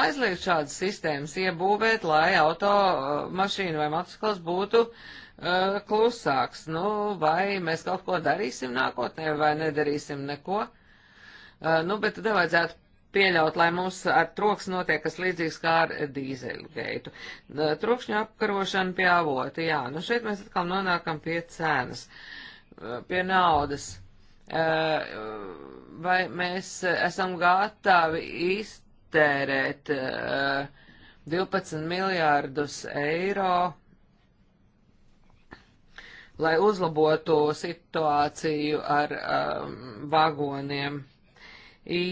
aizliegt šādas sistēmas iebūvēt, lai auto uh, eh, mašīna vai motocikls būtu uh, klusāks. Nu, vai mēs kaut ko darīsim nākotnē vai nedarīsim neko? Uh, nu, bet tad vajadzētu pieļaut, lai mums ar troksni notiek kas līdzīgs kā ar dīzeļgeitu. Uh, trokšņu apkarošana pie avota, jā. Nu, šeit mēs atkal nonākam pie cenas, uh, pie naudas Eh, vai mēs esam gatavi iztērēt 12 eh, miljārdus eiro, lai uzlabotu situāciju ar um, vagoniem. I,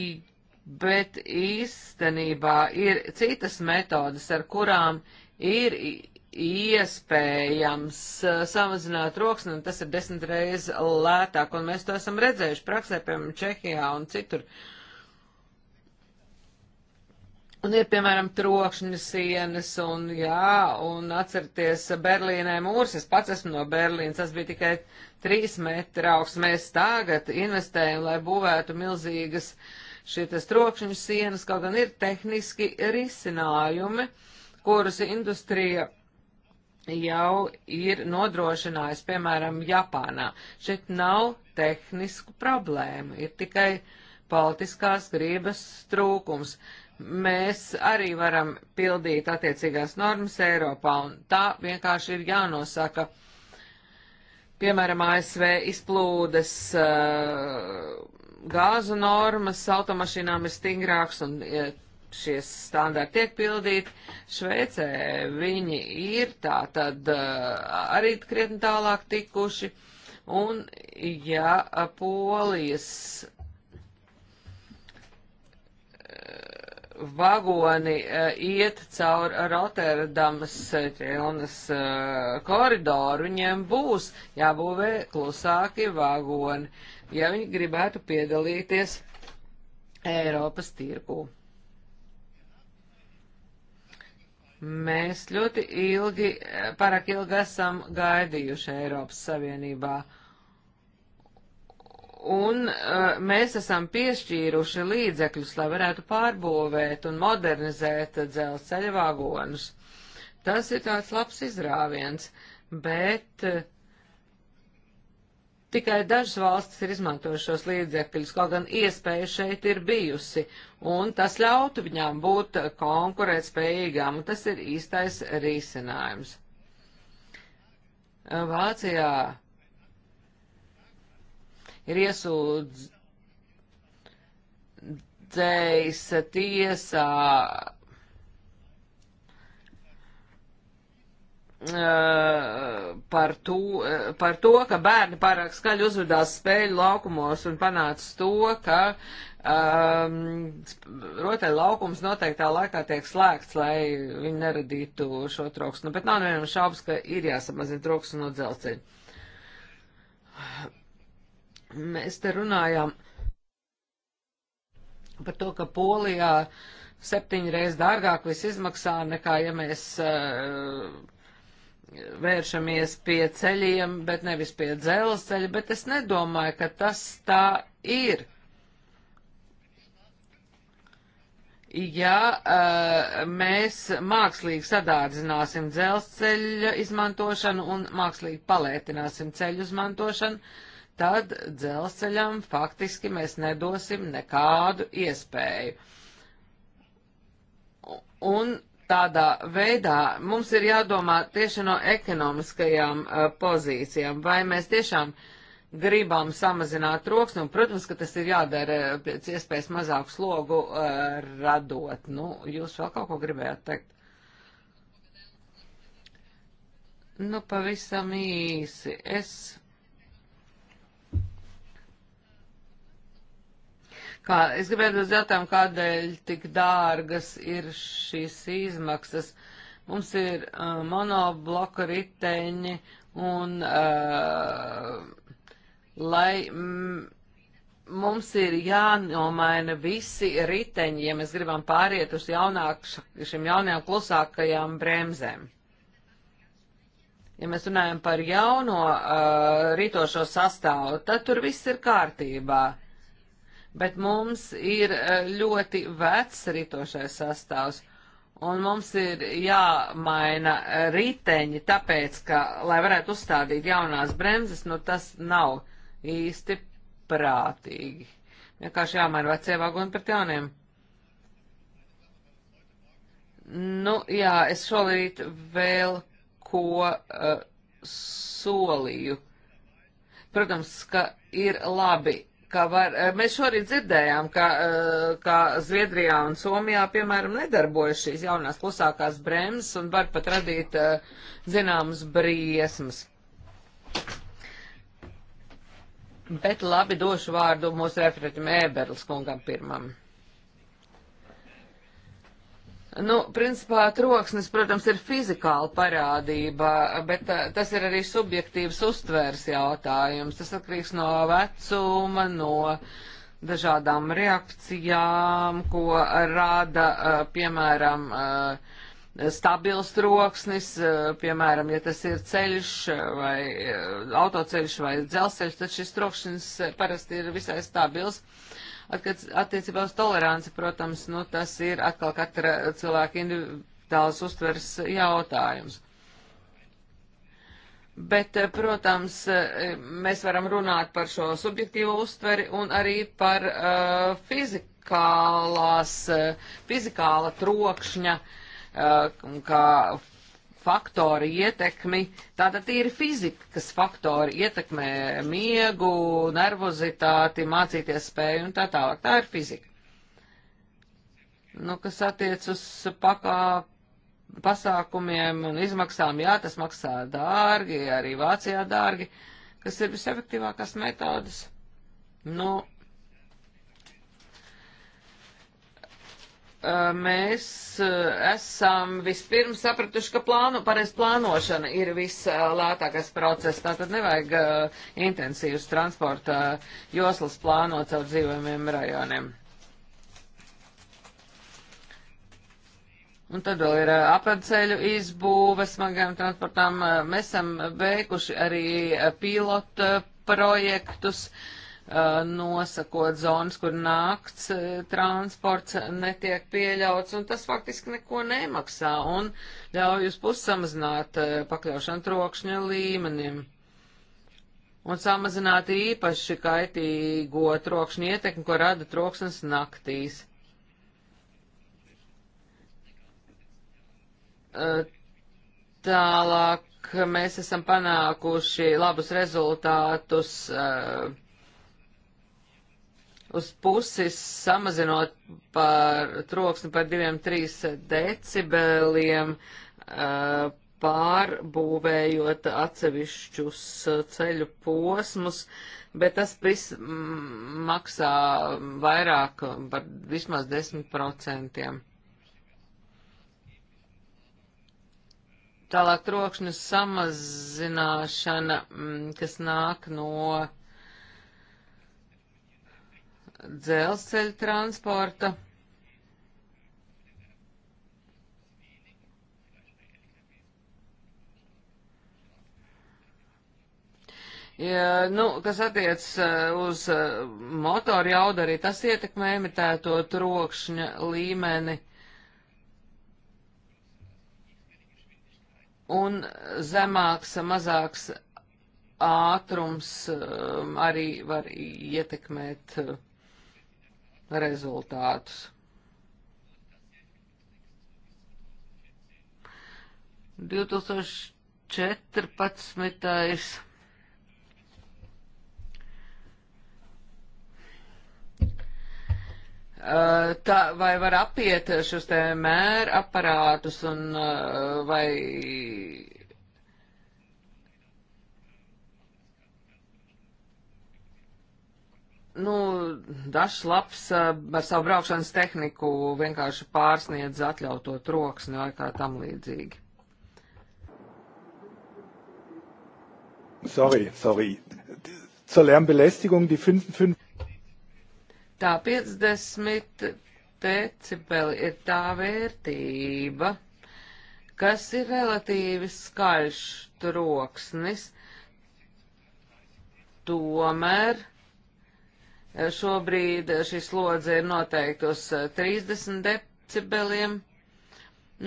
bet īstenībā ir citas metodas, ar kurām ir iespējams samazināt roksni, un tas ir desmit reizes lētāk, un mēs to esam redzējuši praksē, piemēram, Čehijā un citur. Un ir, piemēram, trokšņa sienas, un jā, un atcerieties, Berlīnē mūrs, es pats esmu no Berlīnas, tas bija tikai trīs metri augsts. Mēs tagad investējam, lai būvētu milzīgas šīs trokšņa sienas, kaut gan ir tehniski risinājumi, kurus industrija jau ir nodrošinājis, piemēram, Japānā. Šeit nav tehnisku problēmu, ir tikai politiskās grības trūkums. Mēs arī varam pildīt attiecīgās normas Eiropā, un tā vienkārši ir jānosaka, piemēram, ASV izplūdes uh, gāzu normas automašīnām ir stingrāks un uh, šie standarti tiek pildīti. Šveicē viņi ir tā tad arī krietni tālāk tikuši. Un ja polijas vagoni iet caur Rotterdamas ķelnas koridoru, viņiem būs jābūvē klusāki vagoni, ja viņi gribētu piedalīties Eiropas tirgū. Mēs ļoti ilgi, eh, parāk ilgi esam gaidījuši Eiropas Savienībā. Un uh, mēs esam piešķīruši līdzekļus, lai varētu pārbūvēt un modernizēt dzelzceļa vagonus. Tas ir tāds labs izrāviens, bet uh, Tikai dažas valstis ir izmantojušos līdzekļus, kaut gan iespēja šeit ir bijusi, un tas ļautu viņām būt konkurētspējīgām, un tas ir īstais risinājums. Vācijā ir iesūdzējis tiesā Uh, par to, uh, par to, ka bērni pārāk skaļi uzvedās spēļu laukumos un panāca to, ka um, rotaļu laukums noteiktā laikā tiek slēgts, lai viņi neradītu šo troksni. Nu, bet nav nevienam šaubas, ka ir jāsamazina troksni no dzelceļa. Mēs te runājām par to, ka Polijā septiņreiz dārgāk viss izmaksā nekā, ja mēs uh, vēršamies pie ceļiem, bet nevis pie dzelzceļa, bet es nedomāju, ka tas tā ir. Ja eh, mēs mākslīgi sadārdzināsim dzelzceļa izmantošanu un mākslīgi palētināsim ceļu izmantošanu, tad dzelzceļam faktiski mēs nedosim nekādu iespēju. Un tādā veidā mums ir jādomā tieši no ekonomiskajām uh, pozīcijām, vai mēs tiešām gribam samazināt troksni, un, protams, ka tas ir jādara pēc iespējas mazāku slogu uh, radot. Nu, jūs vēl kaut ko gribējāt teikt? Nu, pavisam īsi. Es Kā, es gribētu uz jautājumu, kādēļ tik dārgas ir šīs izmaksas. Mums ir uh, monobloka riteņi un, uh, lai mm, mums ir jānomaina visi riteņi, ja mēs gribam pāriet uz jaunāk, šim jaunajām klusākajām bremzēm. Ja mēs runājam par jauno uh, rītošo sastāvu, tad tur viss ir kārtībā. Uh, bet mums ir e, ļoti vecs ritošais sastāvs. Un mums ir jāmaina e, riteņi, tāpēc, ka, lai varētu uzstādīt jaunās bremzes, nu tas nav īsti prātīgi. Vienkārši jāmaina vecie vagoni pret jauniem. Nu, jā, es šolīt vēl ko uh, solīju. Protams, ka ir labi ka var, eh, mēs šorīt dzirdējām, ka, eh, ka Zviedrijā un Somijā, piemēram, nedarbojas šīs jaunās klusākās bremzes un var pat radīt eh, zināmas briesmas. Bet labi, došu vārdu mūsu referentam Ēberlis kungam pirmam. Nu, principā troksnis, protams, ir fizikāla parādība, bet eh, tas ir arī subjektīvs uztvērs jautājums. Tas atkarīgs no vecuma, no dažādām reakcijām, ko rada, eh, piemēram, eh, stabils troksnis, piemēram, ja tas ir ceļš vai autoceļš vai dzelzceļš, tad šis troksnis parasti ir visai stabils. Uh, Attiecībā uz toleranci, protams, nu, tas ir atkal katra cilvēka individuāls uztvers jautājums. Bet, eh, protams, eh, mēs varam runāt par šo subjektīvo uztveri un arī par uh, fizikālās, fizikāla trokšņa, uh, kā faktori ietekmi, tātad ir fizikas faktori ietekmē miegu, nervozitāti, mācīties spēju un tā tālāk. Tā ir fizika. Nu, kas attiec uz pakā, pasākumiem un izmaksām, jā, tas maksā dārgi, arī Vācijā dārgi, kas ir visefektīvākās metodas. Nu, mēs esam vispirms sapratuši, ka plānu, pareiz plānošana ir vislētākais process. Tātad nevajag uh, intensīvas transporta joslas plānot caur dzīvojumiem rajoniem. Un tad vēl ir apaceļu izbūve smagajām transportām. Mēs esam veikuši arī pilotu projektus. Uh, Eh, nosakot zonas, kur nakts eh, transports netiek pieļauts, un tas faktiski neko nemaksā un ļauj uz pusi samazināt eh, pakļaušanu trokšņa līmenim. Un samazināt īpaši kaitīgo trokšņu ietekmi, ko rada troksnes naktīs. Tālāk mēs esam panākuši labus rezultātus uh, uz pusi samazinot par troksni par 2-3 decibeliem, eh, pārbūvējot atsevišķus eh, ceļu posmus, bet tas pris mm, maksā vairāk par vismaz 10%. Tālāk trokšņa samazināšana, mm, kas nāk no uh, dzelzceļa transporta. Ja, nu, kas attiec uh, uz uh, motoru jaudu, arī tas ietekmē emitēto trokšņa līmeni. Un zemāks, mazāks ātrums um, arī var ietekmēt uh, rezultātus. 2014. Uh, tā, vai var apiet šos te mēra aparātus un uh, vai nu, dažs laps eh, ar savu braukšanas tehniku vienkārši pārsniedz atļauto troksni vai kā tam līdzīgi. Sorry, sorry. Zur Lärmbelästigung die 55. Tā 50 decibeli ir tā vērtība, kas ir relatīvi skaļš troksnis, tomēr Šobrīd šis slodze ir noteikti uz 30 eh, decibeliem.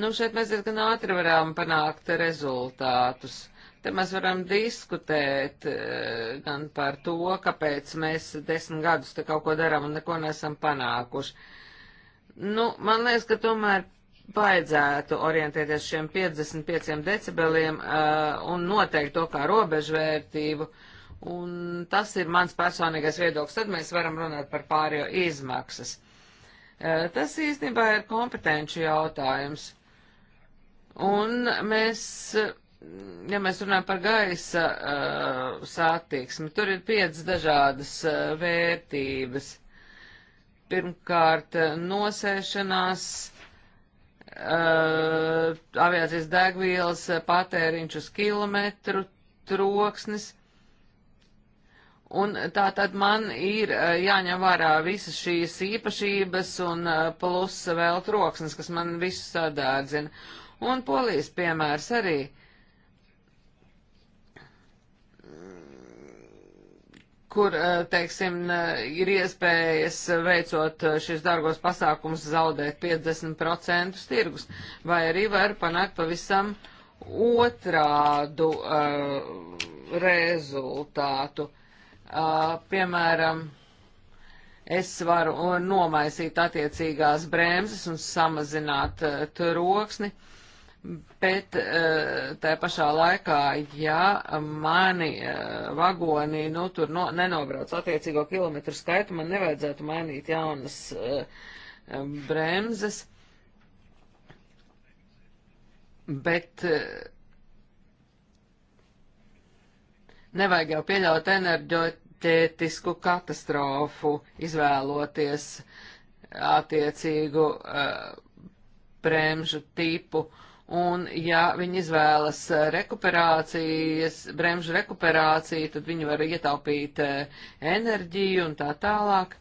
Nu, šeit mēs diezgan ātri varam panākt rezultātus. Te mēs varam diskutēt eh, gan par to, kāpēc mēs desmit gadus te kaut ko darām un neko nesam panākuši. Nu, man liekas, ka tomēr vajadzētu orientēties šiem 55 decibeliem uh, un noteikt to kā robežvērtību. Uh, Un tas ir mans personīgais viedoklis. Tad mēs varam runāt par pārējo izmaksas. E, tas īstenībā ir kompetenci jautājums. Un mēs, ja mēs runājam par gaisa uh, satiksmi, tur ir piecas dažādas uh, vērtības. Pirmkārt, nosēšanās, uh, aviācijas degvielas patēriņš uz kilometru, troksnis Un tā tad man ir e, jāņem vērā visas šīs īpašības un e, plus vēl troksnes, kas man visu sadārdzina. Un polijas piemērs arī. kur, e, teiksim, ir iespējas veicot šis dārgos pasākums zaudēt 50% tirgus, vai arī var panākt pavisam otrādu uh, rezultātu. Uh, Uh, piemēram, es varu nomaisīt attiecīgās bremzes un samazināt uh, troksni, bet uh, tā pašā laikā, ja mani vagoni, nu, tur no, nenobrauc attiecīgo kilometru skaitu, man nevajadzētu mainīt jaunas bremzes, bet Nevajag jau pieļaut enerģētisku katastrofu, izvēloties attiecīgu uh, bremžu tipu. Un, ja viņi izvēlas rekuperācijas, bremžu rekuperāciju, tad viņi var ietaupīt uh, enerģiju un tā tālāk.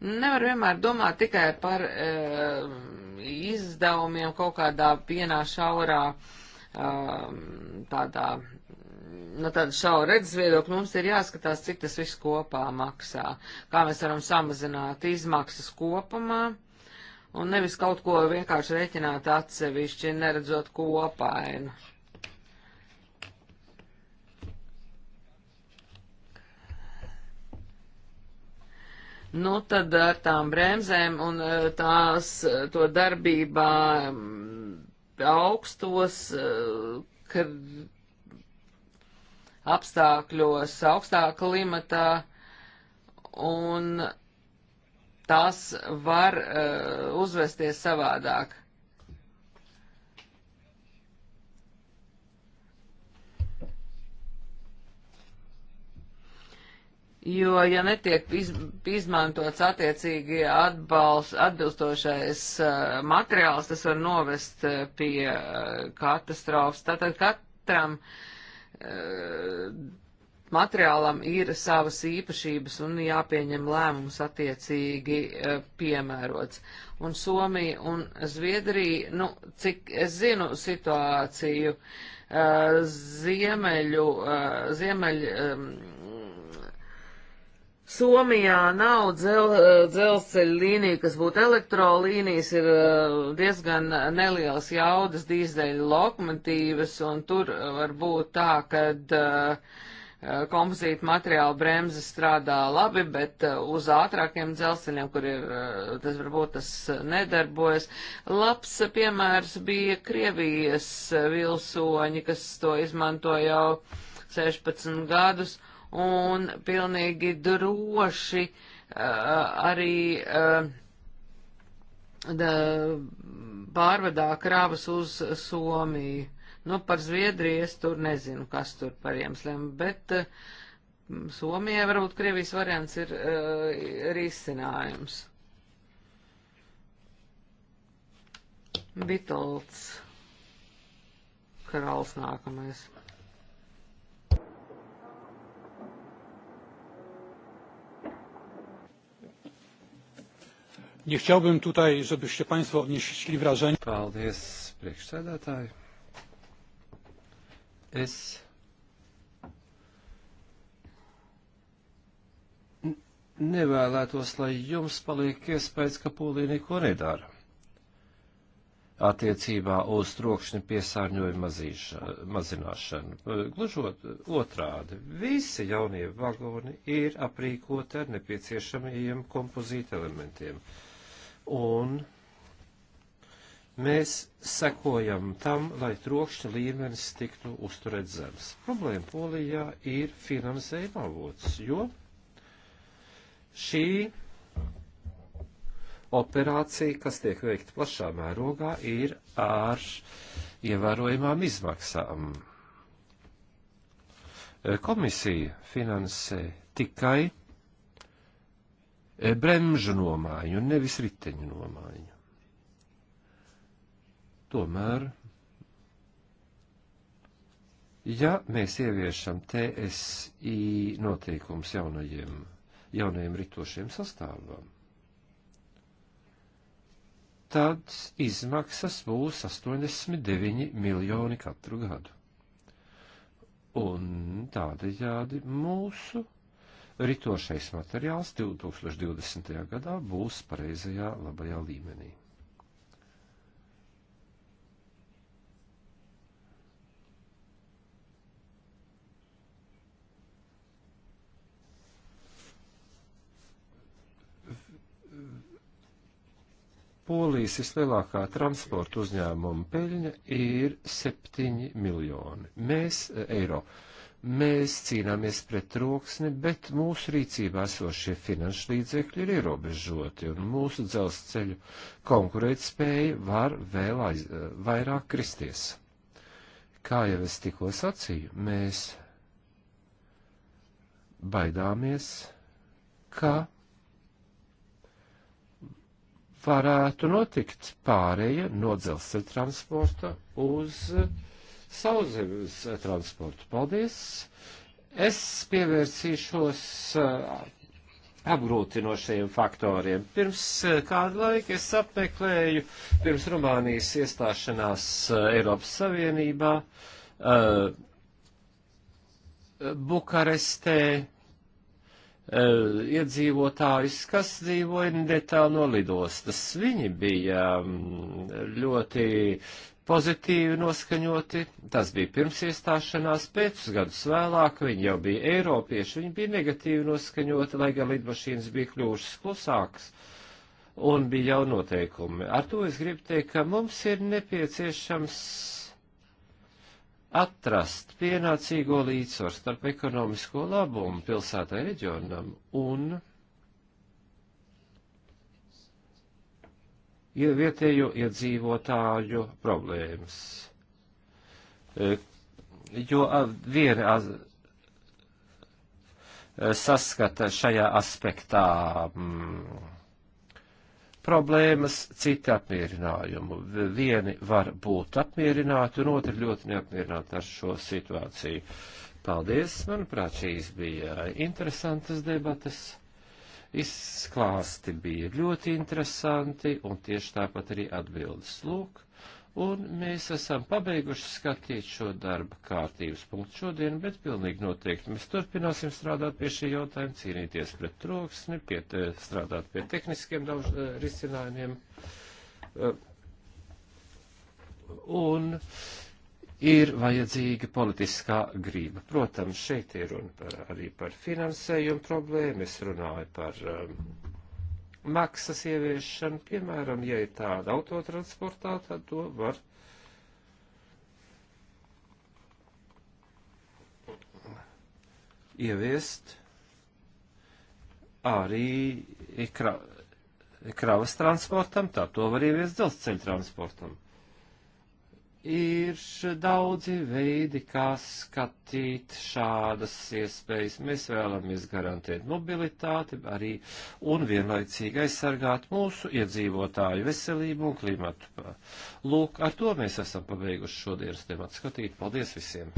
Nevar vienmēr domāt tikai par uh, izdevumiem kaut kādā vienā šaurā, uh, tādā no tāda šaura redzes viedokļa mums ir jāskatās, cik tas viss kopā maksā, kā mēs varam samazināt izmaksas kopumā, un nevis kaut ko vienkārši rēķināt atsevišķi, neredzot kopainu. Nu, tad ar tām bremzēm un eh, tās eh, to darbībā mm, augstos, eh, kad apstākļos, augstākā klimatā, un tās var uh, uzvesties savādāk. Jo, ja netiek iz, izmantots attiecīgi atbalst, atbilstošais uh, materiāls, tas var novest uh, pie uh, katastrofas. Tātad katram uh, Eh, materiālam ir savas īpašības un jāpieņem lēmums attiecīgi eh, piemērots. Un Somija un Zviedrija, nu, cik es zinu situāciju, eh, ziemeļu, ziemeļu Somijā nav dzel, eh, dzelzceļa līnija, kas būtu elektrolīnijas, ir eh, diezgan nelielas jaudas dīzeļu lokomotīvas, un tur eh, var būt tā, ka uh, kompozīta materiāla bremzes strādā labi, bet uz ātrākiem dzelzceļiem, kur ir, tas varbūt tas nedarbojas. Labs piemērs bija Krievijas vilsoņi, kas to izmanto jau 16 gadus. Uh, un pilnīgi droši uh, arī uh, da, pārvedā krāvas uz Somiju. Nu, par Zviedriju es tur nezinu, kas tur par iemesliem, bet uh, Somijai varbūt Krievijas variants ir uh, risinājums. Bitolts. Karals nākamais. Nie chciałbym tutaj, żebyście Państwo odnieśli wrażenie. Paldies, priekšsēdētāji. Es nevēlētos, lai jums paliek iespējas, ka pūlī neko nedara attiecībā uz trokšņa piesārņojuma mazināšanu. Glužot otrādi, visi jaunie vagoni ir aprīkoti ar nepieciešamajiem kompozīta elementiem. Uh, un mēs sekojam tam, lai trokšņa līmenis tiktu uzturēt zemes. Problēma Polijā ir finansējuma avots, jo šī operācija, kas tiek veikta plašā mērogā, ir ar ievērojamām izmaksām. Komisija finansē tikai E, bremžu nomaiņu un nevis riteņu nomaiņu. Tomēr, ja mēs ieviešam TSI noteikums jaunajiem, jaunajiem ritošiem sastāvam, tad izmaksas būs 89 miljoni katru gadu. Un tādējādi mūsu ritošais materiāls 2020. gadā būs pareizajā labajā līmenī. Polijas vislielākā transporta uzņēmuma peļņa ir 7 miljoni mēs, eiro. Uh, Mēs cīnāmies pret troksni, bet mūsu rīcībā esošie finanšu līdzekļi ir ierobežoti, un mūsu dzelzceļu konkurētspēja var vēl aiz, vairāk kristies. Kā jau es tikko sacīju, mēs baidāmies, ka varētu notikt pārēja no dzelzceļa transporta uz uh, sauszemes transportu. Paldies! Es pievērsīšos uh, apgrūtinošajiem faktoriem. Pirms uh, kādu laiku es apmeklēju, pirms Rumānijas iestāšanās uh, Eiropas Savienībā, Bukarestē iedzīvotājus, kas dzīvoja netālu no lidostas. Viņi bija um, ļoti pozitīvi noskaņoti. Tas bija pirms iestāšanās, pēcus gadus vēlāk viņi jau bija eiropieši, viņi bija negatīvi noskaņoti, lai gan lidmašīnas bija kļuvušas klusākas un bija jau noteikumi. Ar to es gribu teikt, ka mums ir nepieciešams atrast pienācīgo līdzsvaru starp ekonomisko labumu pilsētai reģionam un vietējo iedzīvotāju problēmas. E, jo vieni saskata šajā aspektā mm, problēmas, citi apmierinājumu. Vieni var būt apmierināti, un otri ļoti neapmierināti ar šo situāciju. Paldies, manuprāt, šīs bija interesantas debates izklāsti bija ļoti interesanti un tieši tāpat arī atbildes lūk. Un mēs esam pabeiguši skatīt šo darba kārtības punktu šodien, bet pilnīgi noteikti mēs turpināsim strādāt pie šī jautājuma, cīnīties pret troksni, pie, strādāt pie tehniskiem daudz eh, risinājumiem. Eh, un ir vajadzīga politiskā grība. Protams, šeit ir runa par, arī par finansējumu problēmu, es runāju par um, maksas ieviešanu, piemēram, ja ir tāda autotransportā, tad to var. Ieviest arī kra, kravas transportam, tā to var ieviest dzelzceļa transportam ir daudzi veidi, kā skatīt šādas iespējas. Mēs vēlamies garantēt mobilitāti arī un vienlaicīgi aizsargāt mūsu iedzīvotāju veselību un klimatu. Lūk, ar to mēs esam pabeiguši šodienas tematu skatīt. Paldies visiem!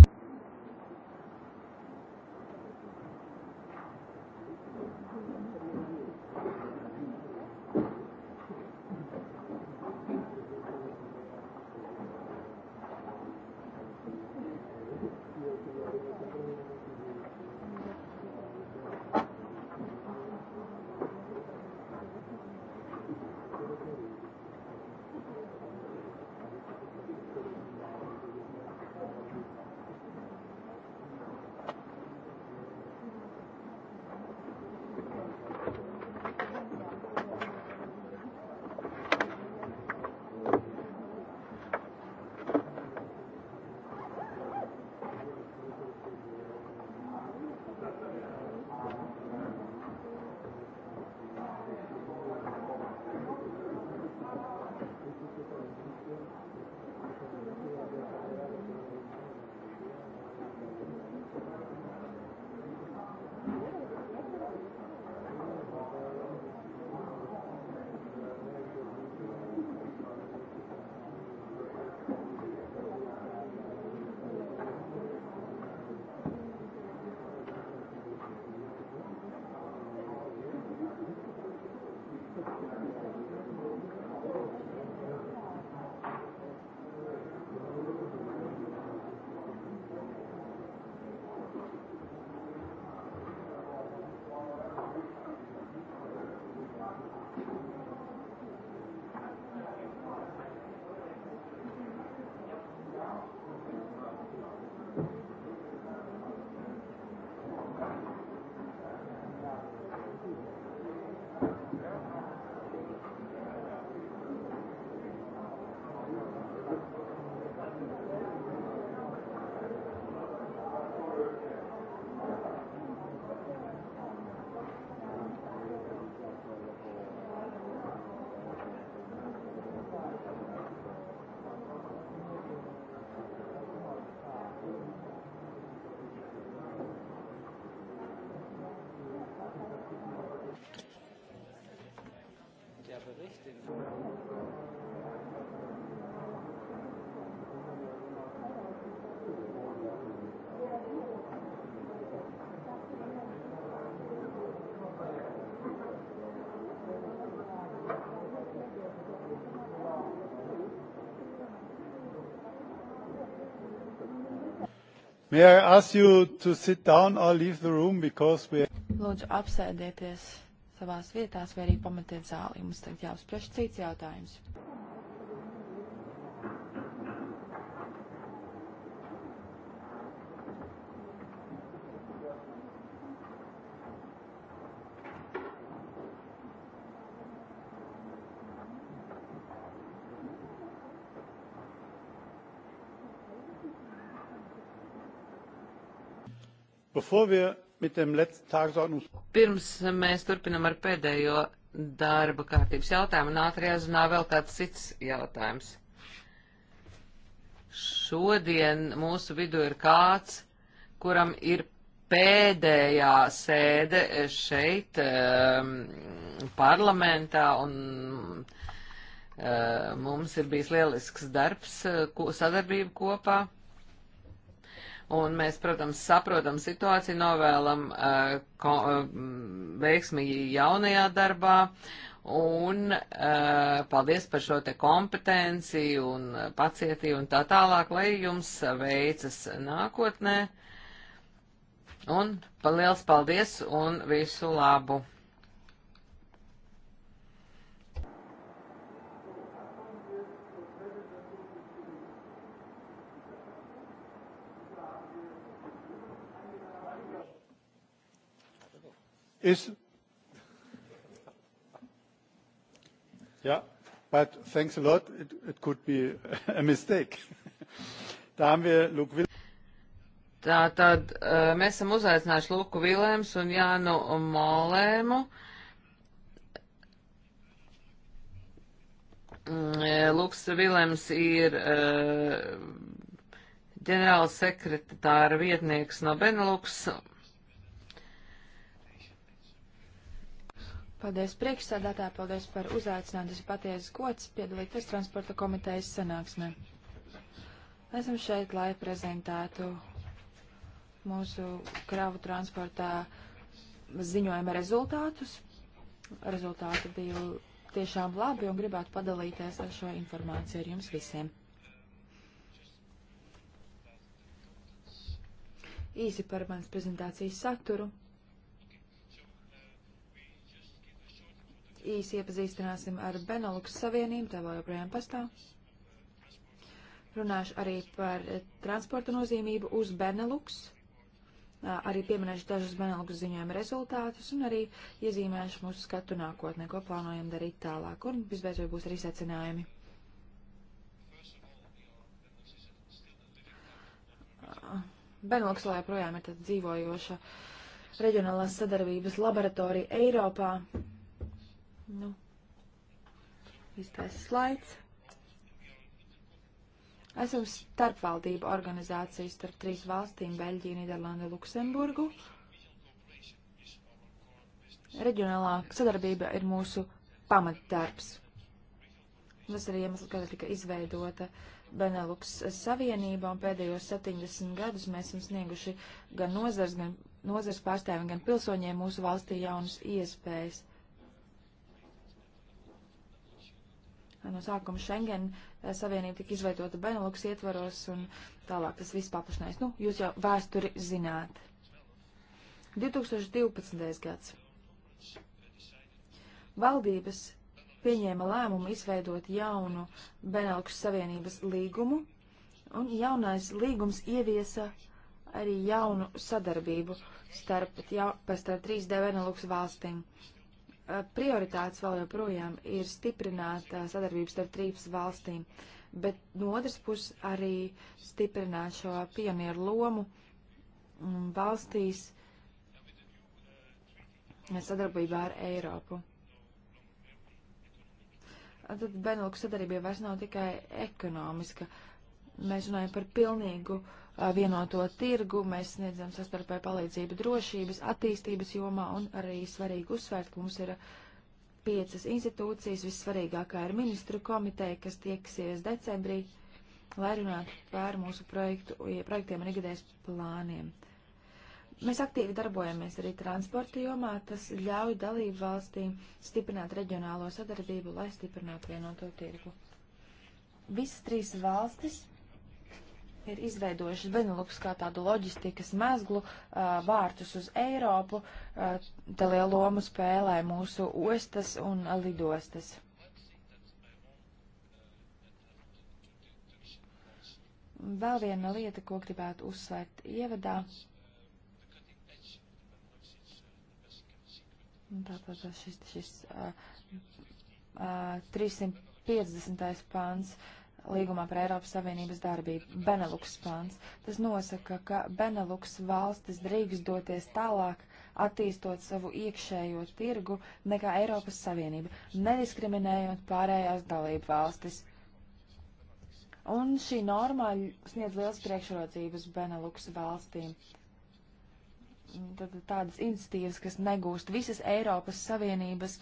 Bericht, den May I ask you to sit down or leave the room because we Lūdzu, apsēdieties savās vietās vai arī pamatiet zāli ir mums tagad jāuzspriež cits jautājums. Bevor wir mit dem letzten Tagesordnungspunkt. Pirms mēs turpinam ar pēdējo darba kārtības jautājumu, un ātri jāzunā vēl kāds cits jautājums. Šodien mūsu vidū ir kāds, kuram ir pēdējā sēde šeit um, parlamentā, un uh, mums ir bijis lielisks darbs, eh, ko, sadarbība kopā un mēs, protams, saprotam situāciju, novēlam uh, ko, uh, eh, veiksmi jaunajā darbā, un uh, paldies par šo te kompetenci un pacietību un tā tālāk, lai jums veicas nākotnē, un liels paldies un visu labu! is. Yeah, but thanks a lot. It, it could be a mistake. Da haben wir Luke Will Tā tad eh, mēs esam uzaicinājuši Luku Vilēms un Jānu Molēmu. Mm, eh, Luks Vilēms ir eh, ģenerāls sekretāra vietnieks no Benelux Paldies priekšsādātāji, paldies par uzaicinājumu. Tas ir patiesi gods piedalīties transporta komitejas sanāksmē. Esam šeit, lai prezentētu mūsu kravu transportā ziņojuma rezultātus. Rezultāti bija tiešām labi un gribētu padalīties ar šo informāciju ar jums visiem. Īsi par manas prezentācijas saturu. īsi iepazīstināsim ar Benelux Savienību, tā vēl joprojām pastāv. Runāšu arī par transporta nozīmību uz Benelux, arī pieminēšu dažus Benelux ziņojuma rezultātus un arī iezīmēšu mūsu skatu nākotnē, ko plānojam darīt tālāk, un visbeidzot būs arī secinājumi. Benelux joprojām ir tāda dzīvojoša reģionālās sadarbības laboratorija Eiropā. Nu, īstais slaids. Esam starpvaldību organizācija starp trīs valstīm - Beļģiju, Niderlandi, Luksemburgu. Reģionālā sadarbība ir mūsu pamatdarbs. Tas arī iemesls, kādēļ tika izveidota Benelux Savienība, un pēdējos 70 gadus mēs esam snieguši gan nozars, gan nozars pārstāvjiem, gan pilsoņiem mūsu valstī jaunas iespējas. no sākuma Schengen eh, Savienība tika izveidota Beneluks ietvaros un tālāk tas viss paplašinājās. Nu, jūs jau vēsturi zināt. 2012. gads. Valdības pieņēma lēmumu izveidot jaunu Beneluks Savienības līgumu, un jaunais līgums ieviesa arī jaunu sadarbību starp, jau, starp trīs Beneluks valstīm. Uh, Eh, prioritātes vēl joprojām ir stiprināt eh, sadarbības starp trīs valstīm, bet no otras puses arī stiprināt šo pionieru lomu mm, valstīs eh, sadarbībā ar Eiropu. Tad Benelūks sadarbība vairs nav tikai ekonomiska. Mēs runājam par pilnīgu uh, vienoto tirgu, mēs sniedzam sastarpēju palīdzību drošības, attīstības jomā un arī svarīgi uzsvērt, ka mums ir piecas institūcijas, vissvarīgākā ir ministru komiteja, kas tieksies decembrī, lai runātu par mūsu projektu, projektiem un ikgadējas plāniem. Mēs aktīvi darbojamies arī transporta jomā, tas ļauj dalību valstīm stiprināt reģionālo sadarbību, lai stiprinātu vienoto tirgu. Visas trīs valstis ir izveidojušas Benelux kā tādu loģistikas mezglu uh, vārtus uz Eiropu, uh, te lielu lomu spēlē mūsu ostas un lidostas. Vēl viena lieta, ko gribētu uzsvērt ievadā. Tātad šis, šis uh, uh, 350. pāns. Uh, līgumā par Eiropas Savienības darbību - Beneluks plāns. Tas nosaka, ka Beneluks valstis drīkst doties tālāk, attīstot savu iekšējo tirgu nekā Eiropas Savienība, nediskriminējot pārējās dalību valstis. Un šī norma sniedz liels priekšrocības Beneluks valstīm. Tad tādas iniciatīvas, kas negūst visas Eiropas Savienības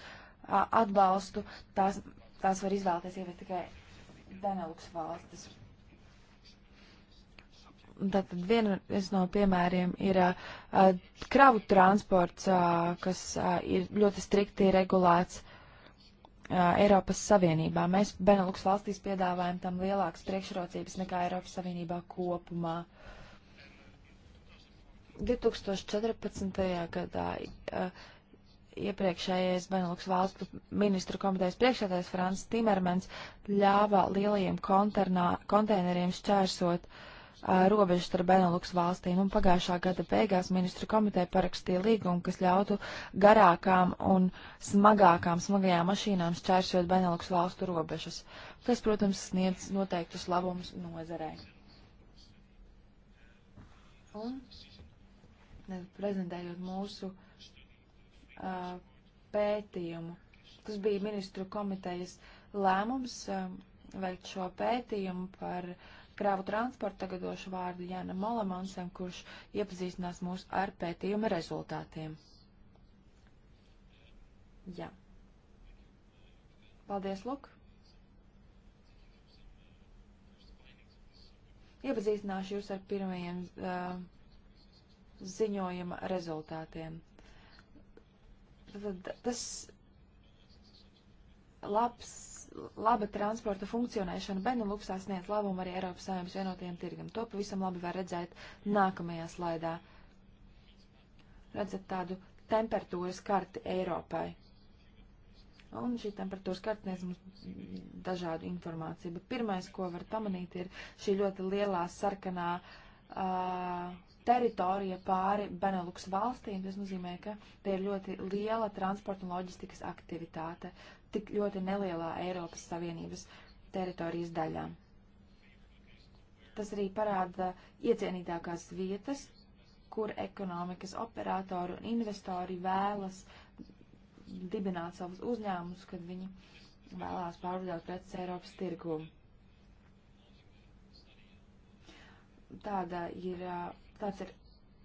atbalstu, tās, tās var izvēlēties ieviest tikai Beneluks valstis. Tātad viens no piemēriem ir uh, kravu transports, uh, kas uh, ir ļoti strikti regulēts uh, Eiropas Savienībā. Mēs Beneluks valstīs piedāvājam tam lielākas priekšrocības nekā Eiropas Savienībā kopumā. 2014. gadā uh, iepriekšējais Beneluks valstu ministru komitejas priekšsēdājs Frans Timermans ļāva lielajiem konteineriem šķērsot uh, robežu starp Beneluks valstīm, un pagājušā gada beigās ministru komiteja parakstīja līgumu, kas ļautu garākām un smagākām smagajām mašīnām šķērsot Beneluks valstu robežas, kas, protams, sniedz noteiktus labumus nozarei. Un, ne, prezentējot mūsu uh, uh, pētījumu. Tas bija ministru komitejas lēmums uh, veikt šo pētījumu par krāvu transportu. Tagad došu vārdu Jānam Molamansam, kurš iepazīstinās mūs ar pētījuma rezultātiem. Jā. Paldies, Luk! Iepazīstināšu jūs ar pirmajiem uh, ziņojuma rezultātiem. Tad tas labs, laba transporta funkcionēšana Beneluksā sniedz labumu arī Eiropas Savienības vienotajam tirgam. To pavisam labi var redzēt nākamajā slaidā. Redzat tādu temperatūras karti Eiropai. Un šī temperatūras kartnēs mums dažādu informāciju, bet pirmais, ko var pamanīt, ir šī ļoti lielā sarkanā uh, teritorija pāri Beneluks valstīm. Tas nozīmē, ka te ir ļoti liela transporta un loģistikas aktivitāte tik ļoti nelielā Eiropas Savienības teritorijas daļā. Tas arī parāda iecienītākās vietas, kur ekonomikas operatori un investori vēlas dibināt savus uzņēmumus, kad viņi vēlās pārvadāt preces Eiropas tirgū. Tāda ir uh, tāds ir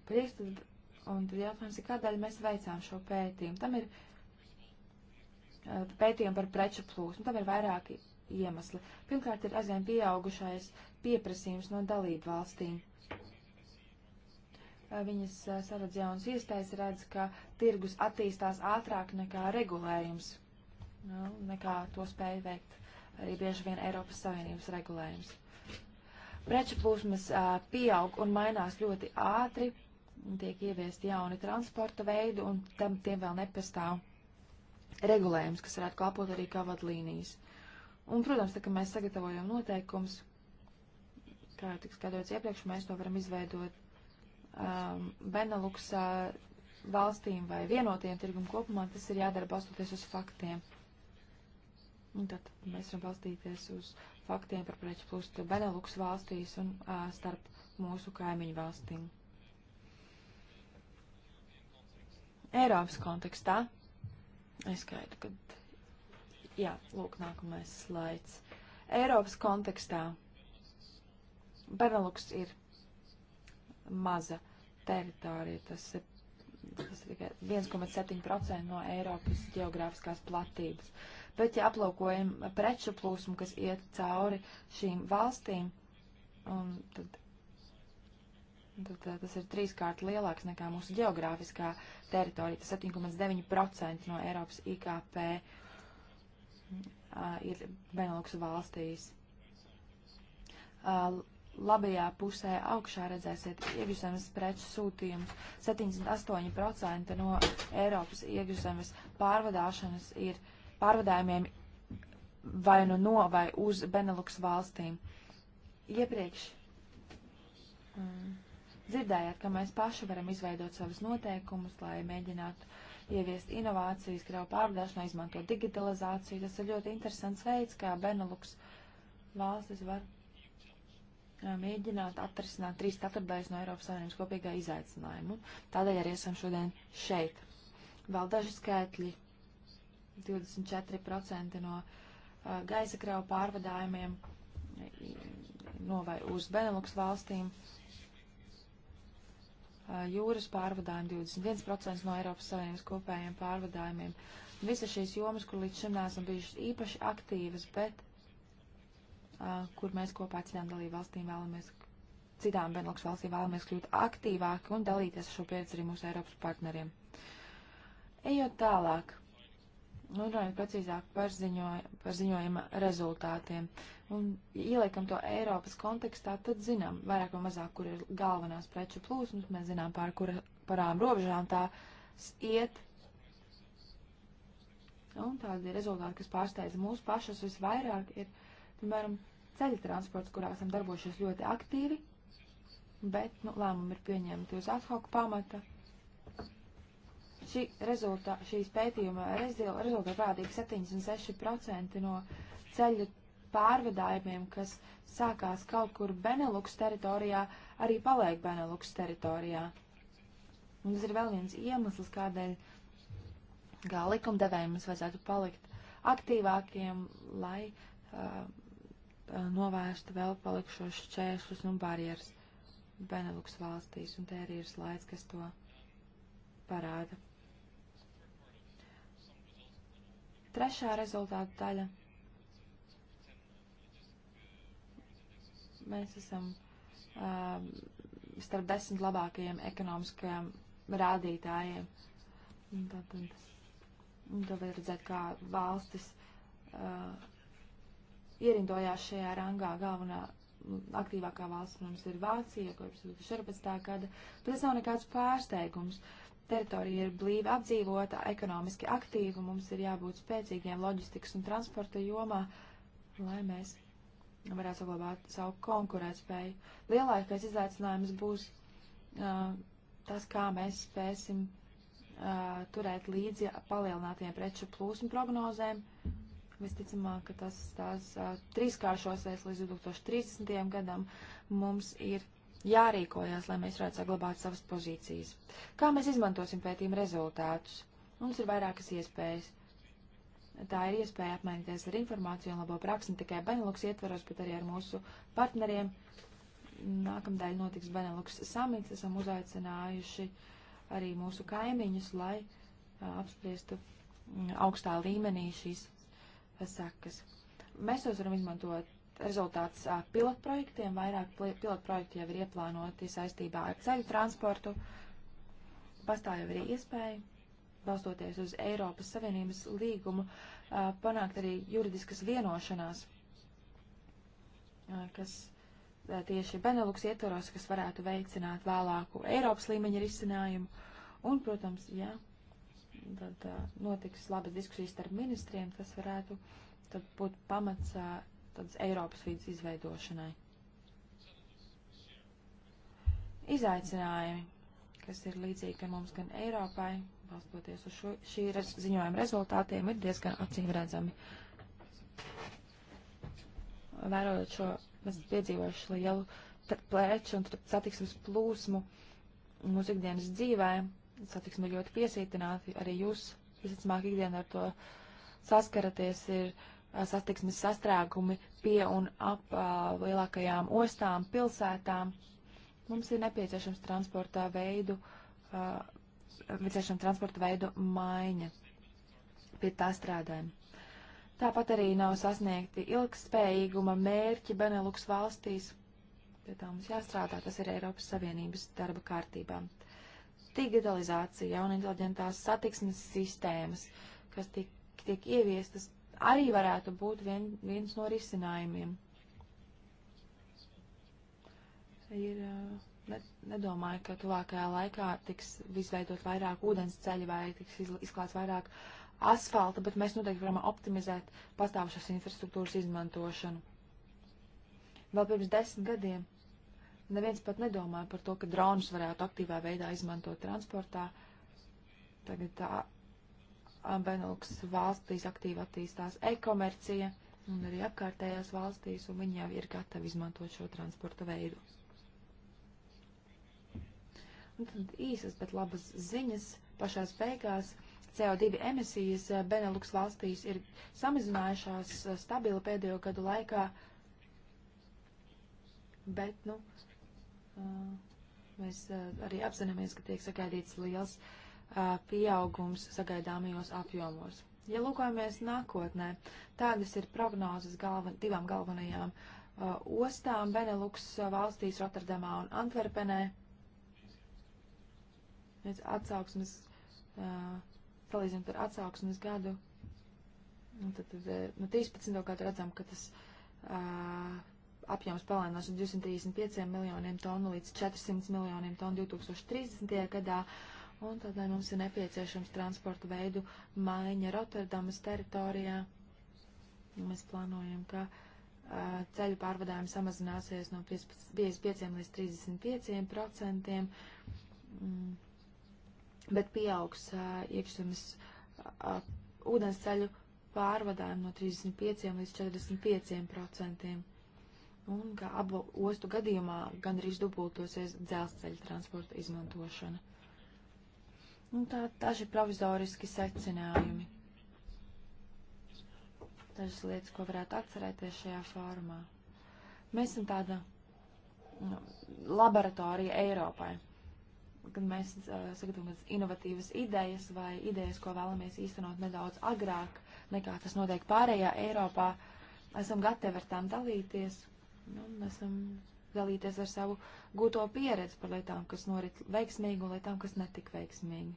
priekšstats, un tad jautājums ir, kādēļ mēs veicām šo pētījumu. Tam ir pētījumu par preču plūsmu, tam ir vairāki iemesli. Pirmkārt, ir aizvien pieaugušais pieprasījums no dalību valstīm. Viņas saredz jaunas iespējas, redz, ka tirgus attīstās ātrāk nekā regulējums, nu, nekā to spēja veikt arī bieži vien Eiropas Savienības regulējums. Preču plūsmas pieaug un mainās ļoti ātri, tiek ieviesti jauni transporta veidi, un tam tiem vēl nepastāv regulējums, kas varētu kalpot arī kā vadlīnijas. Un, protams, tā kā mēs sagatavojam noteikums, kā jau tik skaidrots iepriekš, mēs to varam izveidot um, Beneluksā valstīm vai vienotiem tirgum kopumā, tas ir jādara balstoties uz faktiem. Tad mēs varam balstīties uz faktiem par preču plūstu Beneluks valstīs un uh, starp mūsu kaimiņu valstīm. Eiropas kontekstā es skaitu, ka jā, lūk, nākamais slaids. Eiropas kontekstā Beneluks ir maza teritorija, tas ir tas ir tikai 1,7% no Eiropas geogrāfiskās platības. Uh, Bet, ja aplūkojam preču plūsmu, kas iet cauri šīm valstīm, tad, tad tas ir trīskārt lielāks nekā mūsu geogrāfiskā teritorija. Tas 7,9% no Eiropas IKP ir Beneluks valstīs. Labajā pusē augšā redzēsiet iekšzemes preču sūtījumus. 78% no Eiropas iekšzemes pārvadāšanas ir uh, pārvadājumiem vai nu no vai uz Beneluks valstīm. Iepriekš mm, dzirdējāt, ka mēs paši varam izveidot savus noteikumus, lai mēģinātu ieviest inovācijas, kravu pārvadāšanā, izmantot digitalizāciju. Tas ir ļoti interesants veids, kā Beneluks valstis var mēģināt atrisināt trīs ceturtdaļas no Eiropas Savienības kopīgā izaicinājuma. Tādēļ arī esam šodien šeit. Vēl daži skaitļi 24% no uh, gaisa kravu pārvadājumiem no vai uz Beneluks valstīm, uh, jūras pārvadājumi 21% no Eiropas Savienības kopējiem pārvadājumiem. Visas šīs jomas, kur līdz šim neesam bijušas īpaši aktīvas, bet Uh, kur mēs kopā ar citām dalību valstīm vēlamies, citām Benelux valstīm vēlamies kļūt aktīvāki un dalīties ar šo pieredzi arī mūsu Eiropas partneriem. Ejot tālāk, Nu, un runājot precīzāk par, ziņoj, par ziņojuma rezultātiem. Un ieliekam to Eiropas kontekstā, tad zinām vairāk vai mazāk, kur ir galvenās preču plūsmas, mēs zinām pār kura, parām robežām tās iet. Un tādi rezultāti, kas pārsteidz mūs pašus visvairāk, ir, piemēram, ceļa transports, kurā esam darbojušies ļoti aktīvi, bet nu, lēmumi ir pieņemti uz ad hoc pamata. Šī rezultā, šīs pētījuma rezultātā rādīja 76% no ceļu pārvadājumiem, kas sākās kaut kur Beneluks teritorijā, arī paliek Beneluks teritorijā. Un tas ir vēl viens iemesls, kādēļ kā likumdevējiem mums vajadzētu palikt aktīvākiem, lai uh, novērstu vēl palikušos šķēršļus un barjeras Beneluks valstīs. Un te arī ir slaids, kas to parāda. Trešā rezultāta daļa. Mēs esam uh, starp desmit labākajiem ekonomiskajiem rādītājiem. Un tad, un, un tad var redzēt, kā valstis uh, ierindojās šajā rangā. Galvenā aktīvākā valsts mums ir Vācija, kopš 2014. gada, bet tas nav nekāds pārsteigums. Uh, teritorija ir blīvi apdzīvotā, ekonomiski aktīva, mums ir jābūt spēcīgiem loģistikas un transporta jomā, lai mēs varētu saglabāt savu konkurētspēju. Lielākais izaicinājums būs uh, tas, kā mēs spēsim uh, turēt līdzi palielinātiem preču plūsmu prognozēm. Visticamāk, ka tas tās uh, trīskāršosies līdz 2030. gadam. Mums ir jārīkojas, lai mēs varētu saglabāt savas pozīcijas. Kā mēs izmantosim pētījuma rezultātus? Mums ir vairākas iespējas. Tā ir iespēja apmainīties ar informāciju un labo praksi ne tikai Beneluks ietvaros, bet arī ar mūsu partneriem. Nākamdēļ notiks Beneluks samits, esam uzaicinājuši arī mūsu kaimiņus, lai a, apspriestu m, augstā līmenī šīs sekas. Mēs tos varam izmantot rezultāts pilotprojektiem. Vairāk pilotprojekti jau ir ieplānoti saistībā ar ceļu transportu. Pastāv jau arī iespēja, balstoties uz Eiropas Savienības līgumu, panākt arī juridiskas vienošanās, kas tieši Beneluks ietvaros, kas varētu veicināt vēlāku Eiropas līmeņa risinājumu. Un, protams, jā, tad notiks labas diskusijas starp ministriem, tas varētu tad būt pamats tādas Eiropas vīdes izveidošanai. Izaicinājumi, kas ir līdzīgi pie mums gan Eiropai, balstoties uz šo, šī rez, ziņojuma rezultātiem, ir diezgan acīm redzami. Vērojot šo, mēs piedzīvojuši lielu plēču un satiksmes plūsmu mūsu ikdienas dzīvē, satiksmi ļoti piesītināti, arī jūs, visticamāk, ikdien ar to saskaraties, ir uh, satiksmes sastrēgumi pie un ap uh, lielākajām ostām, pilsētām. Mums ir nepieciešams transporta veidu, uh, nepieciešama transporta veidu maiņa. Pie tā strādājam. Tāpat arī nav sasniegti ilgspējīguma mērķi Benelux valstīs. Pie tā mums jāstrādā, tas ir Eiropas Savienības darba kārtībā. Digitalizācija un inteliģentās satiksmes sistēmas, kas tiek, tiek ieviestas arī varētu būt vien, viens no risinājumiem. Ir, eh, ne, nedomāju, ka tuvākajā laikā tiks izveidot vairāk ūdens ceļu vai tiks izklāts vairāk asfalta, bet mēs noteikti varam optimizēt pastāvušas infrastruktūras izmantošanu. Vēl pirms desmit gadiem neviens pat nedomāja par to, ka dronus varētu aktīvā veidā izmantot transportā. Tagad tā Benelux valstīs aktīvi attīstās e-komercija un arī apkārtējās valstīs, un viņi jau ir gatavi izmantot šo transporta veidu. Un tad īsas, bet labas ziņas pašās beigās. CO2 emisijas Benelux valstīs ir samazinājušās eh, stabili pēdējo gadu laikā, bet, nu, eh, mēs eh, arī apzināmies, ka tiek sagaidīts liels uh, pieaugums sagaidāmajos apjomos. Ja lūkojamies nākotnē, tādas ir prognozes galven, divām galvenajām uh, ostām Benelux valstīs Rotterdamā un Antverpenē. Pēc atsauksmes, uh, salīdzinot ar atsauksmes gadu, un tad, tad no 13. gadu redzam, ka tas uh, apjoms palēnās no 235 miljoniem tonu līdz 400 miljoniem tonu 2030. gadā. Uh, un tādēļ mums ir nepieciešams transporta veidu maiņa Rotterdamas teritorijā. Mēs plānojam, ka uh, ceļu pārvadājumi samazināsies no 55 līdz 35 procentiem, mm, bet pieaugs uh, iekšzemes uh, ūdens ceļu pārvadājumi no 35 līdz 45 procentiem un ka abu ostu gadījumā gandrīz dubultosies dzelzceļa transporta izmantošana. Un nu, tā, daži provizoriski secinājumi. Dažas lietas, ko varētu atcerēties šajā formā. Mēs esam tāda nu, laboratorija Eiropai. Kad mēs uh, sagatavojam inovatīvas idejas vai idejas, ko vēlamies īstenot nedaudz agrāk, nekā tas notiek pārējā Eiropā, esam gatavi ar tām dalīties. Nu, esam dalīties ar savu gūto pieredzi par lietām, kas norit veiksmīgi un lietām, kas netika veiksmīgi.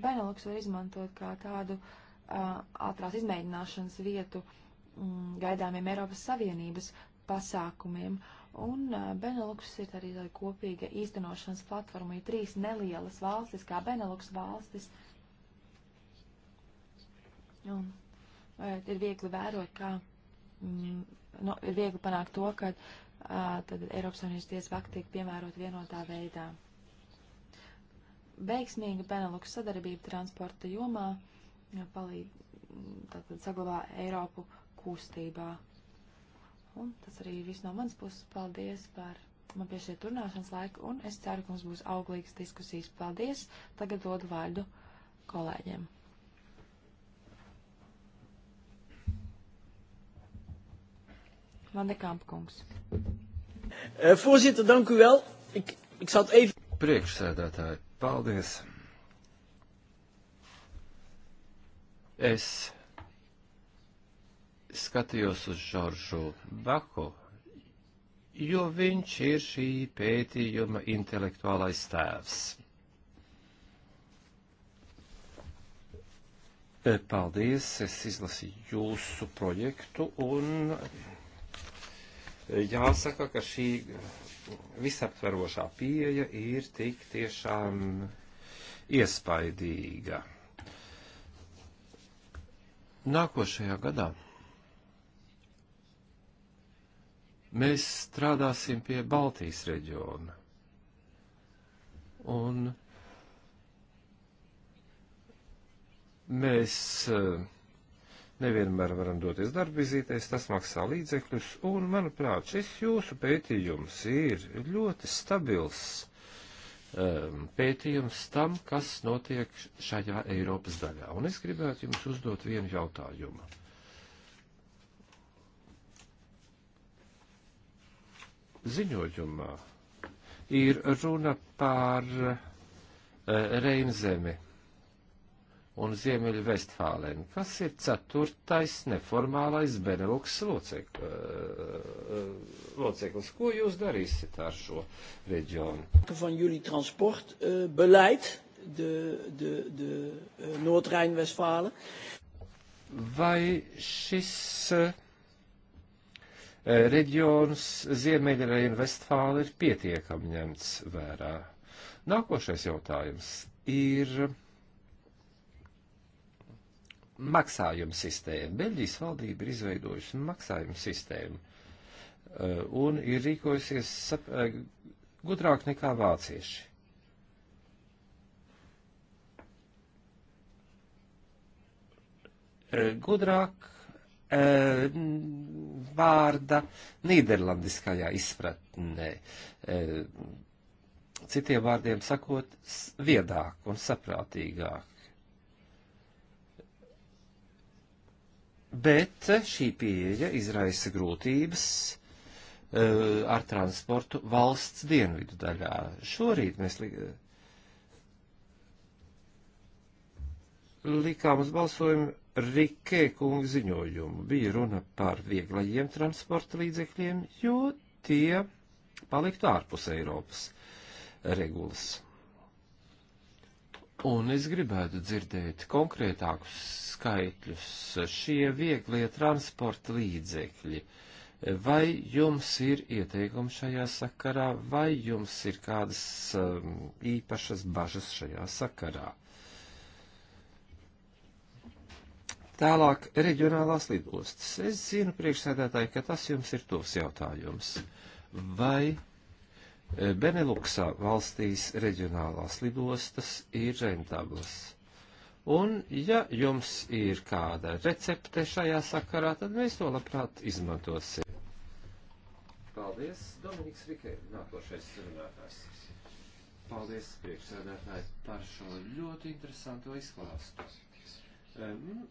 Benelux var izmantot kā tādu uh, ātrās izmēģināšanas vietu mm, gaidāmiem Eiropas Savienības pasākumiem. Un uh, Benelux ir arī tāda kopīga īstenošanas platforma, ir trīs nelielas valstis, kā Benelux valstis. Un, uh, ir viegli vērot, kā mm, nu, ir viegli panākt to, ka tad Eiropas Savienības tiesību akti tiek piemērot vienotā veidā. Veiksmīga Benelux sadarbība transporta jomā palīdz tātad saglabā Eiropu kustībā. Un tas arī viss no manas puses. Paldies par man piešķirt runāšanas laiku, un es ceru, ka mums būs auglīgas diskusijas. Paldies! Tagad dodu vārdu kolēģiem. Van de Kamp kungs. Eh, voorzitter, dank u wel. Ik, ik zat even. Priekšsēdētāji, paldies. Es skatījos uz Žoržu Baku, jo viņš ir šī pētījuma intelektuālais tēvs. Eh, paldies, es izlasīju jūsu projektu un Jāsaka, ka šī visaptverošā pieeja ir tik tiešām iespaidīga. Nākošajā gadā mēs strādāsim pie Baltijas reģiona. Un mēs uh, nevienmēr varam doties darbizītēs, tas maksā līdzekļus, un, manuprāt, šis jūsu pētījums ir ļoti stabils um, pētījums tam, kas notiek šajā Eiropas daļā. Un es gribētu jums uzdot vienu jautājumu. Ziņojumā ir runa par uh, Reinzemi un Ziemeļu Vestfālēnu, kas ir ceturtais neformālais Beneluks locekl, eh, eh, loceklis. Ko jūs darīsiet ar šo reģionu? Van jullie transport uh, beleid, de, de, de uh, Noordrijn-Vestfāle. Vai šis uh, reģions Ziemeļrēna-Vestfāle ir pietiekami ņemts vērā? Nākošais jautājums ir maksājumu sistēmu. Beļģijas valdība ir izveidojusi maksājumu sistēmu uh, un ir rīkojusies sap, uh, gudrāk nekā vācieši. Uh, gudrāk vārda nīderlandiskajā izpratnē. Citiem vārdiem sakot, viedāk un saprātīgāk. bet šī pieeja izraisa grūtības eh, ar transportu valsts dienvidu daļā. Šorīt mēs li likām uz balsojumu Rikē kungu ziņojumu. Bija runa par vieglajiem transporta līdzekļiem, jo tie paliktu ārpus Eiropas regulas. Un es gribētu dzirdēt konkrētākus skaitļus šie vieglie transporta līdzekļi. Vai jums ir ieteikumi šajā sakarā, vai jums ir kādas um, īpašas bažas šajā sakarā? Tālāk, reģionālās lidostas. Es zinu, priekšsēdētāji, ka tas jums ir tos jautājums. Vai Beneluksā valstīs reģionālās lidostas ir rentablas. Un, ja jums ir kāda recepte šajā sakarā, tad mēs to labprāt izmantosim. Paldies, Dominiks Rikē, nākošais runātājs. Paldies, priekšsēdētāji, par šo ļoti interesanto izklāstu. Um,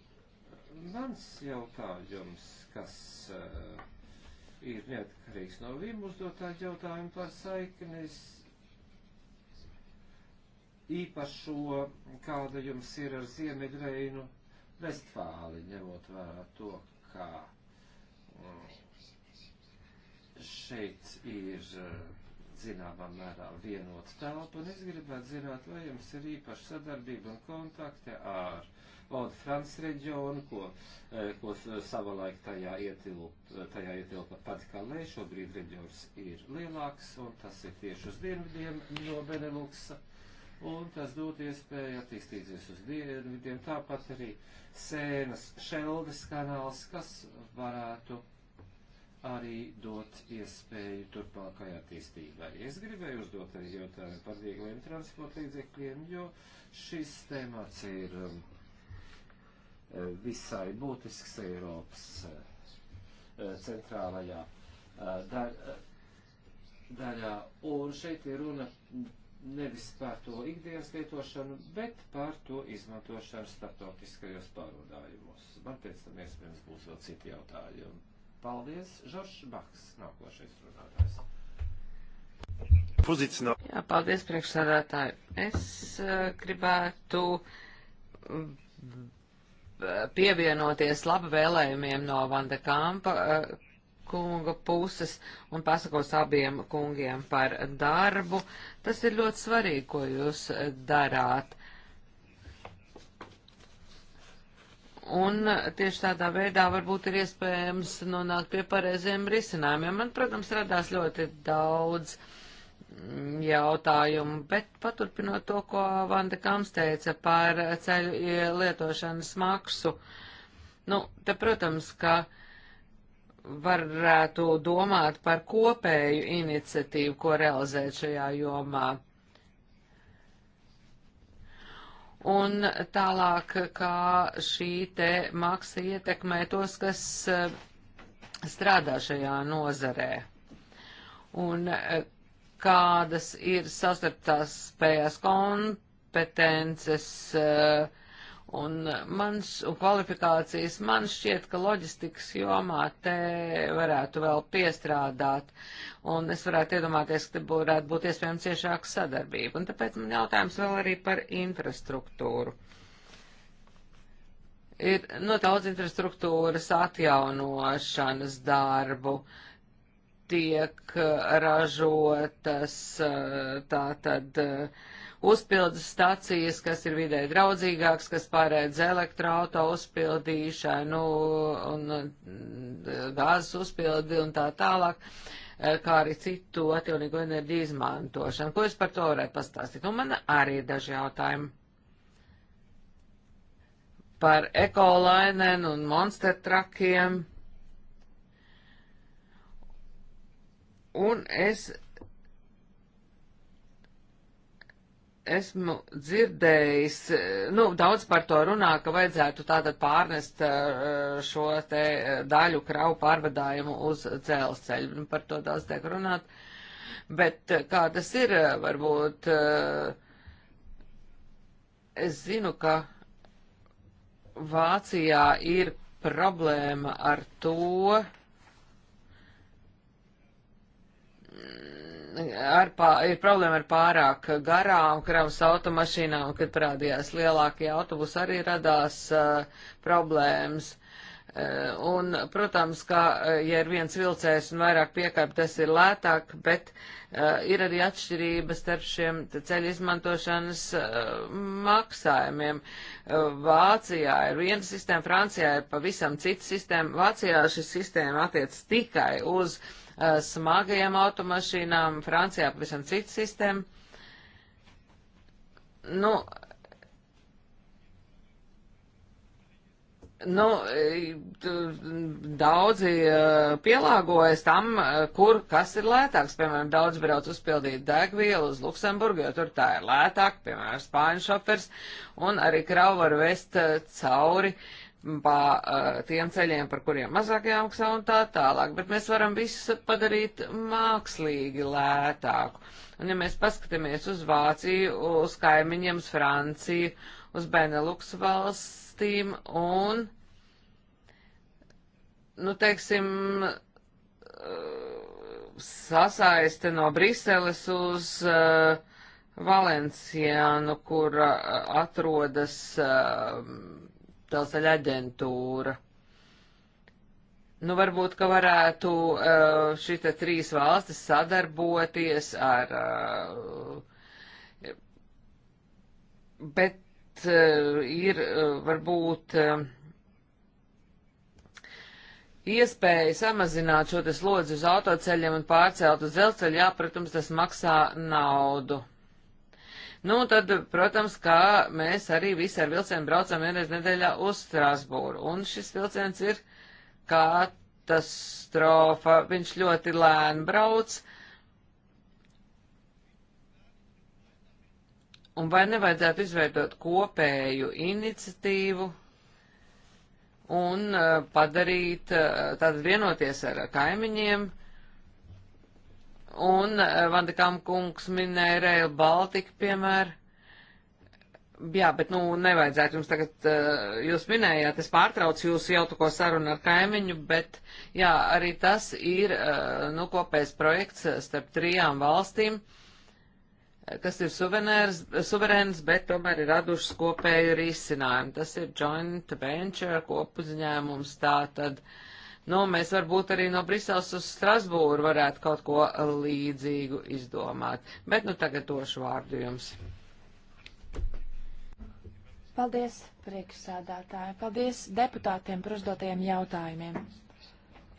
mans jautājums, kas. Uh, ir neatkarīgs no vīmu uzdotā jautājuma par saiknes īpašo, kāda jums ir ar Ziemeļreinu Vestfāli, ņemot vērā to, kā mm, šeit ir zināmā mērā vienota telpa, un es gribētu zināt, vai jums ir īpaša sadarbība un kontakte ar uh, Aude-France reģionu, ko, eh, ko savulaik tajā ietilpa, eh, tajā ietilpa Padkalē. Šobrīd reģions ir lielāks, un tas ir tieši uz dienvidiem no Beneluksa. Un tas dod iespēju attīstīties uz dienvidiem, tāpat arī sēnas šeldes kanāls, kas varētu arī dot iespēju turpmākai attīstībai. Es gribēju uzdot arī jautājumu par viegliem transporta līdzekļiem, jo šis temats ir. Um, Eh, visai būtisks Eiropas eh, eh, centrālajā daļā. Un šeit ir runa nevis par to ikdienas lietošanu, bet par to izmantošanu starptautiskajos pārvadājumos. Man pēc tam iespējams būs vēl citi jautājumi. Paldies, Žoržs Baks, nākošais runātājs. Pozicinā. Jā, paldies, priekšsādātāji. Es uh, gribētu. Uh, pievienoties labu vēlējumiem no Vanda Kampa eh, kunga puses un pasakos abiem kungiem par darbu. Tas ir ļoti svarīgi, ko jūs eh, darāt. Un eh, tieši tādā veidā varbūt ir iespējams nonākt pie pareiziem risinājumiem. Man, protams, radās ļoti daudz uh, jautājumu, bet paturpinot to, ko Vanda Kams teica par ceļu lietošanas maksu. Nu, te, protams, ka varētu domāt par kopēju iniciatīvu, ko realizēt šajā jomā. Un tālāk, kā šī te maksa ietekmē tos, kas eh, strādā šajā nozarē. Un eh, kādas ir sastarptās spējās kompetences eh, un, mans, un kvalifikācijas. Man šķiet, ka loģistikas jomā te varētu vēl piestrādāt, un es varētu iedomāties, ka te varētu būt iespējama ciešāka sadarbība. Un tāpēc man jautājums vēl arī par infrastruktūru ir no nu, daudz infrastruktūras atjaunošanas darbu. Uh, tiek uh, ražotas uh, tātad uh, uzpildes stacijas, kas ir vidē draudzīgāks, kas pārēdz elektroauto uzpildīšanu un gāzes uzpildi un tā tālāk, kā arī citu atjaunīgo enerģiju izmantošanu. Ko es par to varētu pastāstīt? Un man arī ir daži jautājumi par ekolainēm un monster trakiem Un es esmu dzirdējis, nu, daudz par to runā, ka vajadzētu tātad pārnest eh, šo te eh, daļu kravu pārvadājumu uz dzelzceļu. Nu, par to daudz tiek runāt. Bet eh, kā tas ir, varbūt, es zinu, ka Vācijā ir problēma ar to, ar pā, ir problēma ar pārāk garām kravas automašīnām, kad parādījās lielākie autobusi, arī radās uh, problēmas. Uh, un, protams, ka, eh, ja ir viens vilcējs un vairāk piekāpj, tas ir lētāk, bet uh, ir arī atšķirība starp šiem ceļu izmantošanas uh, maksājumiem. Uh, Vācijā ir viena sistēma, Francijā ir pavisam cita sistēma. Vācijā šī sistēma attiec tikai uz uh, Uh, smagajām automašīnām, Francijā pavisam cita sistēma. Nu, nu, daudzi uh, pielāgojas tam, uh, kur kas ir lētāks. Piemēram, daudz brauc uzpildīt degvielu uz Luksemburgu, jo tur tā ir lētāk, piemēram, spāņu šofers, un arī kravu var vest cauri uh, pa tiem ceļiem, par kuriem mazāk jāmaksā un tā tālāk, bet mēs varam visu padarīt mākslīgi lētāku. Un ja mēs paskatāmies uz Vāciju, uz kaimiņiem, uz Franciju, uz Benelux valstīm un, nu, teiksim, sasaiste no Briseles uz uh, Valenciānu, kur uh, atrodas uh, dzelzceļa aģentūra. Nu, varbūt, ka varētu uh, šita trīs valstis sadarboties ar, uh, bet uh, ir varbūt iespēja samazināt šo te slodzi uz autoceļiem un pārcelt uz dzelzceļu, jā, protams, tas maksā naudu. Nu, tad, protams, kā mēs arī visi ar vilcienu braucam vienreiz nedēļā uz Strasbūru, un šis vilciens ir katastrofa, viņš ļoti lēni brauc, un vai nevajadzētu izveidot kopēju iniciatīvu un eh, padarīt, eh, tātad vienoties ar kaimiņiem, uh, Un eh, Vandekam kungs minēja Rail Baltica, piemēram. Jā, bet nu nevajadzētu jums tagad, eh, jūs minējāt, es pārtraucu jūsu jau ko sarunu ar kaimiņu, bet jā, arī tas ir, eh, nu, kopējs projekts starp trijām valstīm, kas ir suverēns, bet tomēr ir radušas kopēju risinājumu. Tas ir joint venture kopuzņēmums, tā tad. Uh, Nu, mēs varbūt arī no Briseles uz Strasbūru varētu kaut ko līdzīgu izdomāt. Bet nu tagad došu vārdu jums. Paldies, priekšsēdētāji. Paldies deputātiem par uzdotajiem jautājumiem.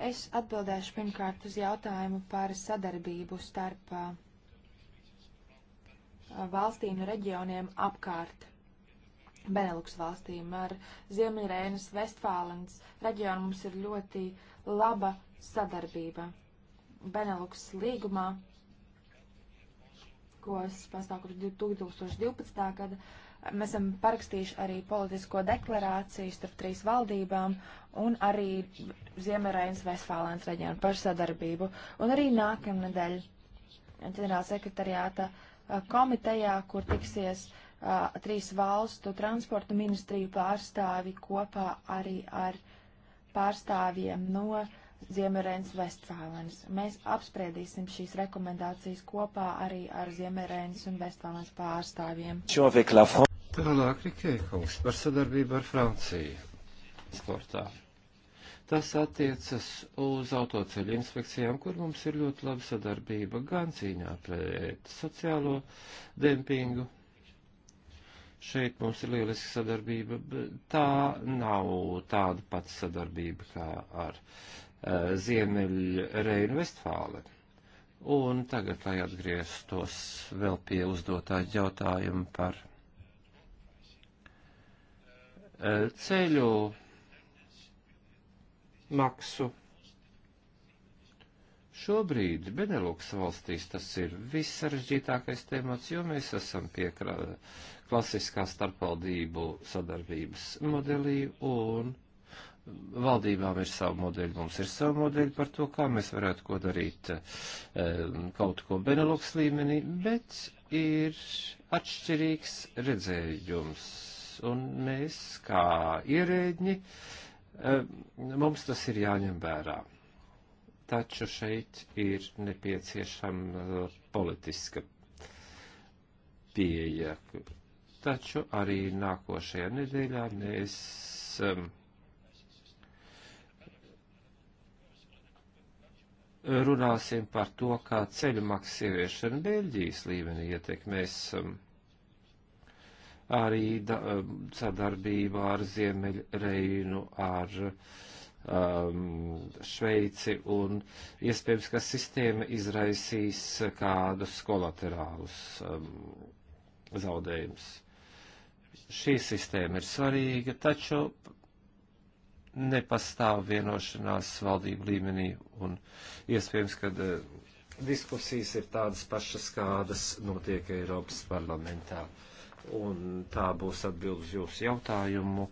Es atbildēšu pirmkārt uz jautājumu par sadarbību starp uh, valstīm un reģioniem apkārt Beneluks valstīm ar Ziemeļrēnas Vestfālens reģionu mums ir ļoti laba sadarbība. Beneluks līgumā, ko es pastāvu kopš 2012. gada, mēs esam parakstījuši arī politisko deklarāciju starp trīs valdībām un arī Ziemeļrēnas Vestfālēns reģionu par sadarbību. Un arī nākamnedēļ ģenerāla sekretariāta komitejā, kur tiksies uh, uh, trīs valstu transporta ministriju pārstāvi kopā arī ar pārstāvjiem no Ziemerēnas Vestfālenes. Mēs apspriedīsim šīs rekomendācijas kopā arī ar Ziemerēnas un Vestfālenes pārstāvjiem. Tālāk Rikēkaus par sadarbību ar Franciju sportā. Tas attiecas uz autoceļu inspekcijām, kur mums ir ļoti laba sadarbība gan cīņā pret sociālo dempingu, Šeit mums ir lieliska sadarbība, bet tā nav tāda pati sadarbība kā ar uh, e, Ziemeļu Reinu Vestfāli. Un tagad, lai atgrieztos vēl pie uzdotā jautājuma par uh, ceļu maksu. Šobrīd Beneluks valstīs tas ir vissaržģītākais temats, jo mēs esam piekrā, klasiskā starpvaldību sadarbības modelī, un valdībām ir savu modeļu, mums ir savu modeļu par to, kā mēs varētu ko darīt eh, kaut ko Benelux līmenī, bet ir atšķirīgs redzējums, un mēs kā ierēģi, eh, mums tas ir jāņem vērā taču šeit ir nepieciešama politiska pieeja, taču arī nākošajā nedēļā mēs um, runāsim par to, kā ceļu maksu ieviešana Beļģijas līmenī ietekmēs um, arī da, um, sadarbībā ar Ziemeļreinu, ar um, Šveici, un iespējams, ka sistēma izraisīs kādus kolaterālus um, zaudējumus. Šī sistēma ir svarīga, taču nepastāv vienošanās valdību līmenī un iespējams, ka eh, diskusijas ir tādas pašas, kādas notiek Eiropas parlamentā. Un tā būs atbild uz jūsu jautājumu,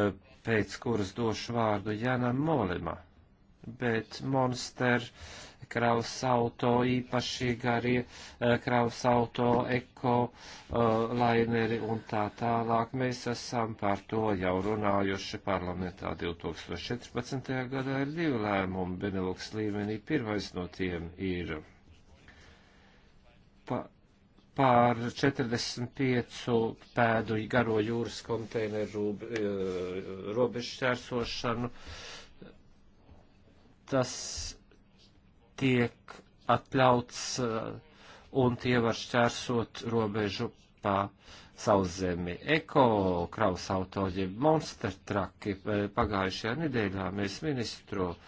eh, pēc kuras došu vārdu Jānam Molimam bet Monster kravas auto, īpaši garie eh, kravas auto, eko eh, laineri un tā tālāk. Mēs esam par to jau runājuši parlamentā 2014. gadā ir divi lēmumi Beneluks līmenī. Pirmais no tiem ir pa, pār 45 pēdu garo jūras konteineru eh, robežu šķērsošanu. Tas tiek atļauts eh, un tie var šķērsot robežu pa sauszemi. Eko kraus autoģi, monster traki eh, pagājušajā nedēļā mēs ministru eh,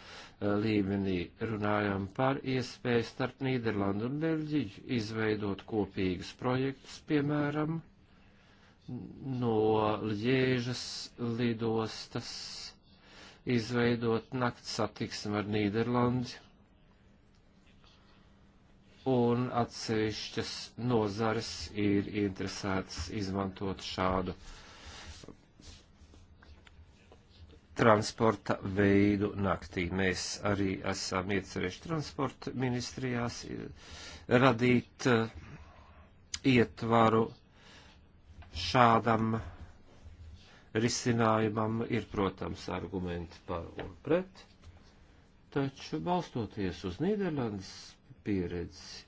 līmenī runājam par iespēju starp Nīderlandu un Beļģiju izveidot kopīgus projektus, piemēram, no Ļiežas lidostas izveidot nakts satiksmi ar Nīderlandi un atsevišķas nozares ir interesētas izmantot šādu transporta veidu naktī. Mēs arī esam iecerējuši transporta ministrijās eh, radīt eh, ietvaru šādam risinājumam. Ir, protams, argumenti par un pret, taču balstoties uz Nīderlandes pieredzi.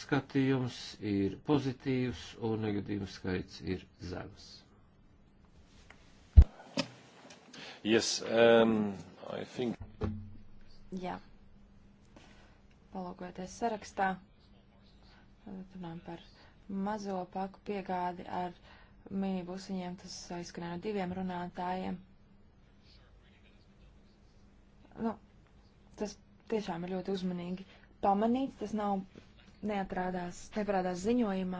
Skatījums ir pozitīvs un negadījumu skaits ir zems. Yes, um, I think. Jā. Palūkojoties sarakstā, runājam par mazo paku piegādi ar minibusiņiem, tas aizskanē no diviem runātājiem. Nu, tas tiešām ir ļoti uzmanīgi pamanīts, tas nav neatrādās, neparādās ziņojumā,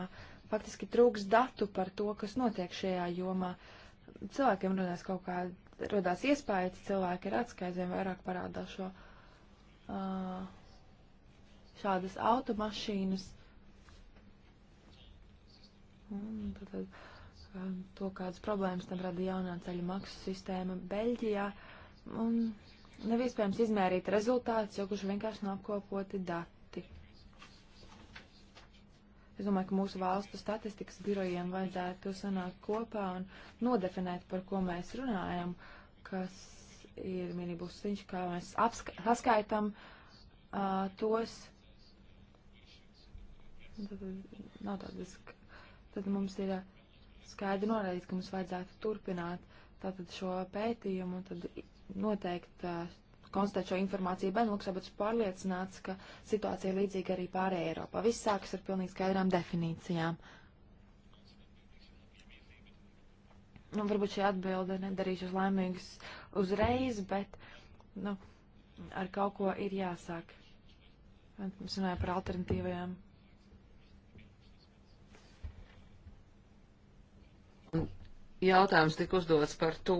faktiski trūks datu par to, kas notiek šajā jomā. Cilvēkiem radās kaut kā, radās iespējas, cilvēki ir atskaidrojumi, vairāk parādās šo uh, šādas automašīnas. Un, tad, tad, to, kādas problēmas tam rada jaunā ceļu maksu sistēma Beļģijā. Un nav iespējams izmērīt rezultātus, jo gluži vienkārši nav apkopoti dati. Es domāju, ka mūsu valstu statistikas birojiem vajadzētu sanākt kopā un nodefinēt, par ko mēs runājam, kas ir minibusiņš, kā mēs saskaitam uh, tos. Tad, nav tādas, tad mums ir skaidri norādīts, ka mums vajadzētu turpināt tātad šo pētījumu un tad noteikti konstatēt šo informāciju Beneluksa, bet pārliecināts, ka situācija ir līdzīga arī pārējai Eiropā. Viss sākas ar pilnīgi skaidrām definīcijām. Nu, varbūt šī atbilde nedarīšu uz laimīgus uzreiz, bet nu, ar kaut ko ir jāsāk. Mēs runājam par alternatīvajām. Jautājums tika uzdots par to,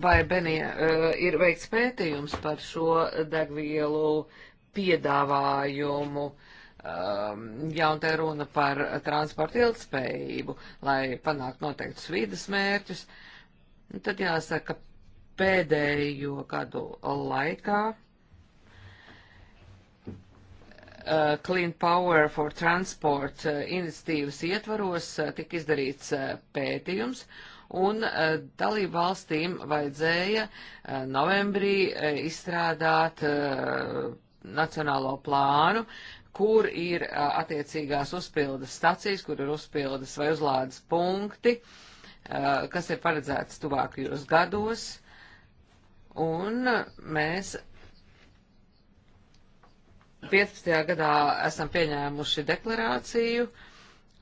vai Benie eh, ir veikts pētījums par šo degvielu piedāvājumu. Um, Jā, un te runa par transporta ilgspējību, lai panāktu noteiktus vidas mērķus. Un tad jāsaka, pēdējo gadu laikā Uh, Clean Power for Transport uh, iniciatīvas ietvaros uh, tika izdarīts pētījums, un eh, dalību valstīm vajadzēja eh, novembrī eh, izstrādāt nacionālo plānu, kur ir attiecīgās uzpildes stacijas, kur ir uzpildes vai uzlādes punkti, kas ir paredzēts tuvākajos gados, un mēs 15. gadā esam pieņēmuši deklarāciju, uh,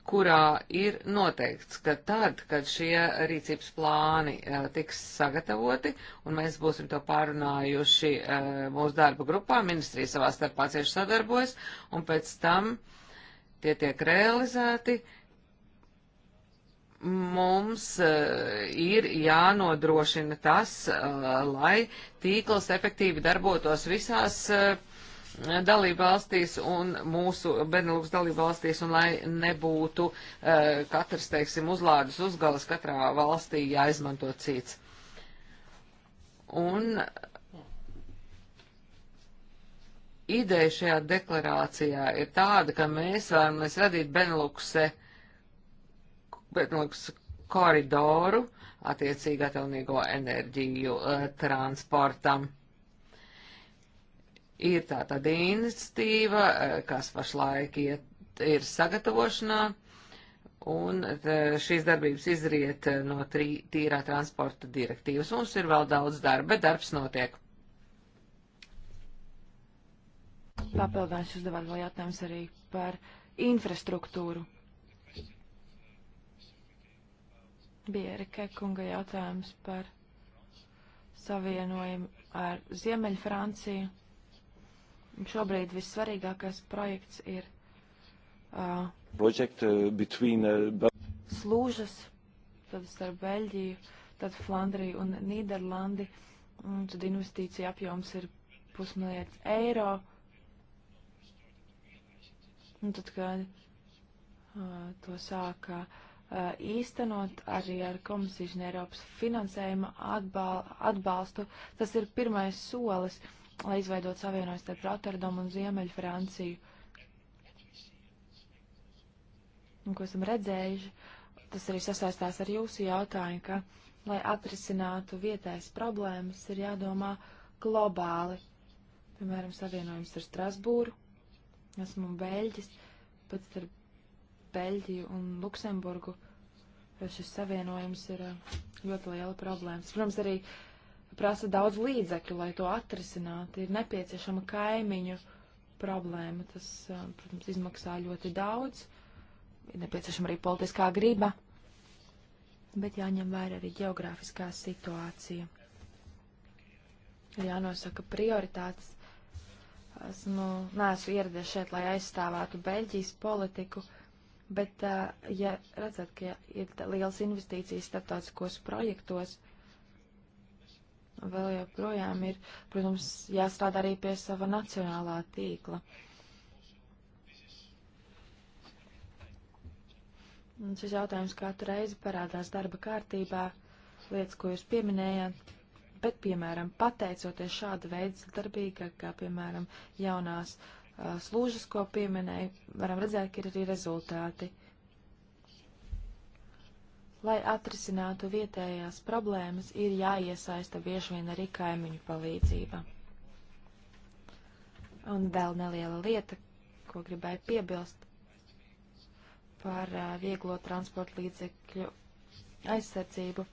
kurā ir noteikts, ka tad, kad šie rīcības plāni uh, tiks sagatavoti, un mēs būsim to pārunājuši uh, mūsu darba grupā, ministrija savā starpā cieši sadarbojas, un pēc tam tie tiek realizēti, mums uh, ir jānodrošina tas, uh, lai tīkls efektīvi darbotos visās uh, dalībvalstīs un mūsu Benelūks dalībvalstīs, un lai nebūtu eh, katrs, teiksim, uzlādes uzgalas katrā valstī jāizmanto cits. Un ideja šajā deklarācijā ir tāda, ka mēs vēlamies radīt Benelukse, Benelukse koridoru attiecīgi atjaunīgo enerģiju eh, transportam Ir tā tāda iniciatīva, eh, kas pašlaik iet, ir sagatavošanā, un eh, šīs darbības izriet eh, no trī, tīrā transporta direktīvas. Mums ir vēl daudz darba, bet darbs notiek. Papildinājums uzdevām vēl jautājums arī par infrastruktūru. Bija arī Kekunga jautājums par savienojumu ar Ziemeļfranciju. Šobrīd vissvarīgākais projekts ir uh, Project, uh, between, uh, Slūžas, tad starp Beļģiju, tad Flandriju un Nīderlandi. Un tad investīcija apjoms ir pusmiljards eiro. Un tad, kad uh, to sāka uh, īstenot arī ar komisijas un Eiropas finansējuma atbal atbalstu, tas ir pirmais solis. Uh, lai izveidot savienojumu starp Rotterdamu un Ziemeļu Franciju. Un, ko esam redzējuši, tas arī sasaistās ar jūsu jautājumu, ka, lai atrisinātu vietējas problēmas, ir jādomā globāli. Piemēram, savienojums ar Strasbūru, esmu Beļģis, pats ar Beļģiju un Luksemburgu, jo šis savienojums ir ļoti liela problēma. Protams, arī uh, prasa daudz līdzekļu, lai to atrisinātu. Ir nepieciešama kaimiņu problēma. Tas, protams, izmaksā ļoti daudz. Ir nepieciešama arī politiskā griba. Bet jāņem vērā arī geogrāfiskā situācija. Ir jānosaka prioritātes. Esmu, neesmu ieradies šeit, lai aizstāvētu Beļģijas politiku, bet, ja redzat, ka ir liels investīcijas starptautiskos projektos, vēl joprojām ir, protams, jāstrādā arī pie sava nacionālā tīkla. Un šis jautājums katru reizi parādās darba kārtībā, lietas, ko jūs pieminējāt, bet, piemēram, pateicoties šāda veida sadarbīga, kā, piemēram, jaunās uh, slūžas, ko pieminēju, varam redzēt, ka ir arī rezultāti. Uh, Lai atrisinātu vietējās problēmas, ir jāiesaista bieži vien arī kaimiņu palīdzība. Un vēl neliela lieta, ko gribēju piebilst par uh, vieglo transporta līdzekļu aizsardzību.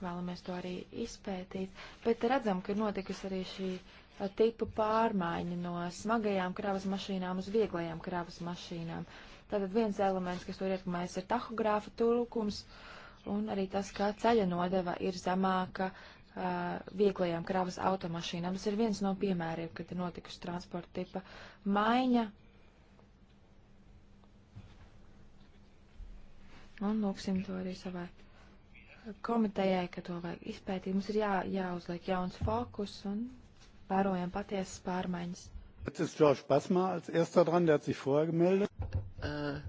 Vēlamies to arī izpētīt, bet redzam, ka notikusi arī šī uh, tipu pārmaiņa no smagajām kravas mašīnām uz vieglajām kravas mašīnām. Uh, Tātad viens elements, kas to ir ietekmējis, ir tahogrāfa trūkums un arī tas, ka ceļa nodeva ir zemāka uh, vieglajām kravas automašīnām. Tas ir viens no piemēriem, kad ir notikusi transporta tipa maiņa. Un lūksim to arī savai komitejai, ka to vajag izpētīt. Mums ir jā, jāuzliek jauns fokus un vērojam patiesas pārmaiņas. Jetzt ist George Basma als erster dran, der hat sich vorher gemeldet. Uh, äh,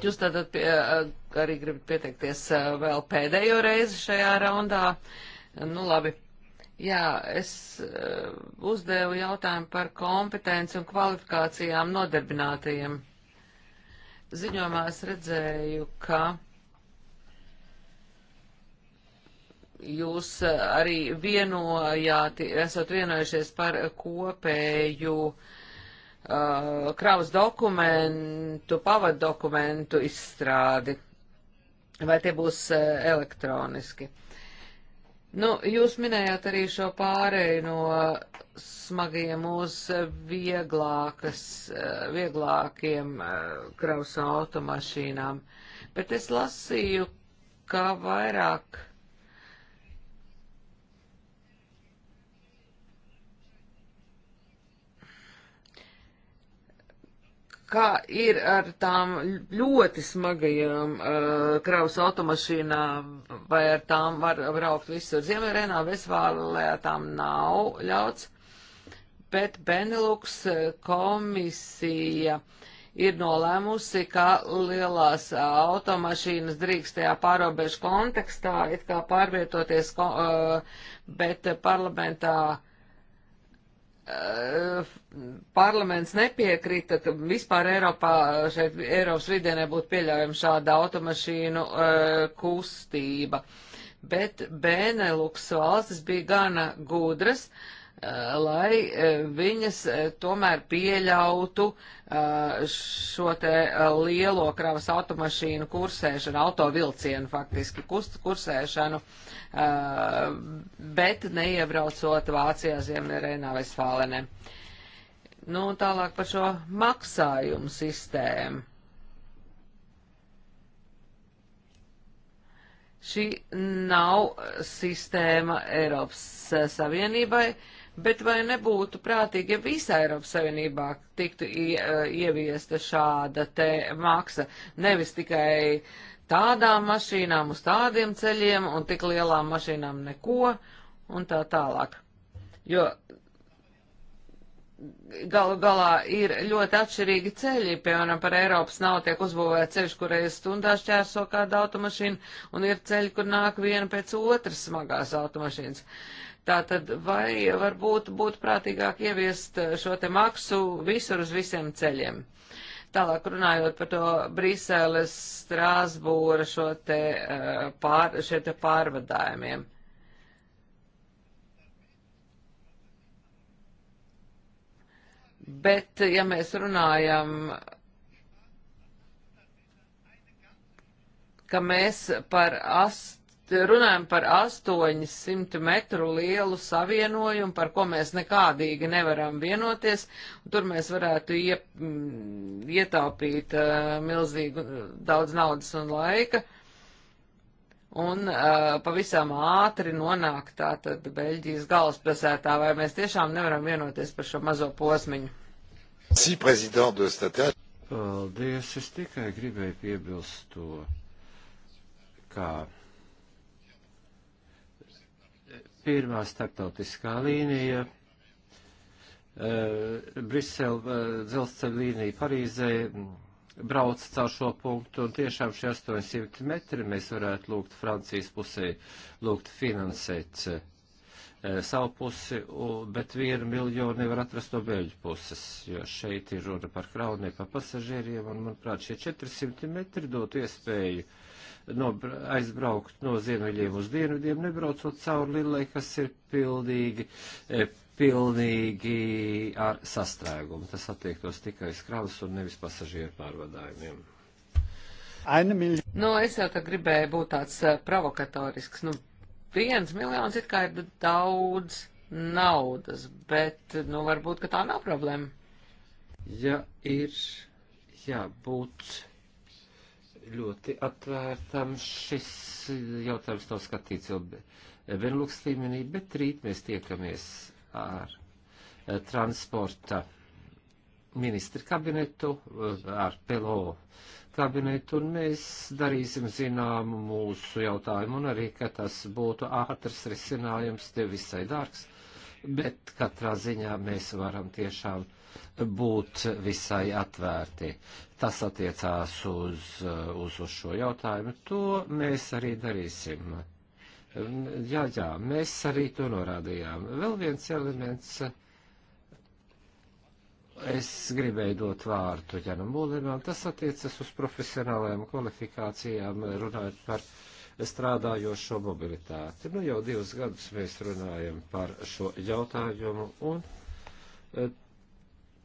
jūs tātad pie, uh, arī gribat pieteikties uh, vēl pēdējo reizi šajā raundā. Nu labi. Jā, es uh, uzdevu jautājumu par kompetenci un kvalifikācijām nodarbinātajiem. Ziņojumā es redzēju, ka jūs eh, arī vienojāt, esat vienojušies par kopēju uh, kravas dokumentu, pavad dokumentu izstrādi. Vai tie būs uh, elektroniski? Nu, jūs minējāt arī šo pārēju no smagiem uz vieglākas, vieglākiem kravas automašīnām, bet es lasīju, ka vairāk kā ir ar tām ļoti smagajām uh, kravas automašīnām, vai ar tām var braukt visur. Ziemeļrēnā Vesvālē tām nav ļauts, bet Benelux uh, komisija ir nolēmusi, ka lielās automašīnas drīkst tajā pārobežu kontekstā it kā pārvietoties, ko, uh, bet parlamentā uh, Eh, parlaments nepiekrīt, tad vispār Eiropā, šeit Eiropas vidienē būtu pieļaujama šāda automašīnu uh, kustība. Bet Benelux valstis bija gana gudras, uh, Eh, lai eh, viņas eh, tomēr pieļautu šo te lielo kravas automašīnu kursēšanu, autovilcienu faktiski kursēšanu, bet neiebraucot Vācijā Ziemierēnā vai Sfālenē. Nu, tālāk par šo maksājumu sistēmu. Šī nav sistēma Eiropas Savienībai. Uh, Bet vai nebūtu prātīgi, ja visā Eiropas Savienībā tiktu eh, ieviesta šāda te maksa, nevis tikai tādām mašīnām uz tādiem ceļiem un tik lielām mašīnām neko un tā tālāk? Jo galu galā ir ļoti atšķirīgi ceļi, piemēram, par Eiropas nav tiek uzbūvēt ceļš, kur reiz stundā šķērso kāda automašīna, un ir ceļi, kur nāk viena pēc otras smagās automašīnas. Uh, Tātad vai varbūt būtu prātīgāk ieviest eh, šo te maksu visur uz visiem ceļiem? Tālāk runājot par to Briseles, Strāsbūra šo te, eh, pār, šie te pārvadājumiem. Bet, ja mēs runājam, ka mēs par 8 runājam par 800 metru lielu savienojumu, par ko mēs nekādīgi nevaram vienoties, un tur mēs varētu ie, ietaupīt uh, milzīgu daudz naudas un laika, un uh, pavisam ātri nonākt tātad Beļģijas galvaspilsētā, vai mēs tiešām nevaram vienoties par šo mazo posmiņu. Si, Paldies, es tikai gribēju piebilst to, kā. Ka pirmā starptautiskā līnija. E, Brisele dzelzceļa līnija Parīzē brauc caur šo punktu, un tiešām šie 800 metri mēs varētu lūgt Francijas pusē, lūgt finansēt e, savu pusi, un, bet vienu miljonu nevar atrast no beļģu puses, jo šeit ir runa par krauniem, par pasažieriem, un, manuprāt, šie 400 metri dot iespēju no, aizbraukt no ziemeļiem uz dienvidiem, nebraucot cauri Lillai, kas ir pildīgi, e, pilnīgi ar sastrēgumu. Tas attiektos tikai uz kravas un nevis pasažieru pārvadājumiem. Nu, es jau tā gribēju būt tāds e, provokatorisks. Nu, viens miljons it kā ir daudz naudas, bet, nu, varbūt, ka tā nav problēma. Ja ir jābūt. Ja, būt ļoti atvērtam. Šis jautājums nav skatīts jau Benelux līmenī, bet rīt mēs tiekamies ar eh, transporta ministra kabinetu, eh, ar PLO kabinetu, un mēs darīsim zināmu mūsu jautājumu, un arī, ka tas būtu ātrs risinājums, te visai dārgs, bet katrā ziņā mēs varam tiešām būt visai atvērti tas attiecās uz, uh, uz, uz šo jautājumu. To mēs arī darīsim. Jā, jā, mēs arī to norādījām. Vēl viens elements. Es gribēju dot vārdu Janam Mūlinam. Tas attiecas uz profesionālajām kvalifikācijām, runājot par strādājošo mobilitāti. Nu, jau divus gadus mēs runājam par šo jautājumu, un eh,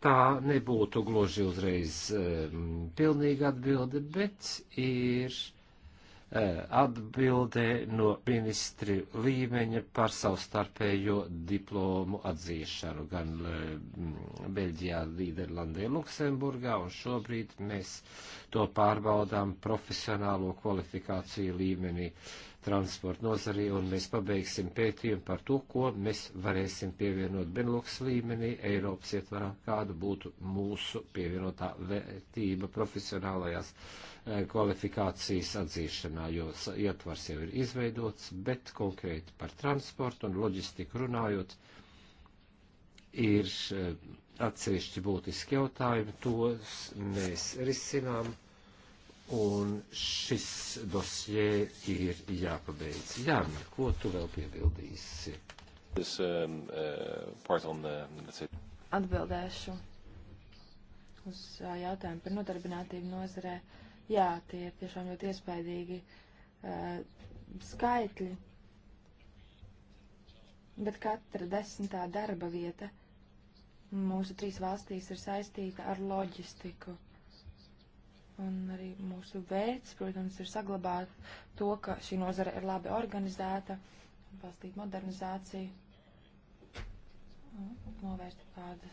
tā nebūtu gluži uzreiz um, pilnīga atbilde, bet ir uh, atbilde no ministri līmeņa par savstarpējo diplomu atzīšanu gan um, Beļģijā, Līderlandē, Luksemburgā, un šobrīd mēs to pārbaudām profesionālo kvalifikāciju līmenī. Uh, transporta nozarī, un mēs pabeigsim pētījumu par to, ko mēs varēsim pievienot Benelux līmenī, Eiropas ietvarā, kāda būtu mūsu pievienotā vērtība profesionālajās eh, kvalifikācijas atzīšanā, jo ietvars jau ir izveidots, bet konkrēti par transportu un loģistiku runājot, ir eh, atsevišķi būtiski jautājumi, tos mēs risinām Un šis dosjē ir jāpabeidz. Jāna, ko tu vēl piebildīsi? This, um, uh, on, uh, Atbildēšu uz uh, jautājumu par nodarbinātību nozarē. Jā, tie ir tiešām ļoti iespaidīgi uh, skaitļi. Bet katra desmitā darba vieta mūsu trīs valstīs ir saistīta ar loģistiku. Un arī mūsu vērts, protams, ir saglabāt to, ka šī nozara ir labi organizēta, balstīt modernizāciju, novērst kādu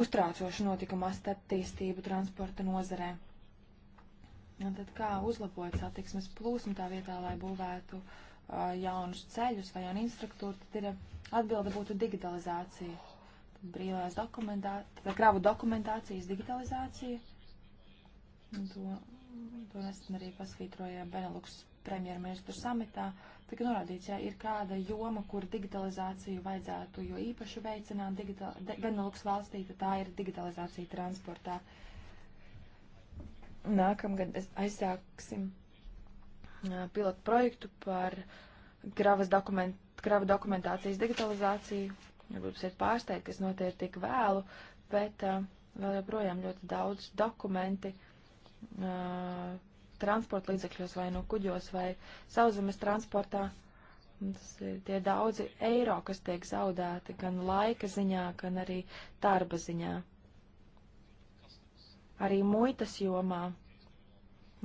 uztraucošu notikumu attīstību transporta nozarē. Un tad kā uzlabot satiksmes plūsmu tā vietā, lai būvētu uh, jaunus ceļus vai jaunu infrastruktūru, tad ir atbilde būtu digitalizācija. Tad brīvās dokumentācijas, kravu dokumentācijas digitalizācija To, to nesen arī pasvītroja Beneluks premjerministru samitā. Tika norādīts, ja ir kāda joma, kur digitalizāciju vajadzētu jo īpaši veicināt digital, Beneluks valstī, tad tā ir digitalizācija transportā. Nākamgad aizsāksim pilotu projektu par kravas dokument, krava dokumentācijas digitalizāciju. Varbūt jūs esat pārsteigti, kas notiek tik vēlu, bet uh, vēl joprojām ļoti daudz dokumenti uh, uh, transporta līdzekļos, vai no nu kuģos, vai sauzemes transportā. Tas ir tie daudzi eiro, kas tiek zaudēti gan laika ziņā, gan arī darba ziņā. Arī muitas jomā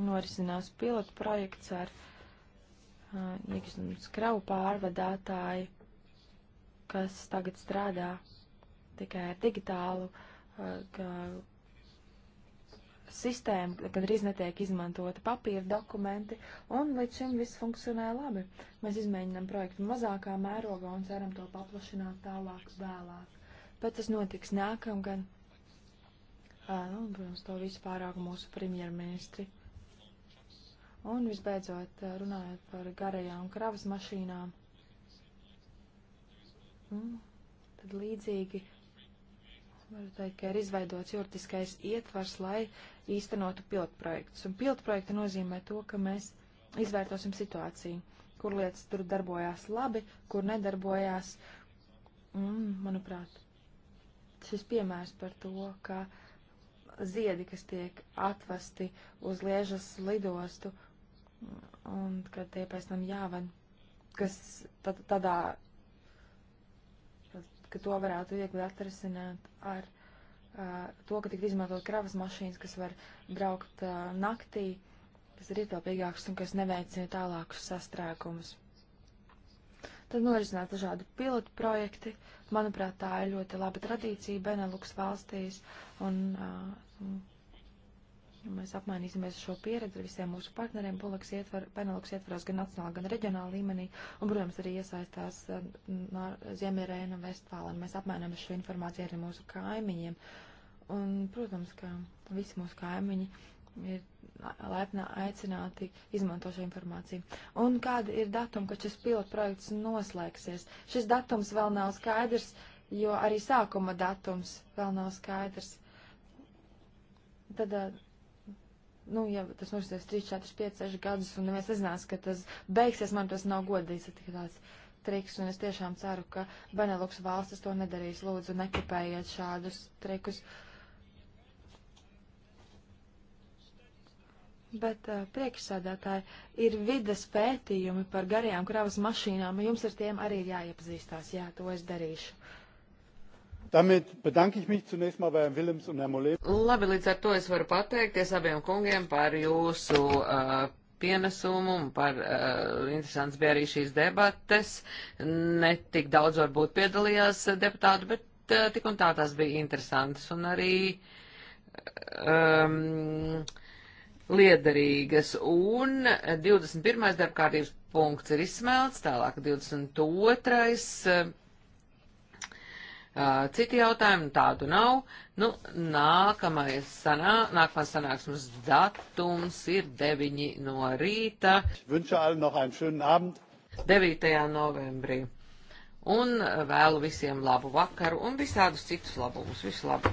norisinās pilotu projekts ar uh, kravu pārvadātāju, kas tagad strādā tikai ar digitālu uh, sistēma, gan arī netiek izmantota papīra dokumenti, un līdz šim viss funkcionē labi. Mēs izmēģinām projektu mazākā mērogā un ceram to paplašināt tālāk vēlāk. Bet tas notiks nākamgad. Nu, protams, to visu pārāk mūsu premjerministri. Un visbeidzot, runājot par garajām kravas mašīnām, nu, tad līdzīgi varu teikt, ka ir izveidots juridiskais ietvars, lai īstenotu pilotprojektus. Un pilotprojekti nozīmē to, ka mēs izvērtosim situāciju, kur lietas tur darbojās labi, kur nedarbojās. Mm, manuprāt, šis piemērs par to, ka ziedi, kas tiek atvesti uz Liežas lidostu, un ka tie pēc tam jāved, kas tad, tādā, ka to varētu viegli atrasināt ar Eh, to, ka tika izmantot kravas mašīnas, kas var braukt uh, naktī, kas ir ietilpīgākas un kas neveicina tālākus sastrēgumus. Tad norisinās dažādi pilotu projekti. Manuprāt, tā ir ļoti laba tradīcija Beneluks valstīs, un uh, mēs apmainīsimies šo pieredzi ar visiem mūsu partneriem. Bulaks ietver, Beneluks ietveros gan nacionāli, gan reģionāli līmenī, un, protams, arī iesaistās uh, Ziemierēna un Vestfāla, un mēs apmainamies šo informāciju arī mūsu kaimiņiem. Uh, Un, protams, ka visi mūsu kaimiņi ir laipni aicināti izmanto šo informāciju. Un kāda ir datuma, kad šis pilotprojekts noslēgsies? Šis datums vēl nav skaidrs, jo arī sākuma datums vēl nav skaidrs. Tad, nu, ja tas norisēs 3, 4, 5, 6 gadus, un neviens nezinās, ka tas beigsies, man tas nav godīgs, tik tāds triks, un es tiešām ceru, ka Beneluks valstis to nedarīs. Lūdzu, nekopējiet šādus trikus. Uh, Bet uh, priekšsēdētāji ir vides pētījumi par garajām kravas mašīnām, jums ar tiem arī ir jāiepazīstās. Jā, to es darīšu. Damit bedanke ich mich zunächst mal bei Herrn Willems un Herrn Molē. Labi, līdz ar to es varu pateikties abiem kungiem par jūsu uh, pienesumu un par uh, interesants bija arī šīs debates. Netik daudz varbūt piedalījās deputāti, bet uh, tik un tā tās bija interesantas un arī. Um, liederīgas, un 21. darbkārtības punkts ir izsmelts, tālāk 22. Citi jautājumi tādu nav. Nu, nākamais sanā, nākamā sanāksmes datums ir 9 no rīta. 9. novembrī. Un vēlu visiem labu vakaru un visādus citus labumus. Visu labu!